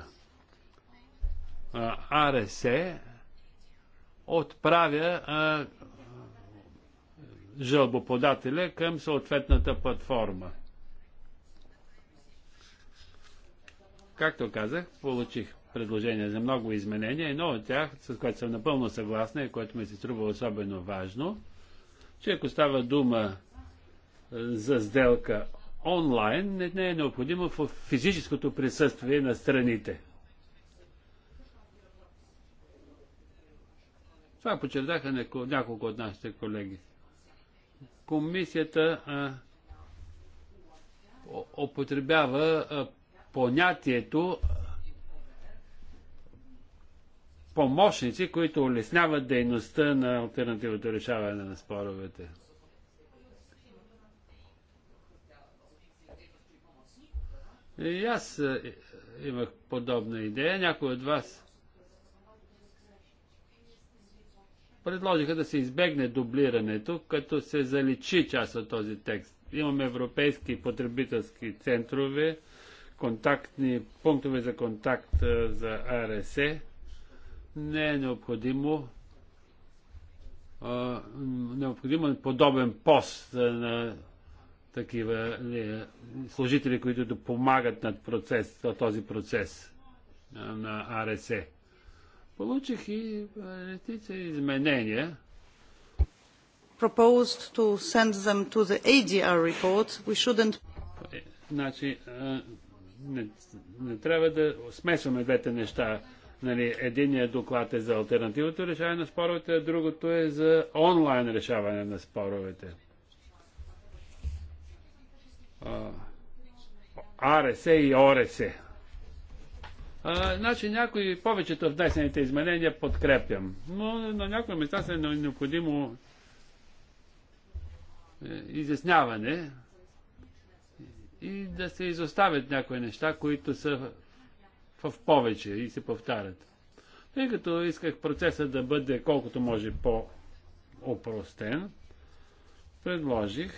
АРС отправя а, жълбоподателя към съответната платформа. Както казах, получих предложения за много изменения. Едно от тях, с което съм напълно съгласна и което ми се струва особено важно, че ако става дума е, за сделка онлайн, не е необходимо в физическото присъствие на страните. Това подчертаха няколко от нашите колеги. Комисията а, употребява а, понятието помощници, които улесняват дейността на альтернативното решаване на споровете. И аз е, имах подобна идея. Някои от вас предложиха да се избегне дублирането, като се заличи част от този текст. Имаме европейски потребителски центрове, контактни пунктове за контакт е, за АРСЕ не е необходимо а, необходимо подобен пост на такива ли, е, служители, които да помагат над процес, този процес на АРС. Получих и редица изменения. Proposed to send them to the ADR report. We shouldn't... Е, значи, не, не трябва да смесваме двете неща Нали, единият е доклад е за альтернативното решаване на споровете, а другото е за онлайн решаване на споровете. АРС и ОРС. А, значи някои, повечето от внесените изменения подкрепям, но на някои места са е необходимо е, изясняване и да се изоставят някои неща, които са в повече и се повтарят. Тъй като исках процесът да бъде колкото може по-опростен, предложих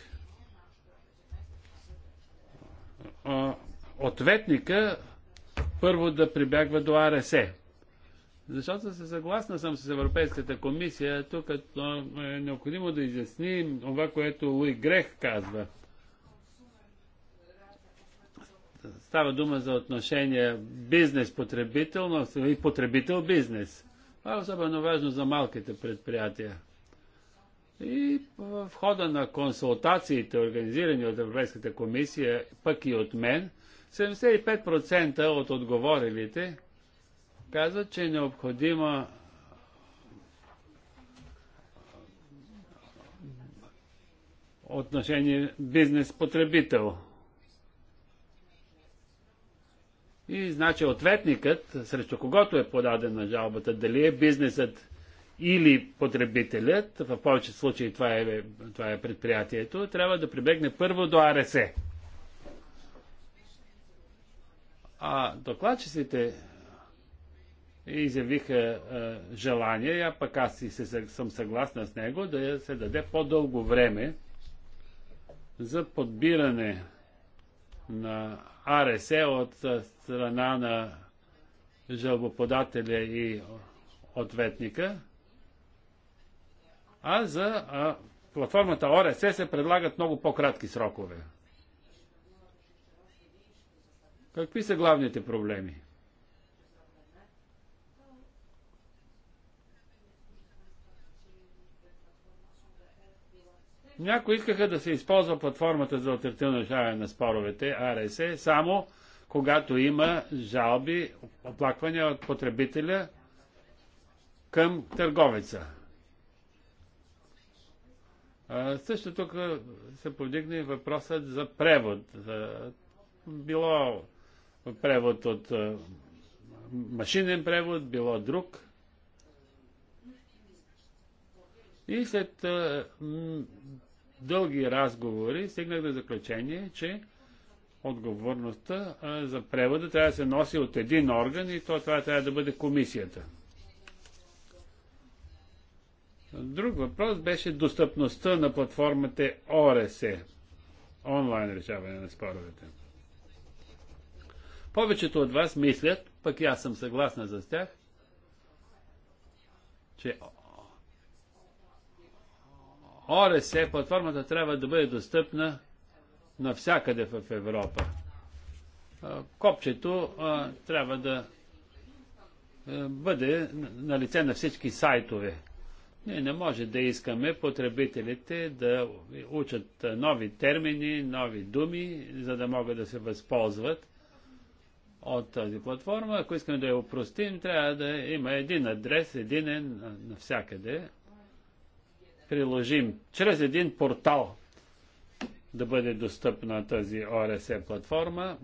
ответника първо да прибягва до АРС. Защото се съгласна съм с Европейската комисия, тук е необходимо да изясним това, което Луи Грех казва – Става дума за отношения бизнес-потребител, но и потребител-бизнес. Това е особено важно за малките предприятия. И в хода на консултациите, организирани от Европейската комисия, пък и от мен, 75% от отговорилите казват, че е необходима отношение бизнес-потребител. И значи ответникът, срещу когото е подадена жалбата, дали е бизнесът или потребителят, в повечето случаи това е, това е предприятието, трябва да прибегне първо до АРС. А докладчиците изявиха е, желание, а пък аз и се, съм съгласна с него, да се даде по-дълго време за подбиране на АРС от е, страна на жалбоподателя и ответника, а за платформата ОРС се предлагат много по-кратки срокове. Какви са главните проблеми? Някои искаха да се използва платформата за альтернативно решаване на споровете, АРС, само когато има жалби, оплаквания от потребителя към търговеца. също тук се повдигне и въпросът за превод. било превод от машинен превод, било друг. И след а, м, дълги разговори стигнах до заключение, че отговорността а, за превода трябва да се носи от един орган и то това трябва да бъде комисията. Друг въпрос беше достъпността на платформата ОРС, онлайн решаване на споровете. Повечето от вас мислят, пък и аз съм съгласна с тях, че ОРС платформата трябва да бъде достъпна навсякъде в Европа. Копчето трябва да бъде на лице на всички сайтове. Ние не може да искаме потребителите да учат нови термини, нови думи, за да могат да се възползват от тази платформа. Ако искаме да я упростим, трябва да има един адрес, един е навсякъде, приложим чрез един портал да бъде достъпна тази ОРС платформа.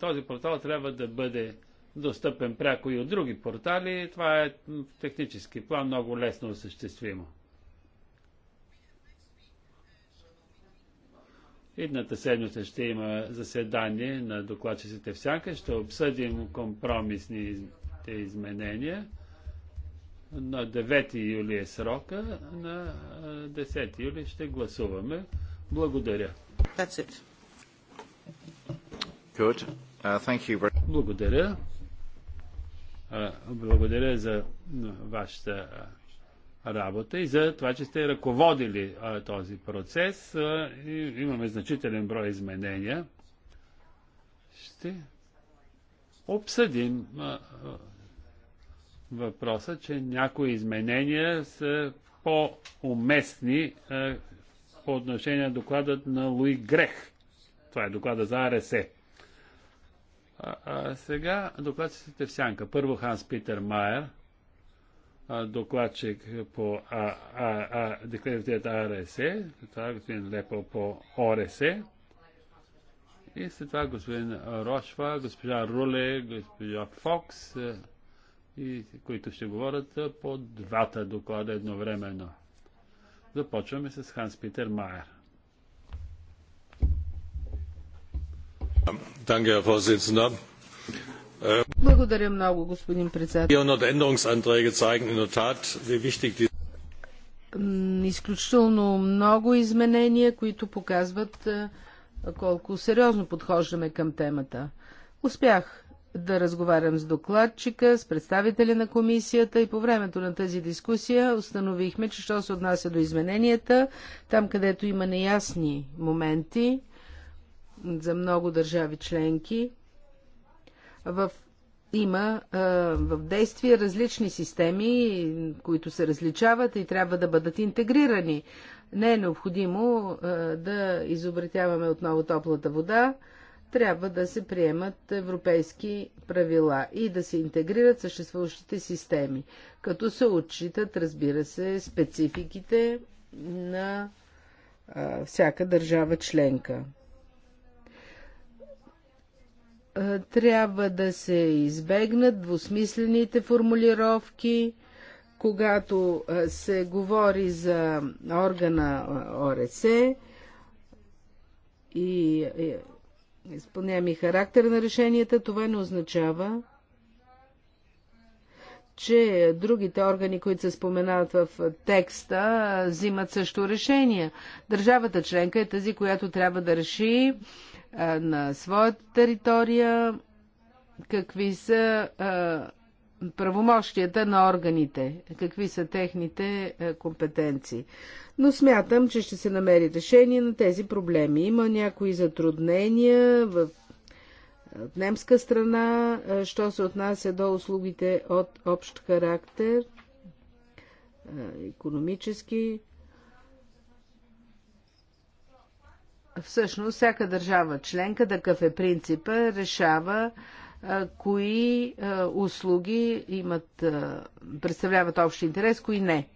Този портал трябва да бъде достъпен пряко и от други портали. Това е технически план много лесно осъществимо. Идната седмица ще има заседание на докладчиците в Сянка. Ще обсъдим компромисните изменения. На 9 юли е срока, на 10 юли ще гласуваме. Благодаря. Uh, благодаря. Uh, благодаря за вашата работа и за това, че сте ръководили този процес. и, имаме значителен брой изменения. Ще обсъдим а, въпроса, че някои изменения са по-уместни е, по отношение на докладът на Луи Грех. Това е доклада за АРС. А, а сега докладчиците в сянка. Първо Ханс Питер Майер, докладчик по а, АРС, АРСЕ, това е господин Лепо по ОРСЕ. И след това господин Рошва, госпожа Руле, госпожа Фокс, и които ще говорят по двата доклада едновременно. Започваме с Ханс Питер Майер. Благодаря много, господин председател. Изключително много изменения, които показват колко сериозно подхождаме към темата. Успях да разговарям с докладчика, с представители на комисията и по времето на тази дискусия установихме, че що се отнася до измененията, там където има неясни моменти за много държави членки, в има а, в действие различни системи, които се различават и трябва да бъдат интегрирани. Не е необходимо а, да изобретяваме отново топлата вода трябва да се приемат европейски правила и да се интегрират съществуващите системи, като се отчитат, разбира се, спецификите на а, всяка държава членка. трябва да се избегнат двусмислените формулировки, когато се говори за органа ОРС, и Изпълняваме и характера на решенията, това не означава, че другите органи, които се споменават в текста, взимат също решения. Държавата членка е тази, която трябва да реши на своята територия какви са правомощията на органите, какви са техните компетенции но смятам, че ще се намери решение на тези проблеми. Има някои затруднения в е, от немска страна, е, що се отнася до услугите от общ характер, економически. Всъщност, всяка държава членка, такъв е принципа, решава е, кои услуги имат, представляват общ интерес, кои не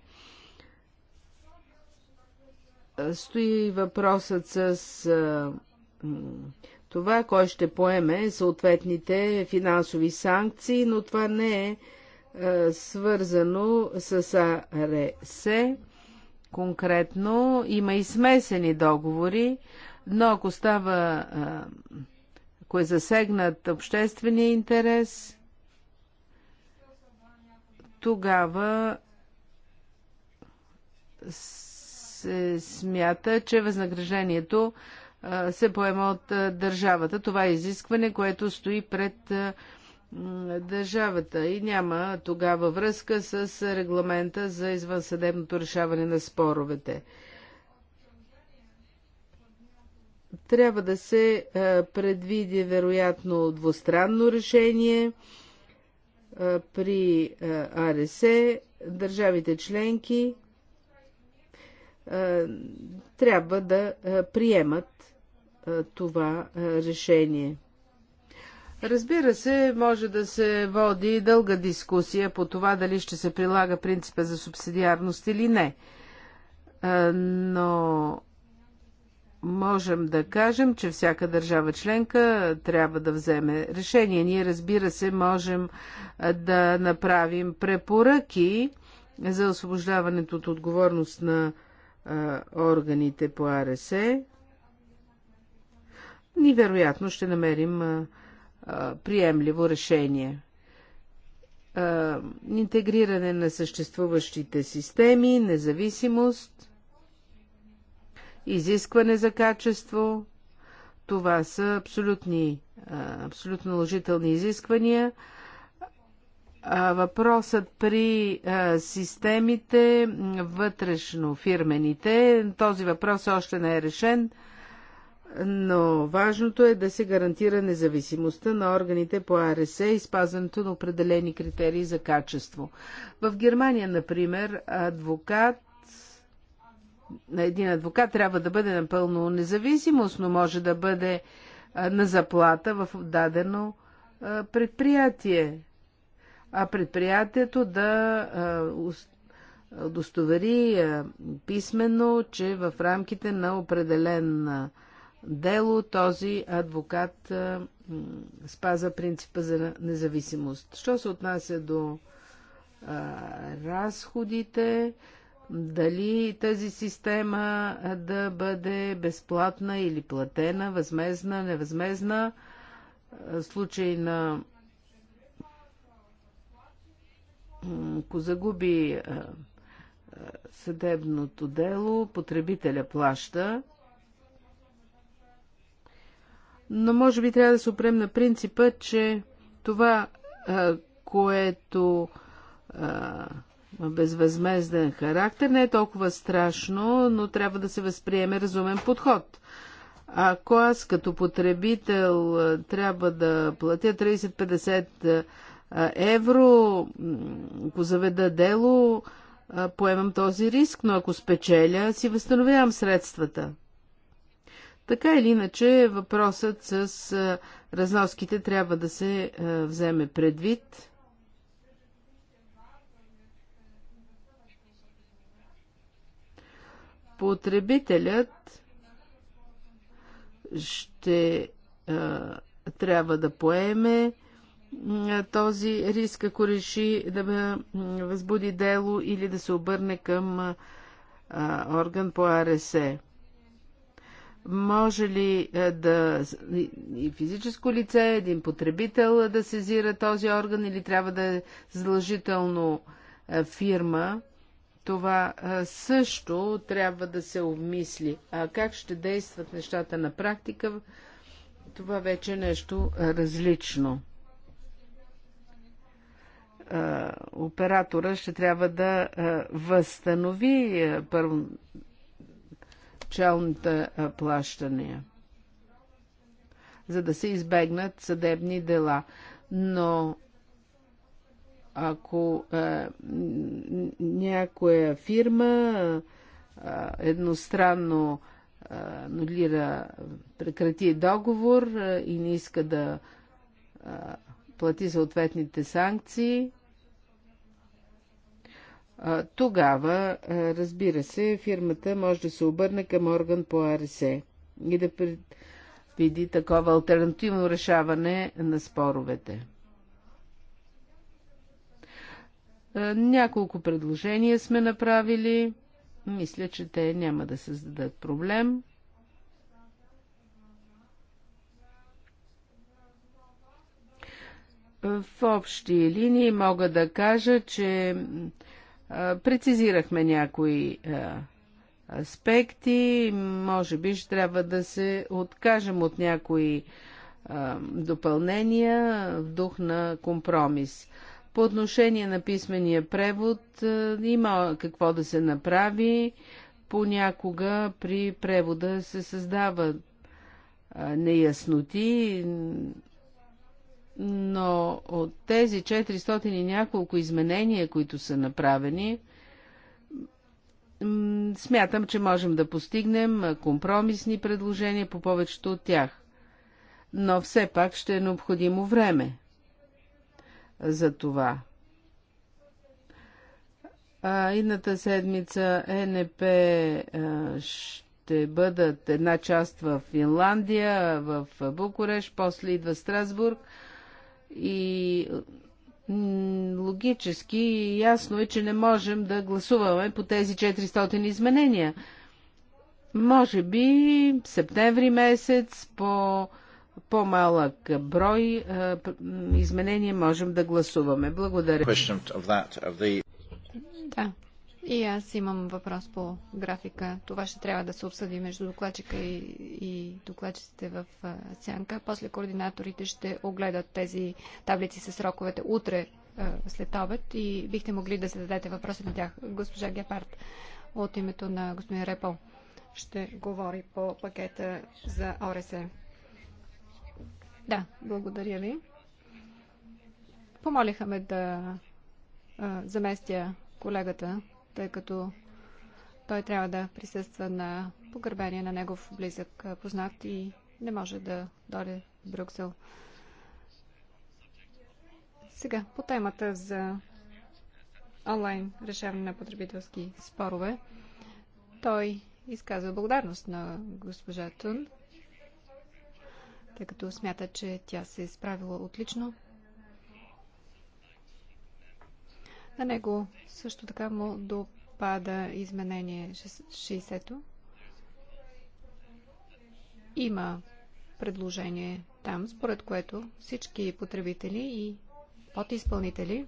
стои въпросът с това, кой ще поеме съответните финансови санкции, но това не е свързано с АРС. Конкретно има и смесени договори, но ако става, ако е засегнат обществения интерес, тогава се смята, че възнаграждението се поема от държавата. Това е изискване, което стои пред държавата и няма тогава връзка с регламента за извънсъдебното решаване на споровете. Трябва да се предвиди вероятно двустранно решение при АРСЕ. Държавите членки е, трябва да е, приемат е, това решение. Разбира се, може да се води дълга дискусия по това дали ще се прилага принципа за субсидиарност или не. Но можем да кажем, че всяка държава членка трябва да вземе решение. Ние, разбира се, можем да направим препоръки за освобождаването от отговорност на а, органите по АРСЕ. ни вероятно ще намерим а, а, приемливо решение. А, интегриране на съществуващите системи, независимост, изискване за качество. Това са абсолютни, а, абсолютно наложителни изисквания. Въпросът при системите вътрешно фирмените, този въпрос още не е решен, но важното е да се гарантира независимостта на органите по АРС и спазването на определени критерии за качество. В Германия, например, адвокат на един адвокат трябва да бъде напълно независимост, но може да бъде на заплата в дадено предприятие а предприятието да удостовери писменно, че в рамките на определен дело този адвокат спаза принципа за независимост. Що се отнася до разходите, дали тази система да бъде безплатна или платена, възмезна, невъзмезна, случай на ако загуби е, е, съдебното дело, потребителя плаща. Но може би трябва да се опрем на принципа, че това, е, което безвъзмезден характер, не е толкова страшно, но трябва да се възприеме разумен подход. Ако аз като потребител трябва да платя 30-50 евро, ако заведа дело, поемам този риск, но ако спечеля, си възстановявам средствата. Така или иначе, въпросът с разноските трябва да се вземе предвид. Потребителят ще трябва да поеме този риск, ако реши да възбуди дело или да се обърне към орган по АРС. Може ли да и физическо лице, един потребител да сезира този орган или трябва да е задължително фирма? Това също трябва да се обмисли. А как ще действат нещата на практика, това вече е нещо различно. Е, оператора ще трябва да е, възстанови е, първоначалните плащания, за да се избегнат съдебни дела. Но ако някоя фирма едностранно е, нулира, прекрати договор и не иска да плати съответните санкции, тогава, разбира се, фирмата може да се обърне към орган по АРС и да види такова альтернативно решаване на споровете. Няколко предложения сме направили. Мисля, че те няма да създадат проблем. В общи линии мога да кажа, че Прецизирахме някои аспекти. Може би ще трябва да се откажем от някои допълнения в дух на компромис. По отношение на писмения превод има какво да се направи. Понякога при превода се създават неясноти, но от тези 400 и няколко изменения, които са направени, смятам, че можем да постигнем компромисни предложения по повечето от тях. Но все пак ще е необходимо време за това. А, едната седмица НП а, ще бъдат една част в Финландия, в Букуреш, после идва Страсбург и логически ясно е, че не можем да гласуваме по тези 400 изменения. Може би септември месец по по-малък брой е, изменения можем да гласуваме. Благодаря. Да. И аз имам въпрос по графика. Това ще трябва да се обсъди между докладчика и, и докладчиците в сянка. После координаторите ще огледат тези таблици с сроковете утре след обед и бихте могли да зададете въпроси на тях. Госпожа Гепард от името на господин Репол ще говори по пакета за ОРСЕ. Да, благодаря ви. Помолиха ме да заместя колегата тъй като той трябва да присъства на погребение на негов близък познат и не може да дойде в Брюксел. Сега, по темата за онлайн решаване на потребителски спорове, той изказва благодарност на госпожа Тун, тъй като смята, че тя се е справила отлично На него също така му допада изменение 60-то. Има предложение там, според което всички потребители и подизпълнители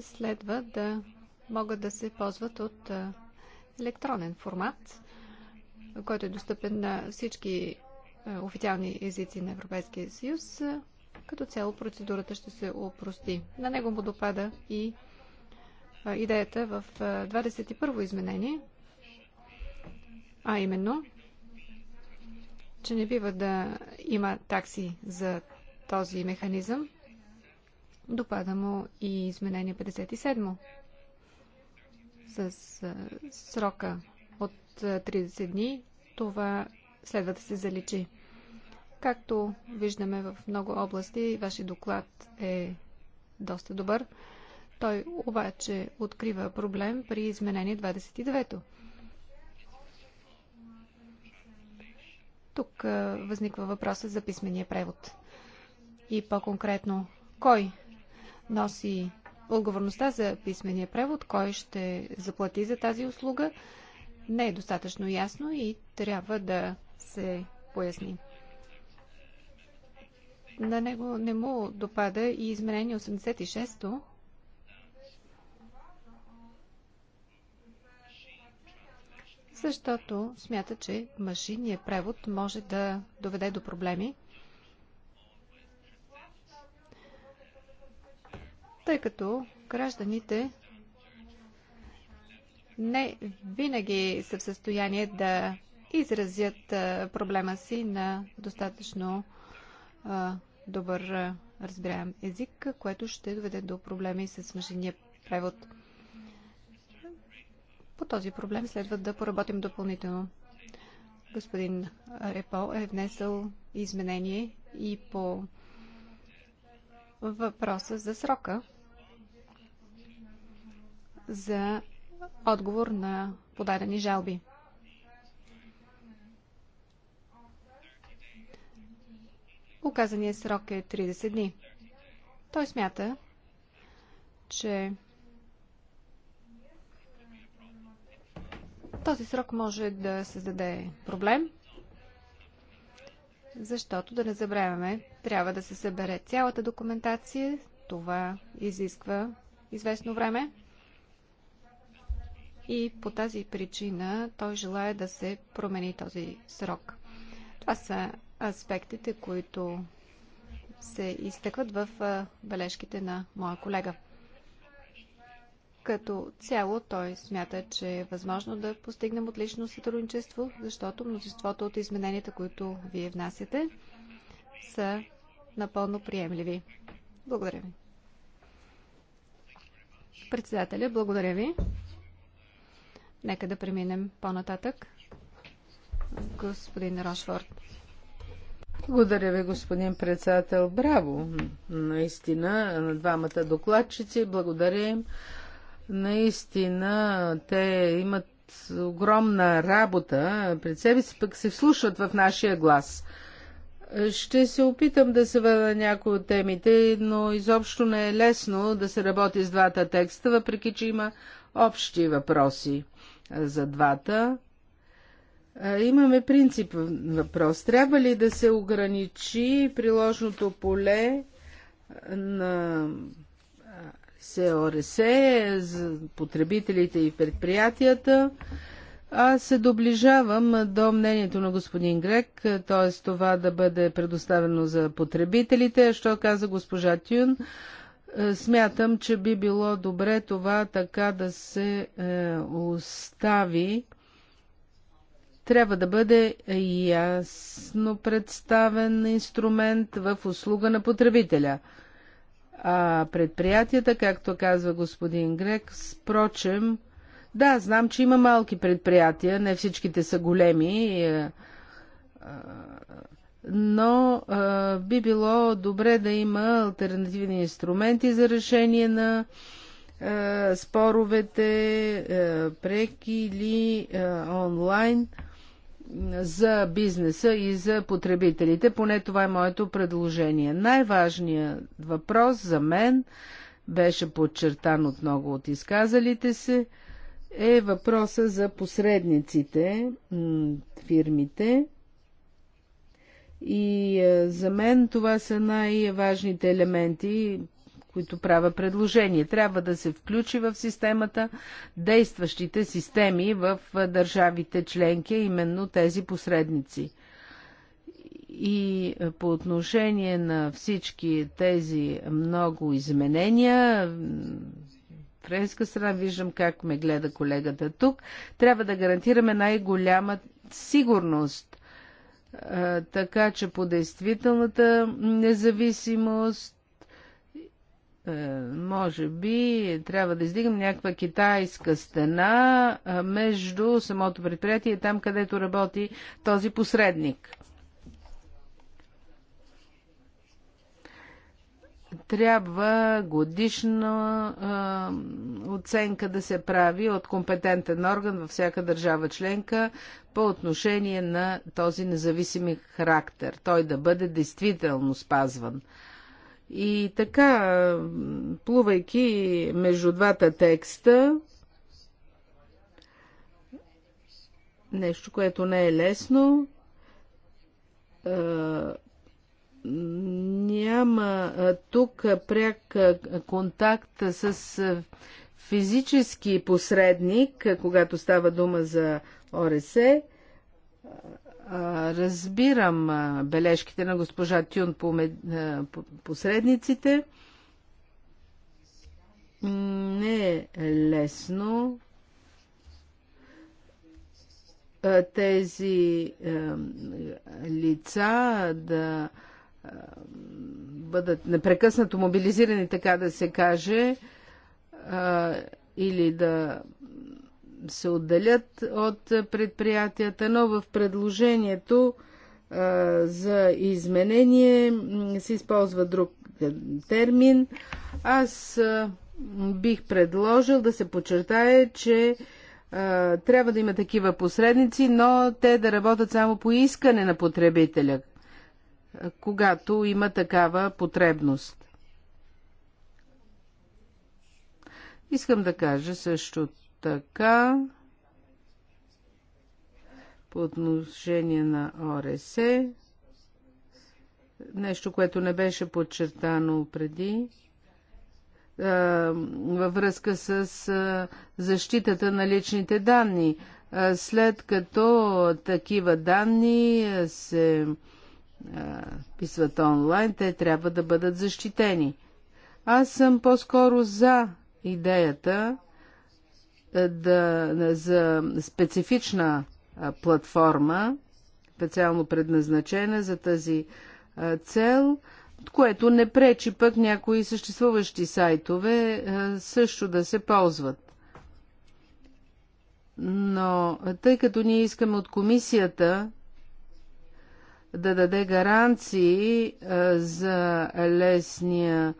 следва да могат да се ползват от електронен формат, който е достъпен на всички официални езици на Европейския съюз като цяло процедурата ще се опрости. На него му допада и идеята в 21-во изменение, а именно, че не бива да има такси за този механизъм. Допада му и изменение 57 с срока от 30 дни. Това следва да се заличи. Както виждаме в много области, вашия доклад е доста добър. Той обаче открива проблем при изменение 29-то. Тук възниква въпросът за писмения превод. И по-конкретно, кой носи отговорността за писмения превод, кой ще заплати за тази услуга, не е достатъчно ясно и трябва да се поясни на него не му допада и изменение 86-то. Защото смята, че машинният превод може да доведе до проблеми. Тъй като гражданите не винаги са в състояние да изразят проблема си на достатъчно добър разбираем език, което ще доведе до проблеми с машинния превод. По този проблем следва да поработим допълнително. Господин Репо е внесъл изменение и по въпроса за срока за отговор на подадени жалби. Указания срок е 30 дни. Той смята, че този срок може да създаде проблем, защото да не забравяме, трябва да се събере цялата документация. Това изисква известно време. И по тази причина той желая да се промени този срок. Това са аспектите, които се изтъкват в бележките на моя колега. Като цяло той смята, че е възможно да постигнем отлично сътрудничество, защото множеството от измененията, които вие внасяте, са напълно приемливи. Благодаря ви. Председателя, благодаря ви. Нека да преминем по-нататък. Господин Рошфорд. Благодаря ви, господин председател. Браво! Наистина, на двамата докладчици. Благодаря им. Наистина, те имат огромна работа пред себе си, пък се вслушват в нашия глас. Ще се опитам да се върна някои от темите, но изобщо не е лесно да се работи с двата текста, въпреки че има общи въпроси за двата. Имаме принцип въпрос. Трябва ли да се ограничи приложното поле на СОРС за потребителите и предприятията? Аз се доближавам до мнението на господин Грек, т.е. това да бъде предоставено за потребителите. Що каза госпожа Тюн, смятам, че би било добре това така да се е, остави трябва да бъде ясно представен инструмент в услуга на потребителя. А предприятията, както казва господин Грек, впрочем, да, знам, че има малки предприятия, не всичките са големи, е, е, но е, би било добре да има альтернативни инструменти за решение на споровете, преки или онлайн – за бизнеса и за потребителите. Поне това е моето предложение. Най-важният въпрос за мен беше подчертан от много от изказалите се е въпроса за посредниците, фирмите. И е, за мен това са най-важните елементи които правя предложение. Трябва да се включи в системата действащите системи в държавите членки, именно тези посредници. И по отношение на всички тези много изменения, френска страна, виждам как ме гледа колегата тук, трябва да гарантираме най-голяма сигурност, така че по действителната независимост е, може би трябва да издигам някаква китайска стена е, между самото предприятие и там, където работи този посредник. Трябва годишна а, е, оценка да се прави от компетентен орган във всяка държава членка по отношение на този независими характер. Той да бъде действително спазван. И така, плувайки между двата текста, нещо, което не е лесно, няма тук пряк контакт с физически посредник, когато става дума за ОРСЕ, Разбирам бележките на госпожа Тюн по посредниците. Не е лесно тези лица да бъдат непрекъснато мобилизирани, така да се каже, или да се отделят от предприятията, но в предложението за изменение се използва друг е, термин. Аз бих предложил да се подчертая, че трябва да има такива посредници, но те да работят само по искане на потребителя, когато има такава потребност. Искам да кажа също така по отношение на ОРС, нещо, което не беше подчертано преди, във връзка с защитата на личните данни. След като такива данни се писват онлайн, те трябва да бъдат защитени. Аз съм по-скоро за идеята да, за специфична платформа, специално предназначена за тази цел, което не пречи пък някои съществуващи сайтове също да се ползват. Но тъй като ние искаме от комисията да даде гаранции за лесния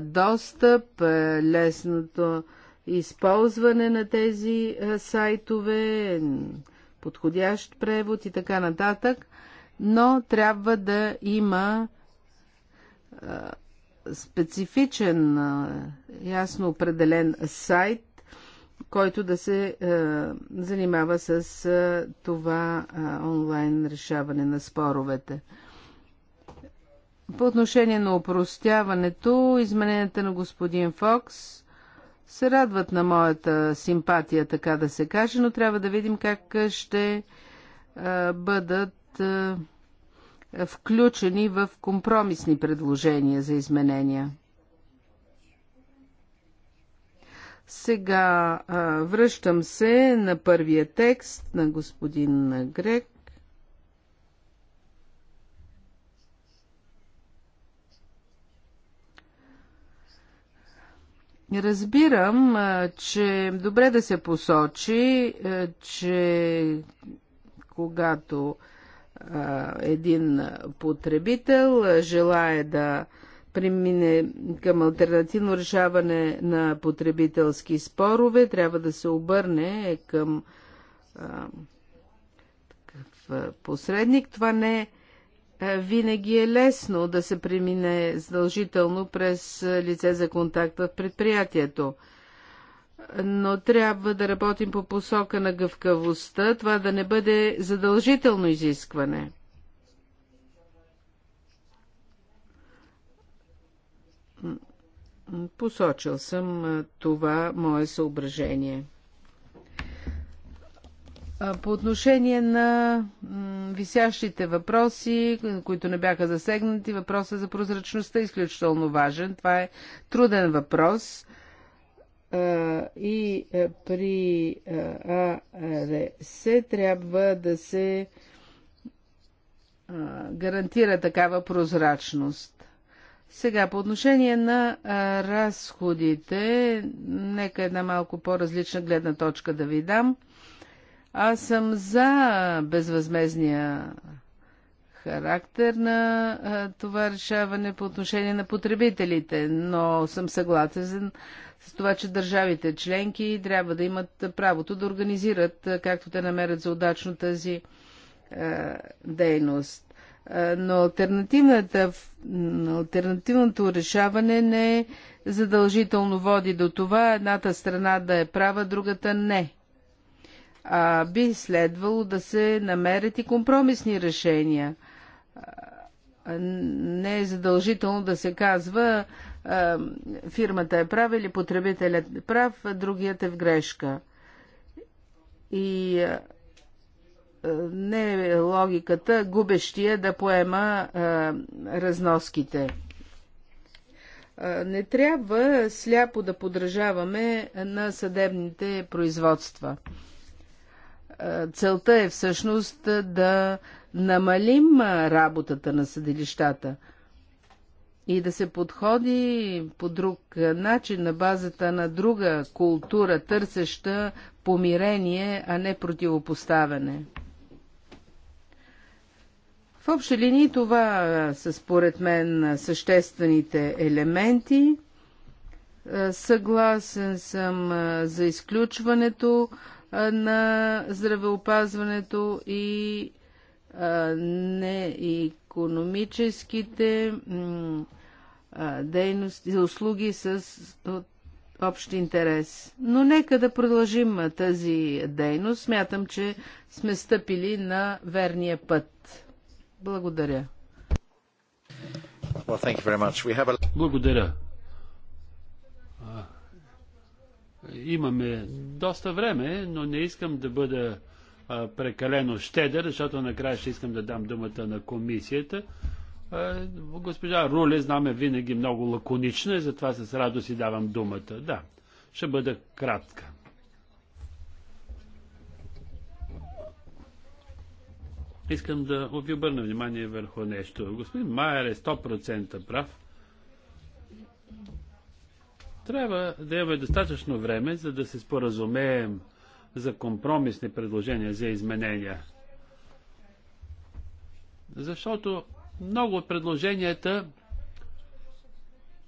достъп, лесното използване на тези сайтове, подходящ превод и така нататък, но трябва да има специфичен, ясно определен сайт, който да се е, занимава с е, това е, онлайн решаване на споровете. По отношение на упростяването, измененията на господин Фокс се радват на моята симпатия, така да се каже, но трябва да видим как ще бъдат включени в компромисни предложения за изменения. Сега връщам се на първия текст на господин Грек. Разбирам, че добре да се посочи, че когато един потребител желая да премине към альтернативно решаване на потребителски спорове, трябва да се обърне към посредник. Това не е е, винаги е лесно да се премине задължително през е, лице за контакт в предприятието. Но трябва да работим по посока на гъвкавостта, това да не бъде задължително изискване. Посочил съм е, това мое съображение. По отношение на висящите въпроси, които не бяха засегнати, въпросът за прозрачността е изключително важен. Това е труден въпрос. И при АРС трябва да се гарантира такава прозрачност. Сега, по отношение на разходите, нека една малко по-различна гледна точка да ви дам – аз съм за безвъзмезния характер на а, това решаване по отношение на потребителите, но съм съгласен с това, че държавите членки трябва да имат правото да организират както те намерят за удачно тази а, дейност. А, но альтернативната, альтернативното решаване не задължително води до това едната страна да е права, другата не а би следвало да се намерят и компромисни решения. Не е задължително да се казва фирмата е права или потребителят е прав, другият е в грешка. И не е логиката губещия да поема разноските не трябва сляпо да подражаваме на съдебните производства. Е, целта е всъщност е, да намалим е, работата на съдилищата и да се подходи по друг начин на базата на друга култура, търсеща помирение, а не противопоставяне. В общи линии това са според мен съществените елементи. Съгласен съм за изключването на здравеопазването и не економическите дейности, услуги с от общ интерес. Но нека да продължим тази дейност. Смятам, че сме стъпили на верния път. Благодаря. Well, a... Благодаря. Имаме доста време, но не искам да бъда прекалено щедър, защото накрая ще искам да дам думата на комисията. госпожа Руле, знаме, винаги много лаконична и затова с радост и давам думата. Да, ще бъда кратка. Искам да ви обърна внимание върху нещо. Господин Майер е 100% прав трябва да имаме достатъчно време, за да се споразумеем за компромисни предложения за изменения. Защото много от предложенията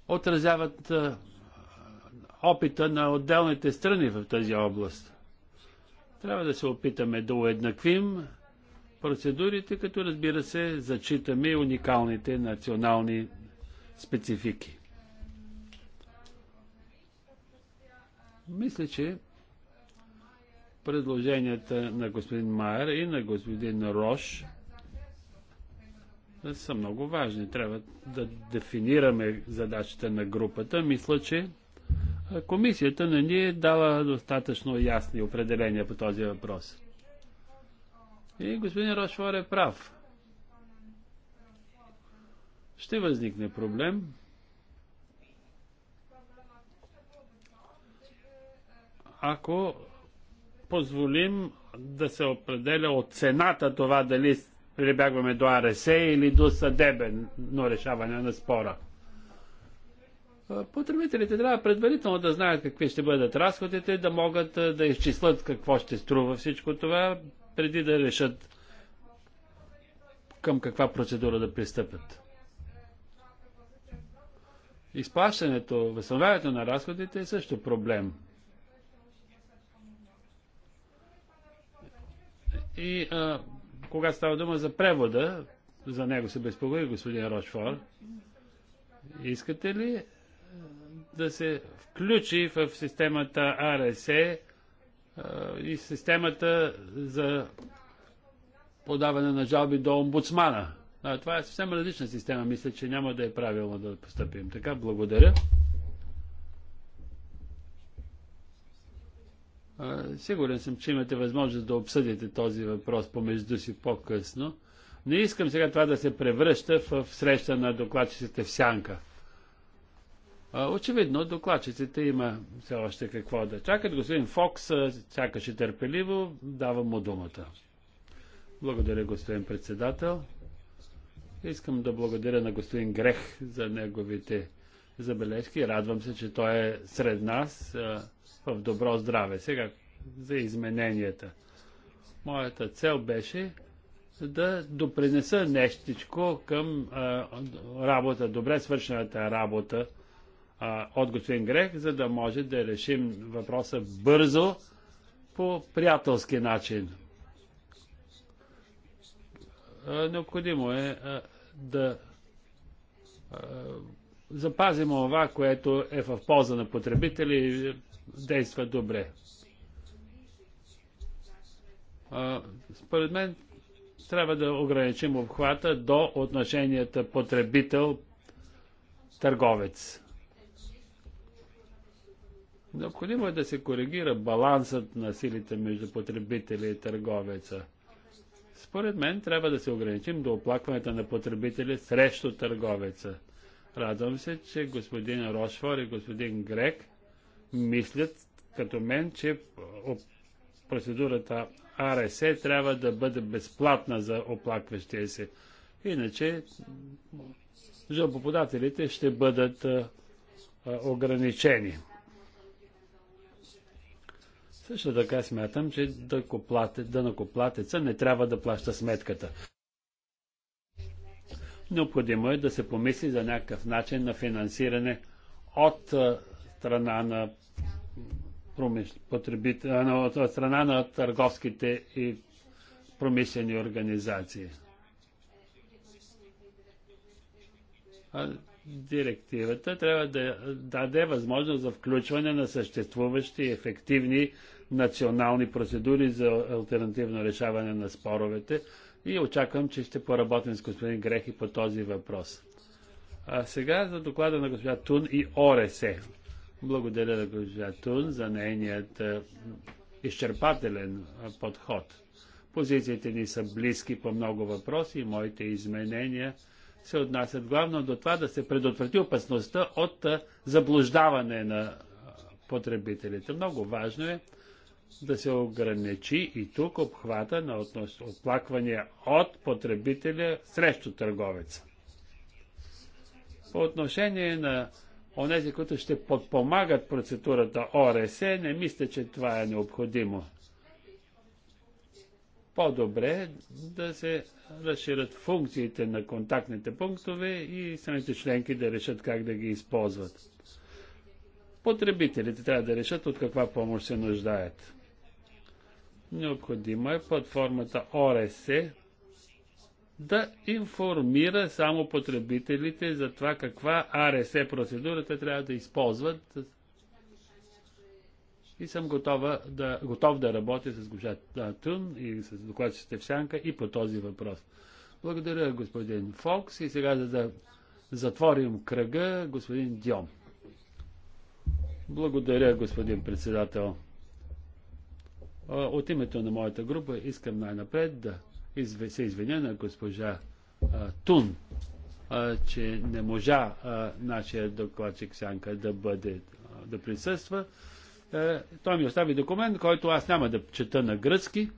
отразяват опита на отделните страни в тази област. Трябва да се опитаме да уеднаквим процедурите, като разбира се, зачитаме уникалните национални специфики. Мисля, че предложенията на господин Майер и на господин Рош са много важни. Трябва да дефинираме задачата на групата. Мисля, че комисията не ни е дала достатъчно ясни определения по този въпрос. И господин Рошвар е прав. Ще възникне проблем ако позволим да се определя от цената това дали прибягваме до АРС или до съдебно решаване на спора. Потребителите трябва предварително да знаят какви ще бъдат разходите, да могат да изчислят какво ще струва всичко това, преди да решат към каква процедура да пристъпят. Изплащането, възстановяването на разходите е също проблем – И а, когато става дума за превода, за него се безпокои господин Рошфор, искате ли да се включи в системата АРСЕ и системата за подаване на жалби до омбудсмана. А, това е съвсем различна система. Мисля, че няма да е правилно да поступим. Така, благодаря. Сигурен съм, че имате възможност да обсъдите този въпрос помежду си по-късно. Не искам сега това да се превръща в среща на докладчиците в сянка. Очевидно, докладчиците има все още какво да чакат. Господин Фокс чакаше търпеливо, давам му думата. Благодаря, господин председател. Искам да благодаря на господин Грех за неговите забележки. Радвам се, че той е сред нас в добро здраве. Сега за измененията. Моята цел беше да допринеса нещичко към а, работа, добре свършената работа а, от господин Грех, за да може да решим въпроса бързо по приятелски начин. А, необходимо е а, да а, запазим това, което е в полза на потребители, действа добре. Според мен трябва да ограничим обхвата до отношенията потребител-търговец. Необходимо е да се коригира балансът на силите между потребители и търговеца. Според мен трябва да се ограничим до оплакването на потребители срещу търговеца. Радвам се, че господин Рошфор и господин Грек мислят като мен, че процедурата АРС трябва да бъде безплатна за оплакващия се. Иначе жалбоподателите ще бъдат ограничени. Също така смятам, че дънакоплатеца не трябва да плаща сметката. Необходимо е да се помисли за някакъв начин на финансиране от страна на промиш... от страна на търговските и промишлени организации. А директивата трябва да даде възможност за включване на съществуващи ефективни национални процедури за альтернативно решаване на споровете и очаквам, че ще поработим с господин Грехи по този въпрос. А сега за доклада на госпожа Тун и ОРЕСЕ. Благодаря на госпожа Тун за нейният е, изчерпателен е, подход. Позициите ни са близки по много въпроси и моите изменения се отнасят главно до това да се предотврати опасността от е, заблуждаване на потребителите. Много важно е да се ограничи и тук обхвата на оплаквания от потребителя срещу търговеца. По отношение на онези, които ще подпомагат процедурата ОРС, не мисля, че това е необходимо. По-добре да се разширят функциите на контактните пунктове и самите членки да решат как да ги използват. Потребителите трябва да решат от каква помощ се нуждаят. Необходимо е платформата ОРС да информира само потребителите за това каква АРС е процедура те трябва да използват. И съм готова да, готов да работя с госпожа Тун и с докладчите в Шанка и по този въпрос. Благодаря, господин Фокс. И сега за да затворим кръга, господин Дьом. Благодаря, господин председател. От името на моята група искам най-напред да се извиня на госпожа а, Тун, а, че не можа а, нашия докладчик Сянка да бъде, а, да присъства. А, е, той ми остави документ, който аз няма да чета на гръцки.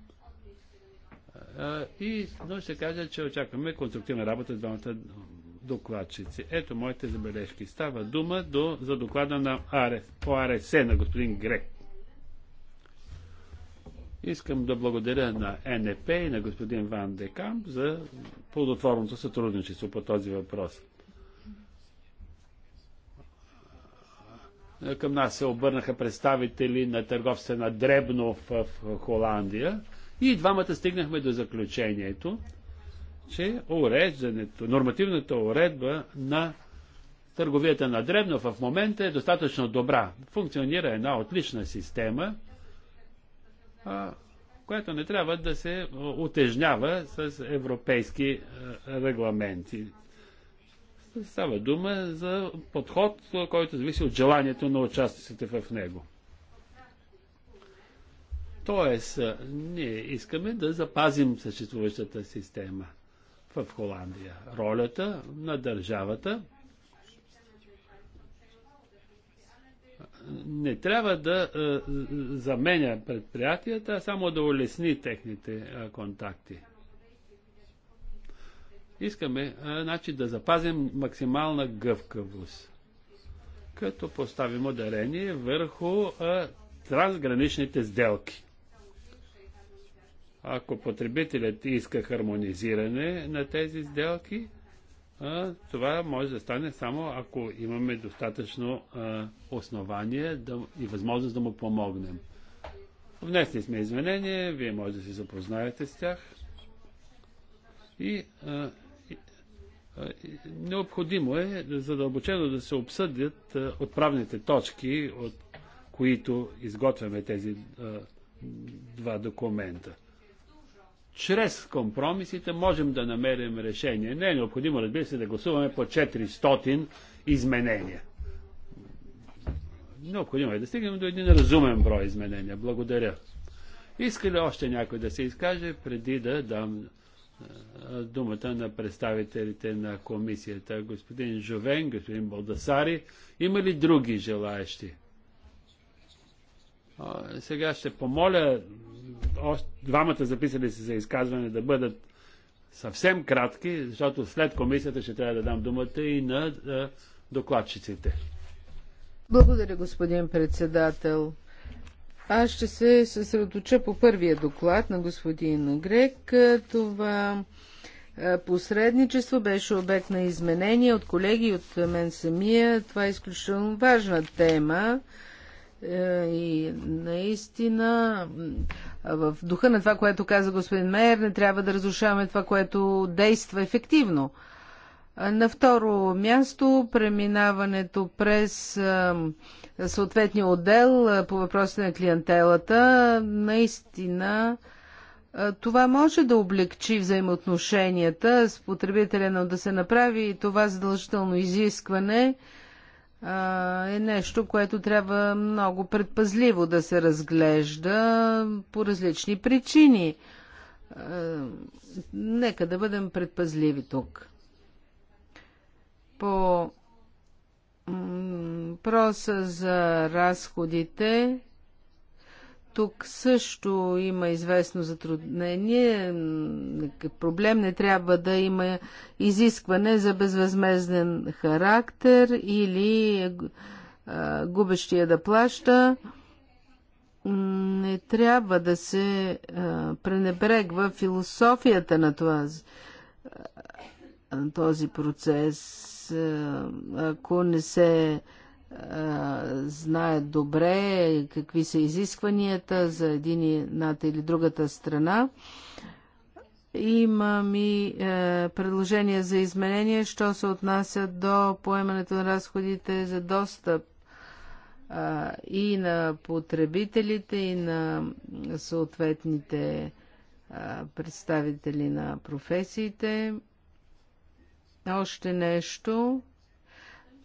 А, е, и, но ще кажа, че очакваме конструктивна работа с двамата докладчици. Ето моите забележки. Става дума до, за доклада на АРС, по АРС на господин Грек. Искам да благодаря на НП и на господин Ван Декам за плодотворното сътрудничество по този въпрос. Към нас се обърнаха представители на търговца на Дребно в Холандия и двамата стигнахме до заключението, че уреждането, нормативната уредба на търговията на Дребно в момента е достатъчно добра. Функционира една отлична система която не трябва да се отежнява с европейски регламенти. Става дума за подход, който зависи от желанието на участниците в него. Тоест, ние искаме да запазим съществуващата система в Холандия. Ролята на държавата не трябва да е, е, заменя предприятията, а само да улесни техните е, контакти. Искаме значи, да запазим максимална гъвкавост, като поставим ударение върху трансграничните сделки. Ако потребителят иска хармонизиране на тези сделки, това може да стане само ако имаме достатъчно основание да, и възможност да му помогнем. Внесли сме изменения, вие може да се запознаете с тях. И, необходимо е задълбочено да се обсъдят отправните точки, от които изготвяме тези два документа чрез компромисите можем да намерим решение. Не е необходимо, разбира се, да гласуваме по 400 изменения. Необходимо е да стигнем до един разумен брой изменения. Благодаря. Иска ли още някой да се изкаже преди да дам думата на представителите на комисията? Господин Жовен, господин Балдасари, има ли други желаещи? Сега ще помоля двамата записали се за изказване да бъдат съвсем кратки, защото след комисията ще трябва да дам думата и на докладчиците. Благодаря, господин председател. Аз ще се съсредоточа по първия доклад на господин Грек. Това посредничество беше обект на изменения от колеги от мен самия. Това е изключително важна тема е, и наистина в духа на това, което каза господин Мейер, не трябва да разрушаваме това, което действа ефективно. На второ място, преминаването през съответния отдел по въпросите на клиентелата, наистина това може да облегчи взаимоотношенията с потребителя, но да се направи това задължително изискване – е нещо, което трябва много предпазливо да се разглежда по различни причини. Нека да бъдем предпазливи тук. По въпроса за разходите тук също има известно затруднение. Проблем не трябва да има изискване за безвъзмезден характер или губещия да плаща. Не трябва да се пренебрегва философията на този, този процес. Ако не се знаят добре какви са изискванията за един едната или другата страна. Имам и е, за изменение, що се отнася до поемането на разходите за достъп е, и на потребителите, и на съответните е, представители на професиите. Още нещо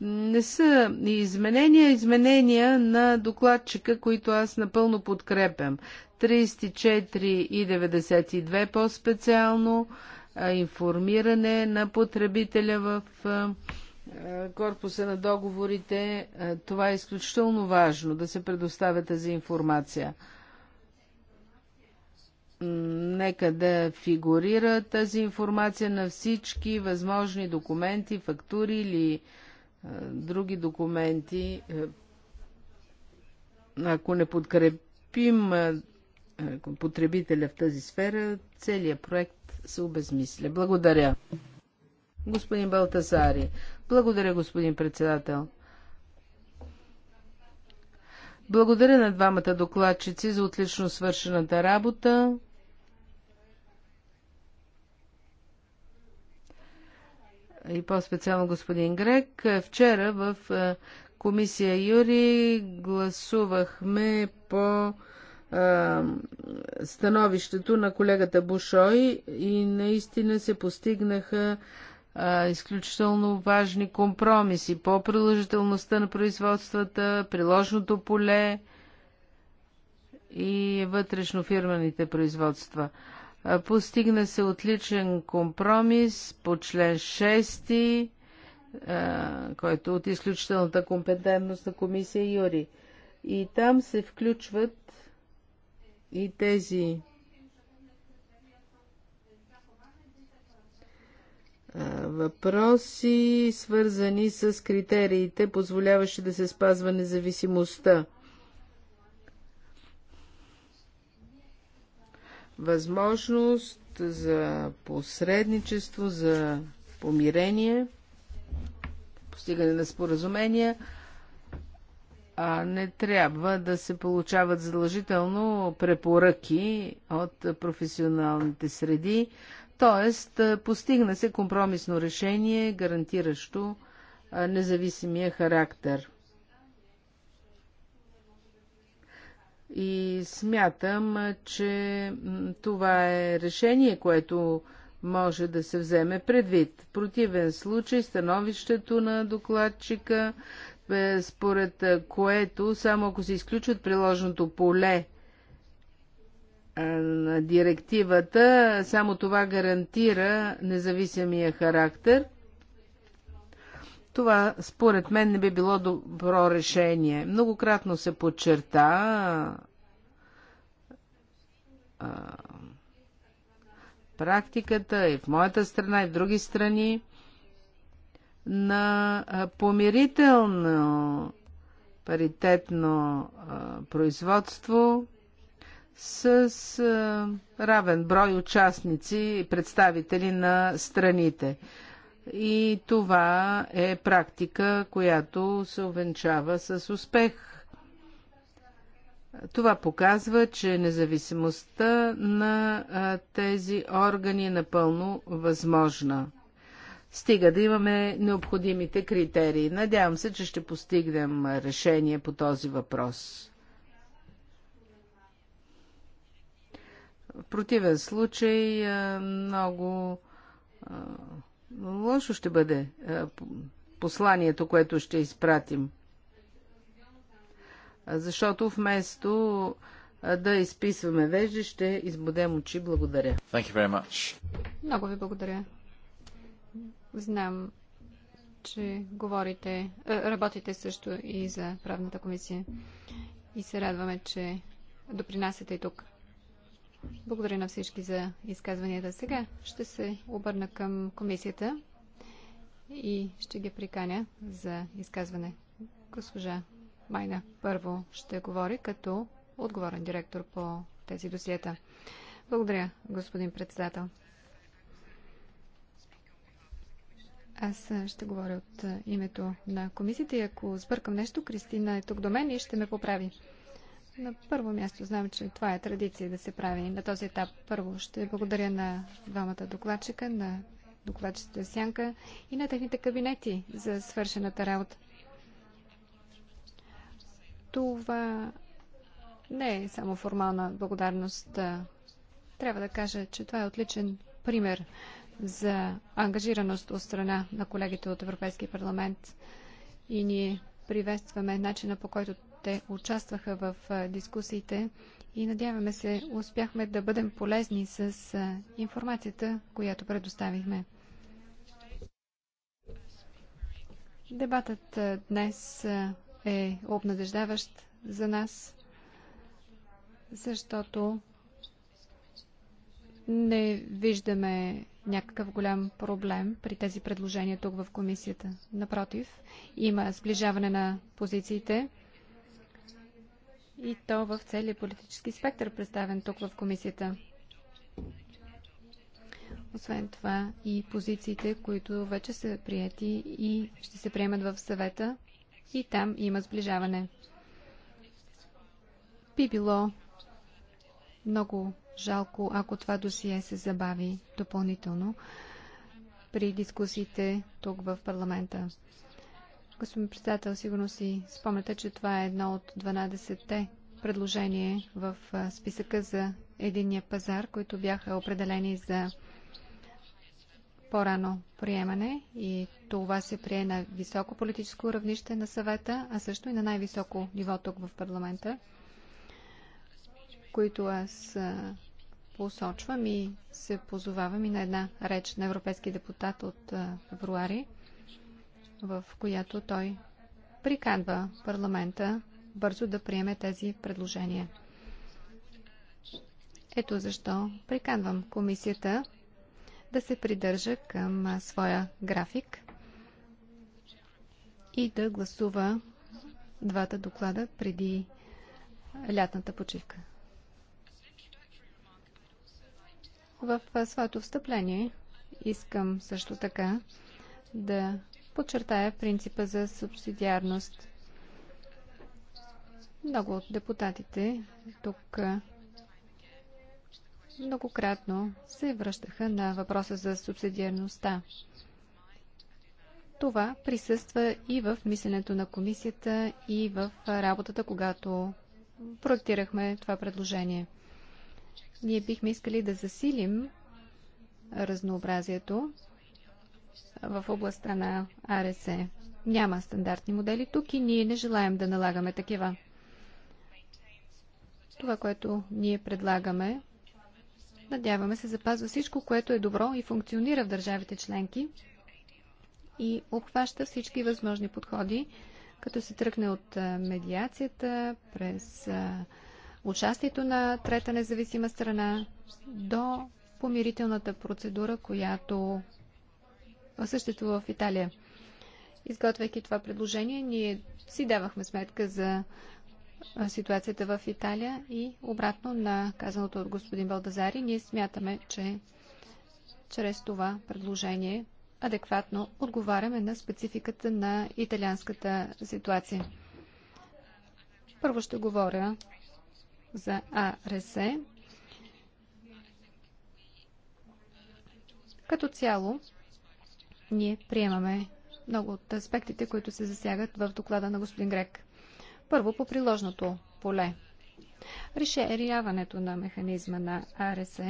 не са изменения, изменения на докладчика, които аз напълно подкрепям. 34 и 92 по-специално, информиране на потребителя в корпуса на договорите. Това е изключително важно, да се предоставя тази информация. Нека да фигурира тази информация на всички възможни документи, фактури или други документи, е, ако не подкрепим е, е, потребителя в тази сфера, целият проект се обезмисля. Благодаря. Господин Балтасари. Благодаря, господин председател. Благодаря на двамата докладчици за отлично свършената работа. и по-специално господин Грек. Вчера в е, комисия Юри гласувахме по е, становището на колегата Бушой и наистина се постигнаха е, изключително важни компромиси по продължителността на производствата, приложното поле и вътрешно фирмените производства. Постигна се отличен компромис по член 6, който е от изключителната компетентност на комисия Юри. И там се включват и тези въпроси, свързани с критериите, позволяващи да се спазва независимостта възможност за посредничество, за помирение, постигане на споразумения, а не трябва да се получават задължително препоръки от професионалните среди, т.е. постигна се компромисно решение, гарантиращо независимия характер И смятам, че това е решение, което може да се вземе предвид. В противен случай становището на докладчика, е, според е, което само ако се изключват приложното поле е, на директивата, само това гарантира независимия характер – това, според мен, не би било добро решение. Многократно се подчерта практиката и в моята страна, и в други страни на помирително паритетно а, производство с а, равен брой участници и представители на страните и това е практика, която се увенчава с успех. Това показва, че независимостта на тези органи е напълно възможна. Стига да имаме необходимите критерии. Надявам се, че ще постигнем решение по този въпрос. В противен случай много Лошо ще бъде е, посланието, което ще изпратим. Защото вместо е, да изписваме вежди, ще избудем очи. Благодаря. Thank you very much. Много ви благодаря. Знам, че говорите, е, работите също и за правната комисия. И се радваме, че допринасяте и тук. Благодаря на всички за изказванията. Сега ще се обърна към комисията и ще ги приканя за изказване. Госпожа Майна първо ще говори като отговорен директор по тези досиета. Благодаря, господин председател. Аз ще говоря от името на комисията и ако сбъркам нещо, Кристина е тук до мен и ще ме поправи. На първо място знам, че това е традиция да се прави на този етап. Първо ще благодаря на двамата докладчика, на докладчите Сянка и на техните кабинети за свършената работа. Това не е само формална благодарност. Трябва да кажа, че това е отличен пример за ангажираност от страна на колегите от Европейския парламент и ние приветстваме начина по който те участваха в дискусиите и надяваме се успяхме да бъдем полезни с информацията, която предоставихме. Дебатът днес е обнадеждаващ за нас, защото не виждаме някакъв голям проблем при тези предложения тук в комисията. Напротив, има сближаване на позициите и то в целия политически спектър, представен тук в комисията. Освен това и позициите, които вече са прияти и ще се приемат в съвета и там има сближаване. Би било много жалко, ако това досие се забави допълнително при дискусиите тук в парламента. Господин председател, сигурно си спомняте, че това е едно от 12-те предложения в списъка за единния пазар, които бяха определени за по-рано приемане и това се прие на високо политическо равнище на съвета, а също и на най-високо ниво тук в парламента, които аз посочвам и се позовавам и на една реч на европейски депутат от февруари – в която той приканва парламента бързо да приеме тези предложения. Ето защо приканвам комисията да се придържа към своя график и да гласува двата доклада преди лятната почивка. В своето встъпление искам също така да подчертая принципа за субсидиарност. Много от депутатите тук многократно се връщаха на въпроса за субсидиарността. Това присъства и в мисленето на комисията, и в работата, когато проектирахме това предложение. Ние бихме искали да засилим разнообразието в областта на АРС. Няма стандартни модели тук и ние не желаем да налагаме такива. Това, което ние предлагаме, надяваме се запазва всичко, което е добро и функционира в държавите членки и обхваща всички възможни подходи, като се тръгне от медиацията, през участието на трета независима страна до помирителната процедура, която същото в Италия. Изготвяйки това предложение, ние си давахме сметка за ситуацията в Италия и обратно на казаното от господин Балдазари, ние смятаме, че чрез това предложение адекватно отговаряме на спецификата на италианската ситуация. Първо ще говоря за АРС. Като цяло, ние приемаме много от аспектите, които се засягат в доклада на господин Грек. Първо, по приложното поле. Решеряването на механизма на АРС,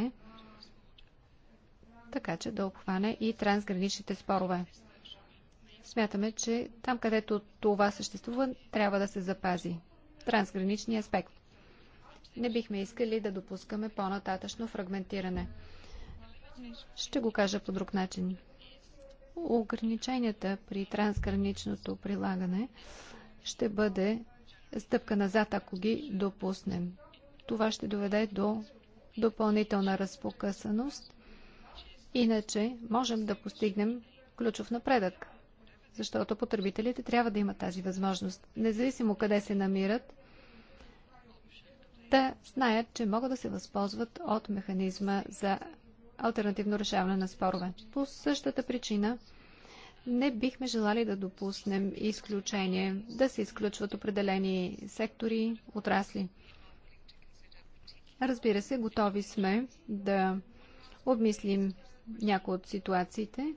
така че да обхване и трансграничните спорове. Смятаме, че там, където това съществува, трябва да се запази. Трансграничния аспект. Не бихме искали да допускаме по-нататъчно фрагментиране. Ще го кажа по друг начин ограниченията при трансграничното прилагане ще бъде стъпка назад, ако ги допуснем. Това ще доведе до допълнителна разпокъсаност. Иначе можем да постигнем ключов напредък, защото потребителите трябва да имат тази възможност. Независимо къде се намират, да знаят, че могат да се възползват от механизма за альтернативно решаване на спорове. По същата причина не бихме желали да допуснем изключение, да се изключват определени сектори, отрасли. Разбира се, готови сме да обмислим някои от ситуациите,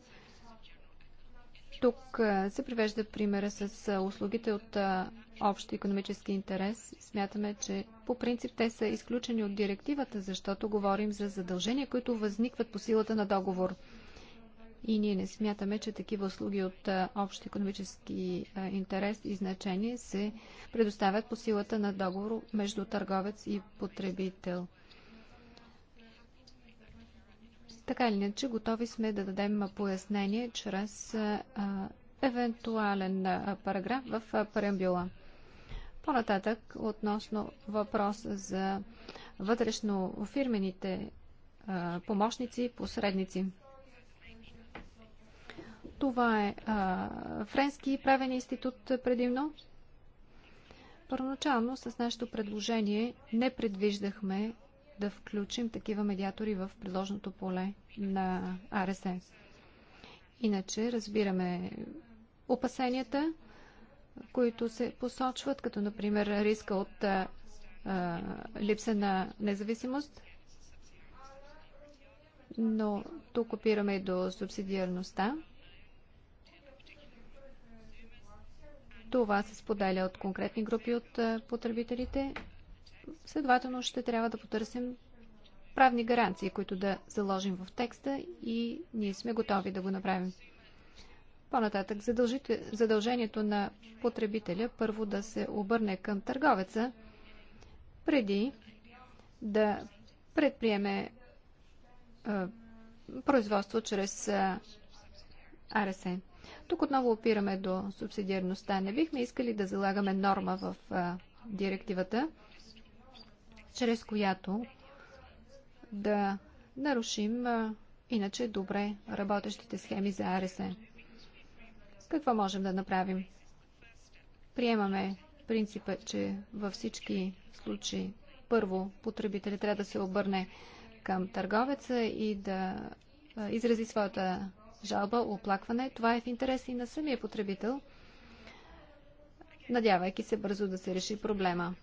тук се привежда примера с услугите от общ економически интерес. Смятаме, че по принцип те са изключени от директивата, защото говорим за задължения, които възникват по силата на договор. И ние не смятаме, че такива услуги от общ економически интерес и значение се предоставят по силата на договор между търговец и потребител. Така или иначе, готови сме да дадем пояснение чрез евентуален параграф в преамбюла. По-нататък, относно въпрос за вътрешно фирмените помощници и посредници. Това е а, Френски правен институт предимно. Първоначално с нашето предложение не предвиждахме да включим такива медиатори в предложното поле на АРСЕ. Иначе разбираме опасенията, които се посочват, като например риска от а, а, липса на независимост, но тук опираме и до субсидиарността. Това се споделя от конкретни групи от потребителите Следователно ще трябва да потърсим правни гаранции, които да заложим в текста и ние сме готови да го направим. По-нататък задължението на потребителя първо да се обърне към търговеца преди да предприеме а, производство чрез а, АРС. Тук отново опираме до субсидиарността. Не бихме искали да залагаме норма в а, директивата, чрез която да нарушим иначе добре работещите схеми за АРСЕ. Какво можем да направим? Приемаме принципа, че във всички случаи първо потребителят трябва да се обърне към търговеца и да изрази своята жалба, оплакване. Това е в интерес и на самия потребител, надявайки се бързо да се реши проблема.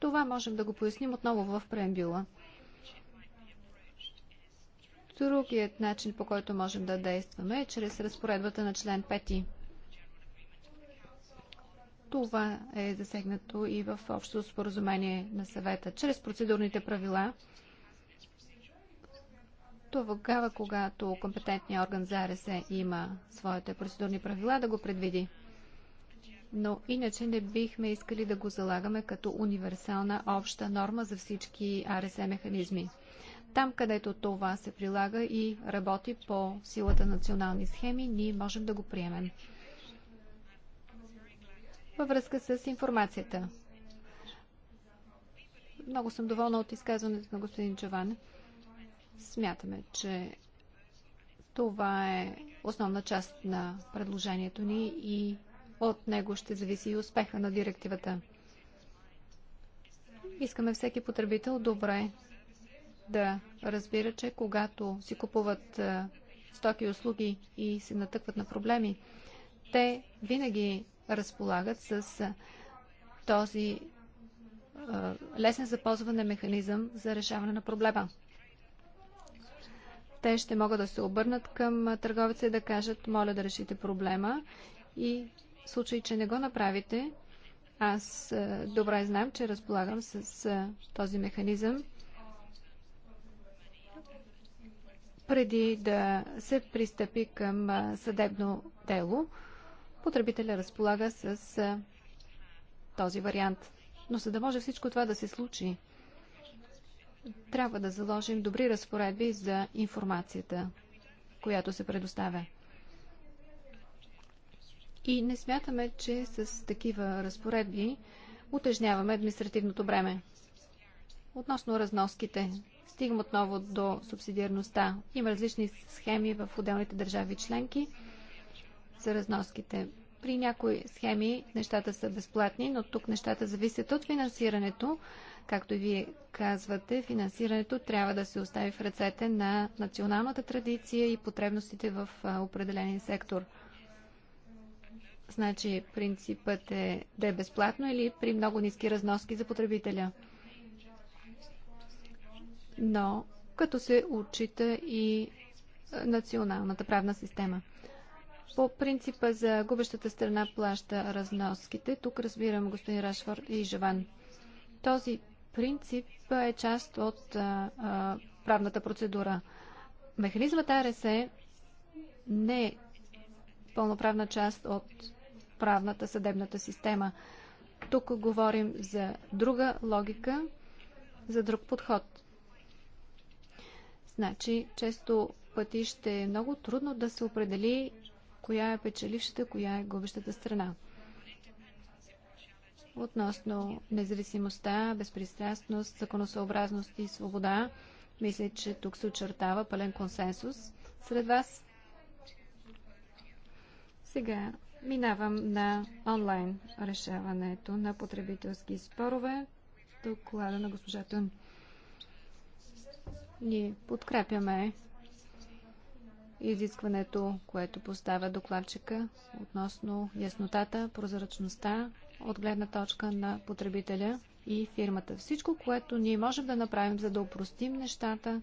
Това можем да го поясним отново в преамбюла. Другият начин, по който можем да действаме, е чрез разпоредбата на член 5. Това е засегнато и в общото споразумение на съвета. Чрез процедурните правила, тогава, когато компетентният орган за РСЕ има своите процедурни правила, да го предвиди но иначе не бихме искали да го залагаме като универсална обща норма за всички АРС е механизми. Там, където това се прилага и работи по силата национални схеми, ние можем да го приемем. Във връзка с информацията. Много съм доволна от изказването на господин Джован. Смятаме, че това е основна част на предложението ни и от него ще зависи и успеха на директивата. Искаме всеки потребител добре да разбира, че когато си купуват е, стоки и услуги и се натъкват на проблеми, те винаги разполагат с е, този е, лесен за ползване механизъм за решаване на проблема. Те ще могат да се обърнат към търговеца и да кажат, моля да решите проблема и в случай, че не го направите, аз е, добре знам, че разполагам с е, този механизъм. Преди да се пристъпи към е, съдебно дело, потребителя разполага с този вариант. Но за да може всичко това да се случи, трябва да заложим добри разпоредби за информацията, която се предоставя и не смятаме, че с такива разпоредби утежняваме административното бреме. Относно разноските, стигам отново до субсидиарността. Има различни схеми в отделните държави членки за разноските. При някои схеми нещата са безплатни, но тук нещата зависят от финансирането. Както и вие казвате, финансирането трябва да се остави в ръцете на националната традиция и потребностите в определен сектор – Значи принципът е да е безплатно или при много ниски разноски за потребителя. Но като се отчита и националната правна система. По принципа за губещата страна плаща разноските. Тук разбирам господин Рашфорд и Жаван. Този принцип е част от а, а, правната процедура. Механизмът РСЕ не е пълноправна част от правната съдебната система. Тук говорим за друга логика, за друг подход. Значи, често пъти ще е много трудно да се определи коя е печелившата, коя е губещата страна. Относно независимостта, безпристрастност, законосъобразност и свобода, мисля, че тук се очертава пълен консенсус сред вас. Сега Минавам на онлайн решаването на потребителски спорове. Доклада на госпожа Тун. Ние подкрепяме изискването, което поставя докладчика относно яснотата, прозрачността от гледна точка на потребителя и фирмата. Всичко, което ние можем да направим, за да упростим нещата,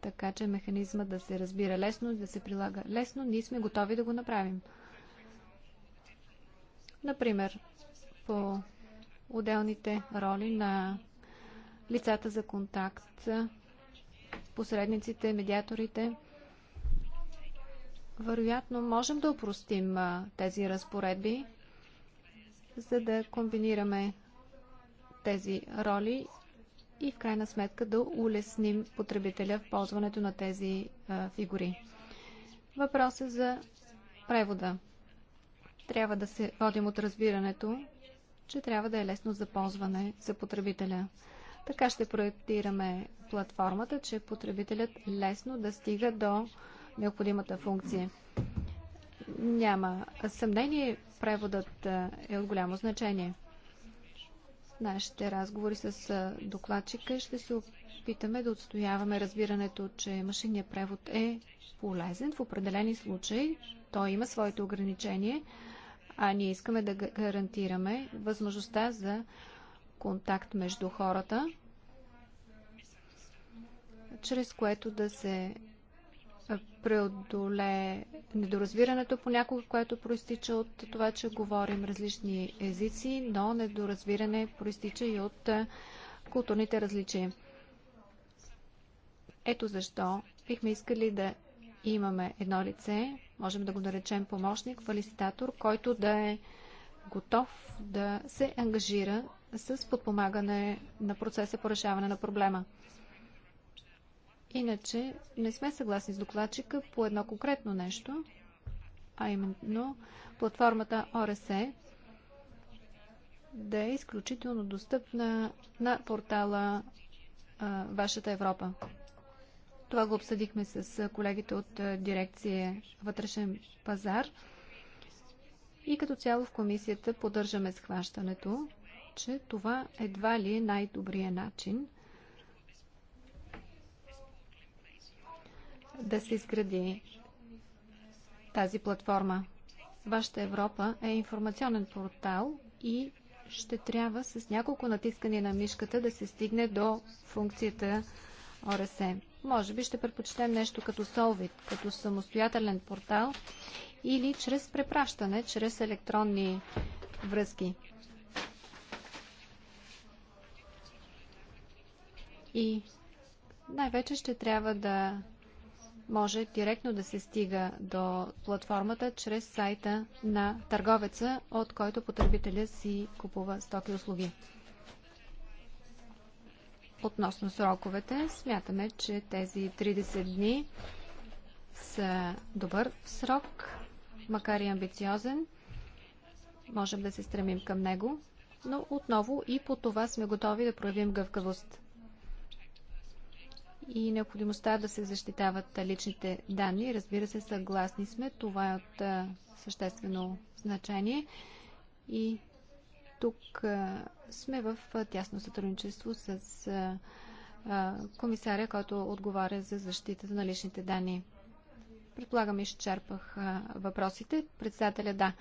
така че механизма да се разбира лесно, да се прилага лесно, ние сме готови да го направим. Например, по отделните роли на лицата за контакт, посредниците, медиаторите. Вероятно, можем да упростим тези разпоредби, за да комбинираме тези роли и в крайна сметка да улесним потребителя в ползването на тези фигури. Въпросът за превода. Трябва да се водим от разбирането, че трябва да е лесно за ползване за потребителя. Така ще проектираме платформата, че потребителят лесно да стига до необходимата функция. Няма съмнение, преводът е от голямо значение. Нашите разговори с докладчика ще се опитаме да отстояваме разбирането, че машинният превод е полезен в определени случаи. Той има своите ограничения, а ние искаме да гарантираме възможността за контакт между хората, чрез което да се преодолее недоразбирането понякога, което проистича от това, че говорим различни езици, но недоразбиране проистича и от културните различия. Ето защо бихме искали да имаме едно лице, можем да го наречем помощник, фалиситатор, който да е готов да се ангажира с подпомагане на процеса по решаване на проблема. Иначе не сме съгласни с докладчика по едно конкретно нещо, а именно платформата ОРСЕ да е изключително достъпна на портала а, Вашата Европа. Това го обсъдихме с колегите от дирекция Вътрешен пазар. И като цяло в комисията поддържаме схващането, че това едва ли е най-добрият начин да се изгради тази платформа. Вашата Европа е информационен портал и ще трябва с няколко натискания на мишката да се стигне до функцията ОРСЕ. Може би ще предпочетем нещо като Solvit, като самостоятелен портал или чрез препращане, чрез електронни връзки. И най-вече ще трябва да може директно да се стига до платформата чрез сайта на търговеца, от който потребителя си купува стоки и услуги. Относно сроковете, смятаме, че тези 30 дни са добър срок, макар и амбициозен. Можем да се стремим към него, но отново и по това сме готови да проявим гъвкавост. И необходимостта да се защитават личните данни. Разбира се, съгласни сме. Това е от съществено значение. И тук сме в тясно сътрудничество с комисаря, който отговаря за защитата на личните данни. Предполагам, изчерпах въпросите. Председателя, да,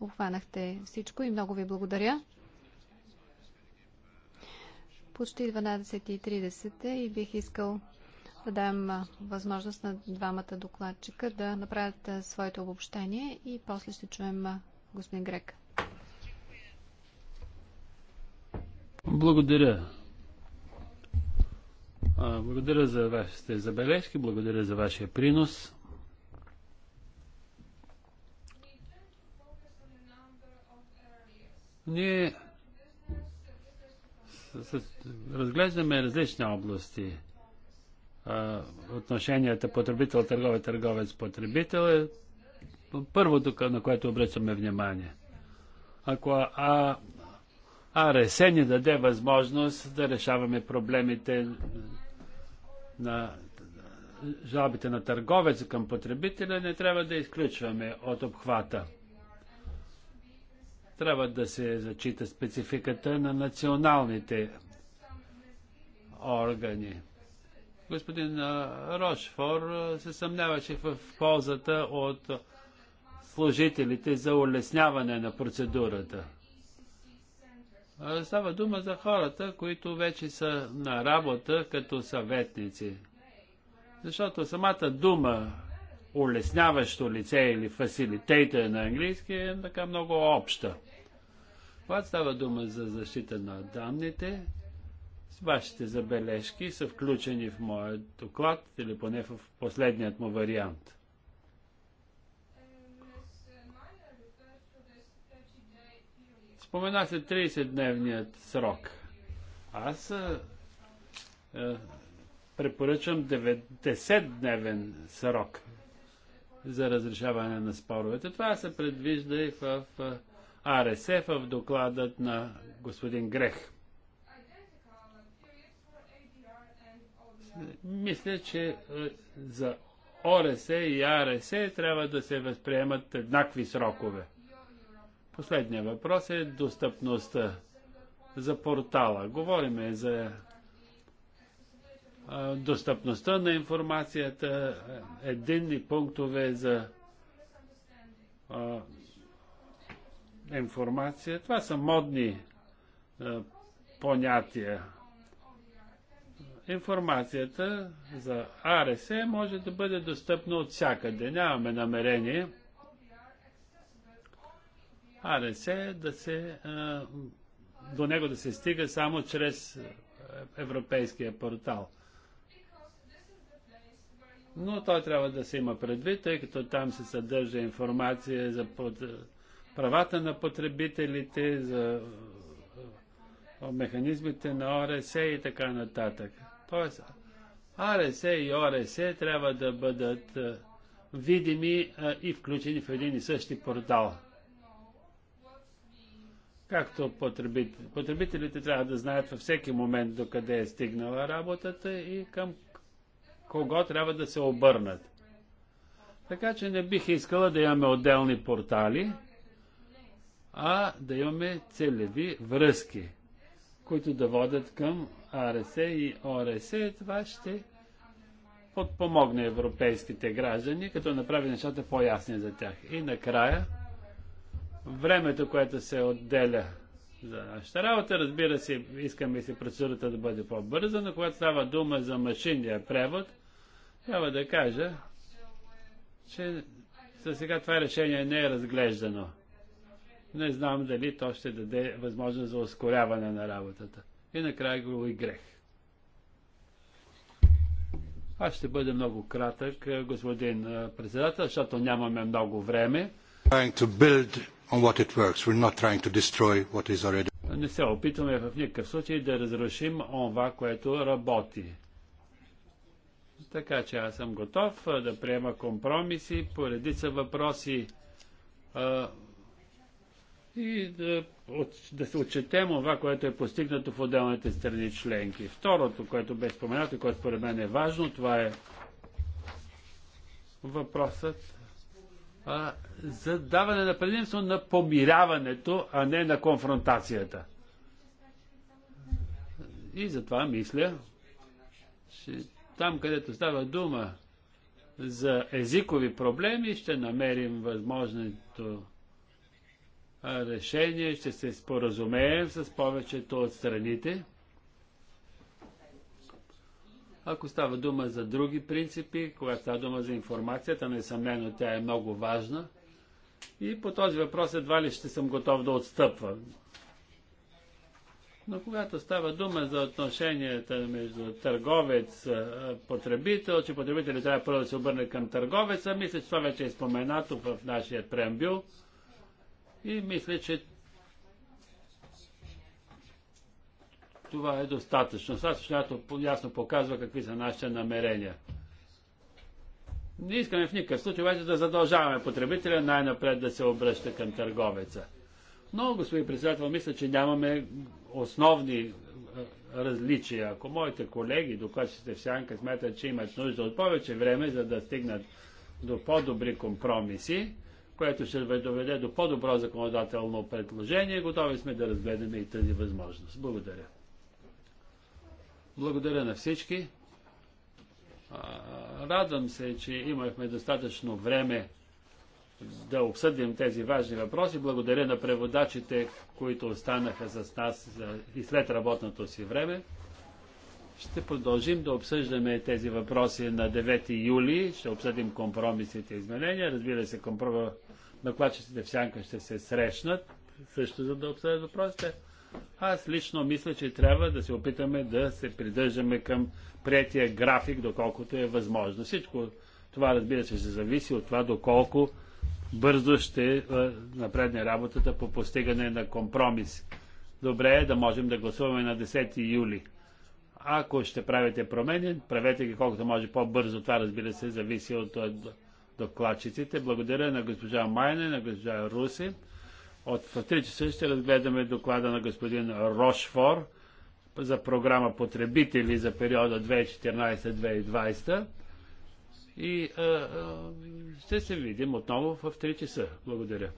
обхванахте всичко и много ви благодаря. Почти 12.30 е и бих искал да дам възможност на двамата докладчика да направят своето обобщение и после ще чуем господин Грек. Благодаря. Благодаря за вашите забележки, благодаря за вашия принос. Ние разглеждаме различни области. Отношенията потребител-търговец-търговец-потребител е първото, на което обръщаме внимание. Ако а, а Ресе ни даде възможност да решаваме проблемите на жалбите на търговец към потребителя, не трябва да изключваме от обхвата. Трябва да се зачита спецификата на националните органи. Господин Рошфор се съмняваше в ползата от служителите за улесняване на процедурата. Става дума за хората, които вече са на работа като съветници. Защото самата дума улесняващо лице или фасилитейта на английски е така много обща. Когато става дума за защита на данните, вашите забележки са включени в моят доклад или поне в последният му вариант. Спомена се 30-дневният срок. Аз е, е препоръчвам препоръчам 90-дневен срок за разрешаване на споровете. Това се предвижда и в АРСЕ, в докладът на господин Грех. Мисля, че е, за ОРС и АРС трябва да се възприемат еднакви срокове. Последният въпрос е достъпността за портала. Говориме за достъпността на информацията, единни пунктове за информация. Това са модни понятия. Информацията за АРС може да бъде достъпна от всякъде. Нямаме намерение АРС да се, до него да се стига само чрез е, европейския портал. Но той трябва да се има предвид, тъй като там се съдържа информация за под, е, правата на потребителите, за е, механизмите на ОРС и така нататък. Тоест, АРС и ОРС трябва да бъдат видими и включени в един и същи портал. Както потребителите, потребителите трябва да знаят във всеки момент до къде е стигнала работата и към кого трябва да се обърнат. Така че не бих искала да имаме отделни портали, а да имаме целеви връзки, които да водят към АРС и ОРС. Това ще подпомогне европейските граждани, като направи нещата по-ясни за тях. И накрая, времето, което се отделя за нашата работа. Разбира се, искаме и се процедурата да бъде по-бърза, но когато става дума за машинния превод, трябва да кажа, че за сега това решение не е разглеждано. Не знам дали то ще даде възможност за ускоряване на работата. И накрая го и грех. Аз ще бъда много кратък, господин председател, защото нямаме много време on what it works. We're not trying to destroy what is already. Не се опитваме в никакъв случай да разрушим това, което работи. Така че аз съм готов да приема компромиси по редица въпроси а, и да, от, да се отчетем това, което е постигнато в отделните страни членки. Второто, което бе споменато, което според мен е важно, това е въпросът а, за даване на предимство на помиряването, а не на конфронтацията. И затова мисля, че там, където става дума за езикови проблеми, ще намерим възможното решение, ще се споразумеем с повечето от страните. Ако става дума за други принципи, когато става дума за информацията, несъмнено тя е много важна. И по този въпрос едва ли ще съм готов да отстъпвам. Но когато става дума за отношенията между търговец, потребител, че потребителят трябва първо да се обърне към търговеца, мисля, че това вече е споменато в нашия преамбюл. И мисля, че това е достатъчно. Достатъчно ясно показва какви са нашите намерения. Не искаме в никакъв случай вече да задължаваме потребителя най-напред да се обръща към търговеца. Но, господин председател, мисля, че нямаме основни е, различия. Ако моите колеги, докладчите в Сянка, смятат, че имат нужда от повече време, за да стигнат до по-добри компромиси, което ще доведе до по-добро законодателно предложение, готови сме да разгледаме и тази възможност. Благодаря. Благодаря на всички. Радвам се, че имахме достатъчно време да обсъдим тези важни въпроси. Благодаря на преводачите, които останаха с нас и след работното си време. Ще продължим да обсъждаме тези въпроси на 9 юли. Ще обсъдим компромисите и изменения. Разбира се, компромисите на клачещите в сянка ще се срещнат, също за да обсъдят въпросите. Аз лично мисля, че трябва да се опитаме да се придържаме към приятия график, доколкото е възможно. Всичко това, разбира се, ще зависи от това, доколко бързо ще е, напредне работата по постигане на компромис. Добре е да можем да гласуваме на 10 юли. Ако ще правите промени, правете ги колкото може по-бързо. Това, разбира се, зависи от докладчиците. Благодаря на госпожа Майна и на госпожа Руси. От 3 часа ще разгледаме доклада на господин Рошфор за програма потребители за периода 2014-2020 и а, а, ще се видим отново в 3 часа. Благодаря.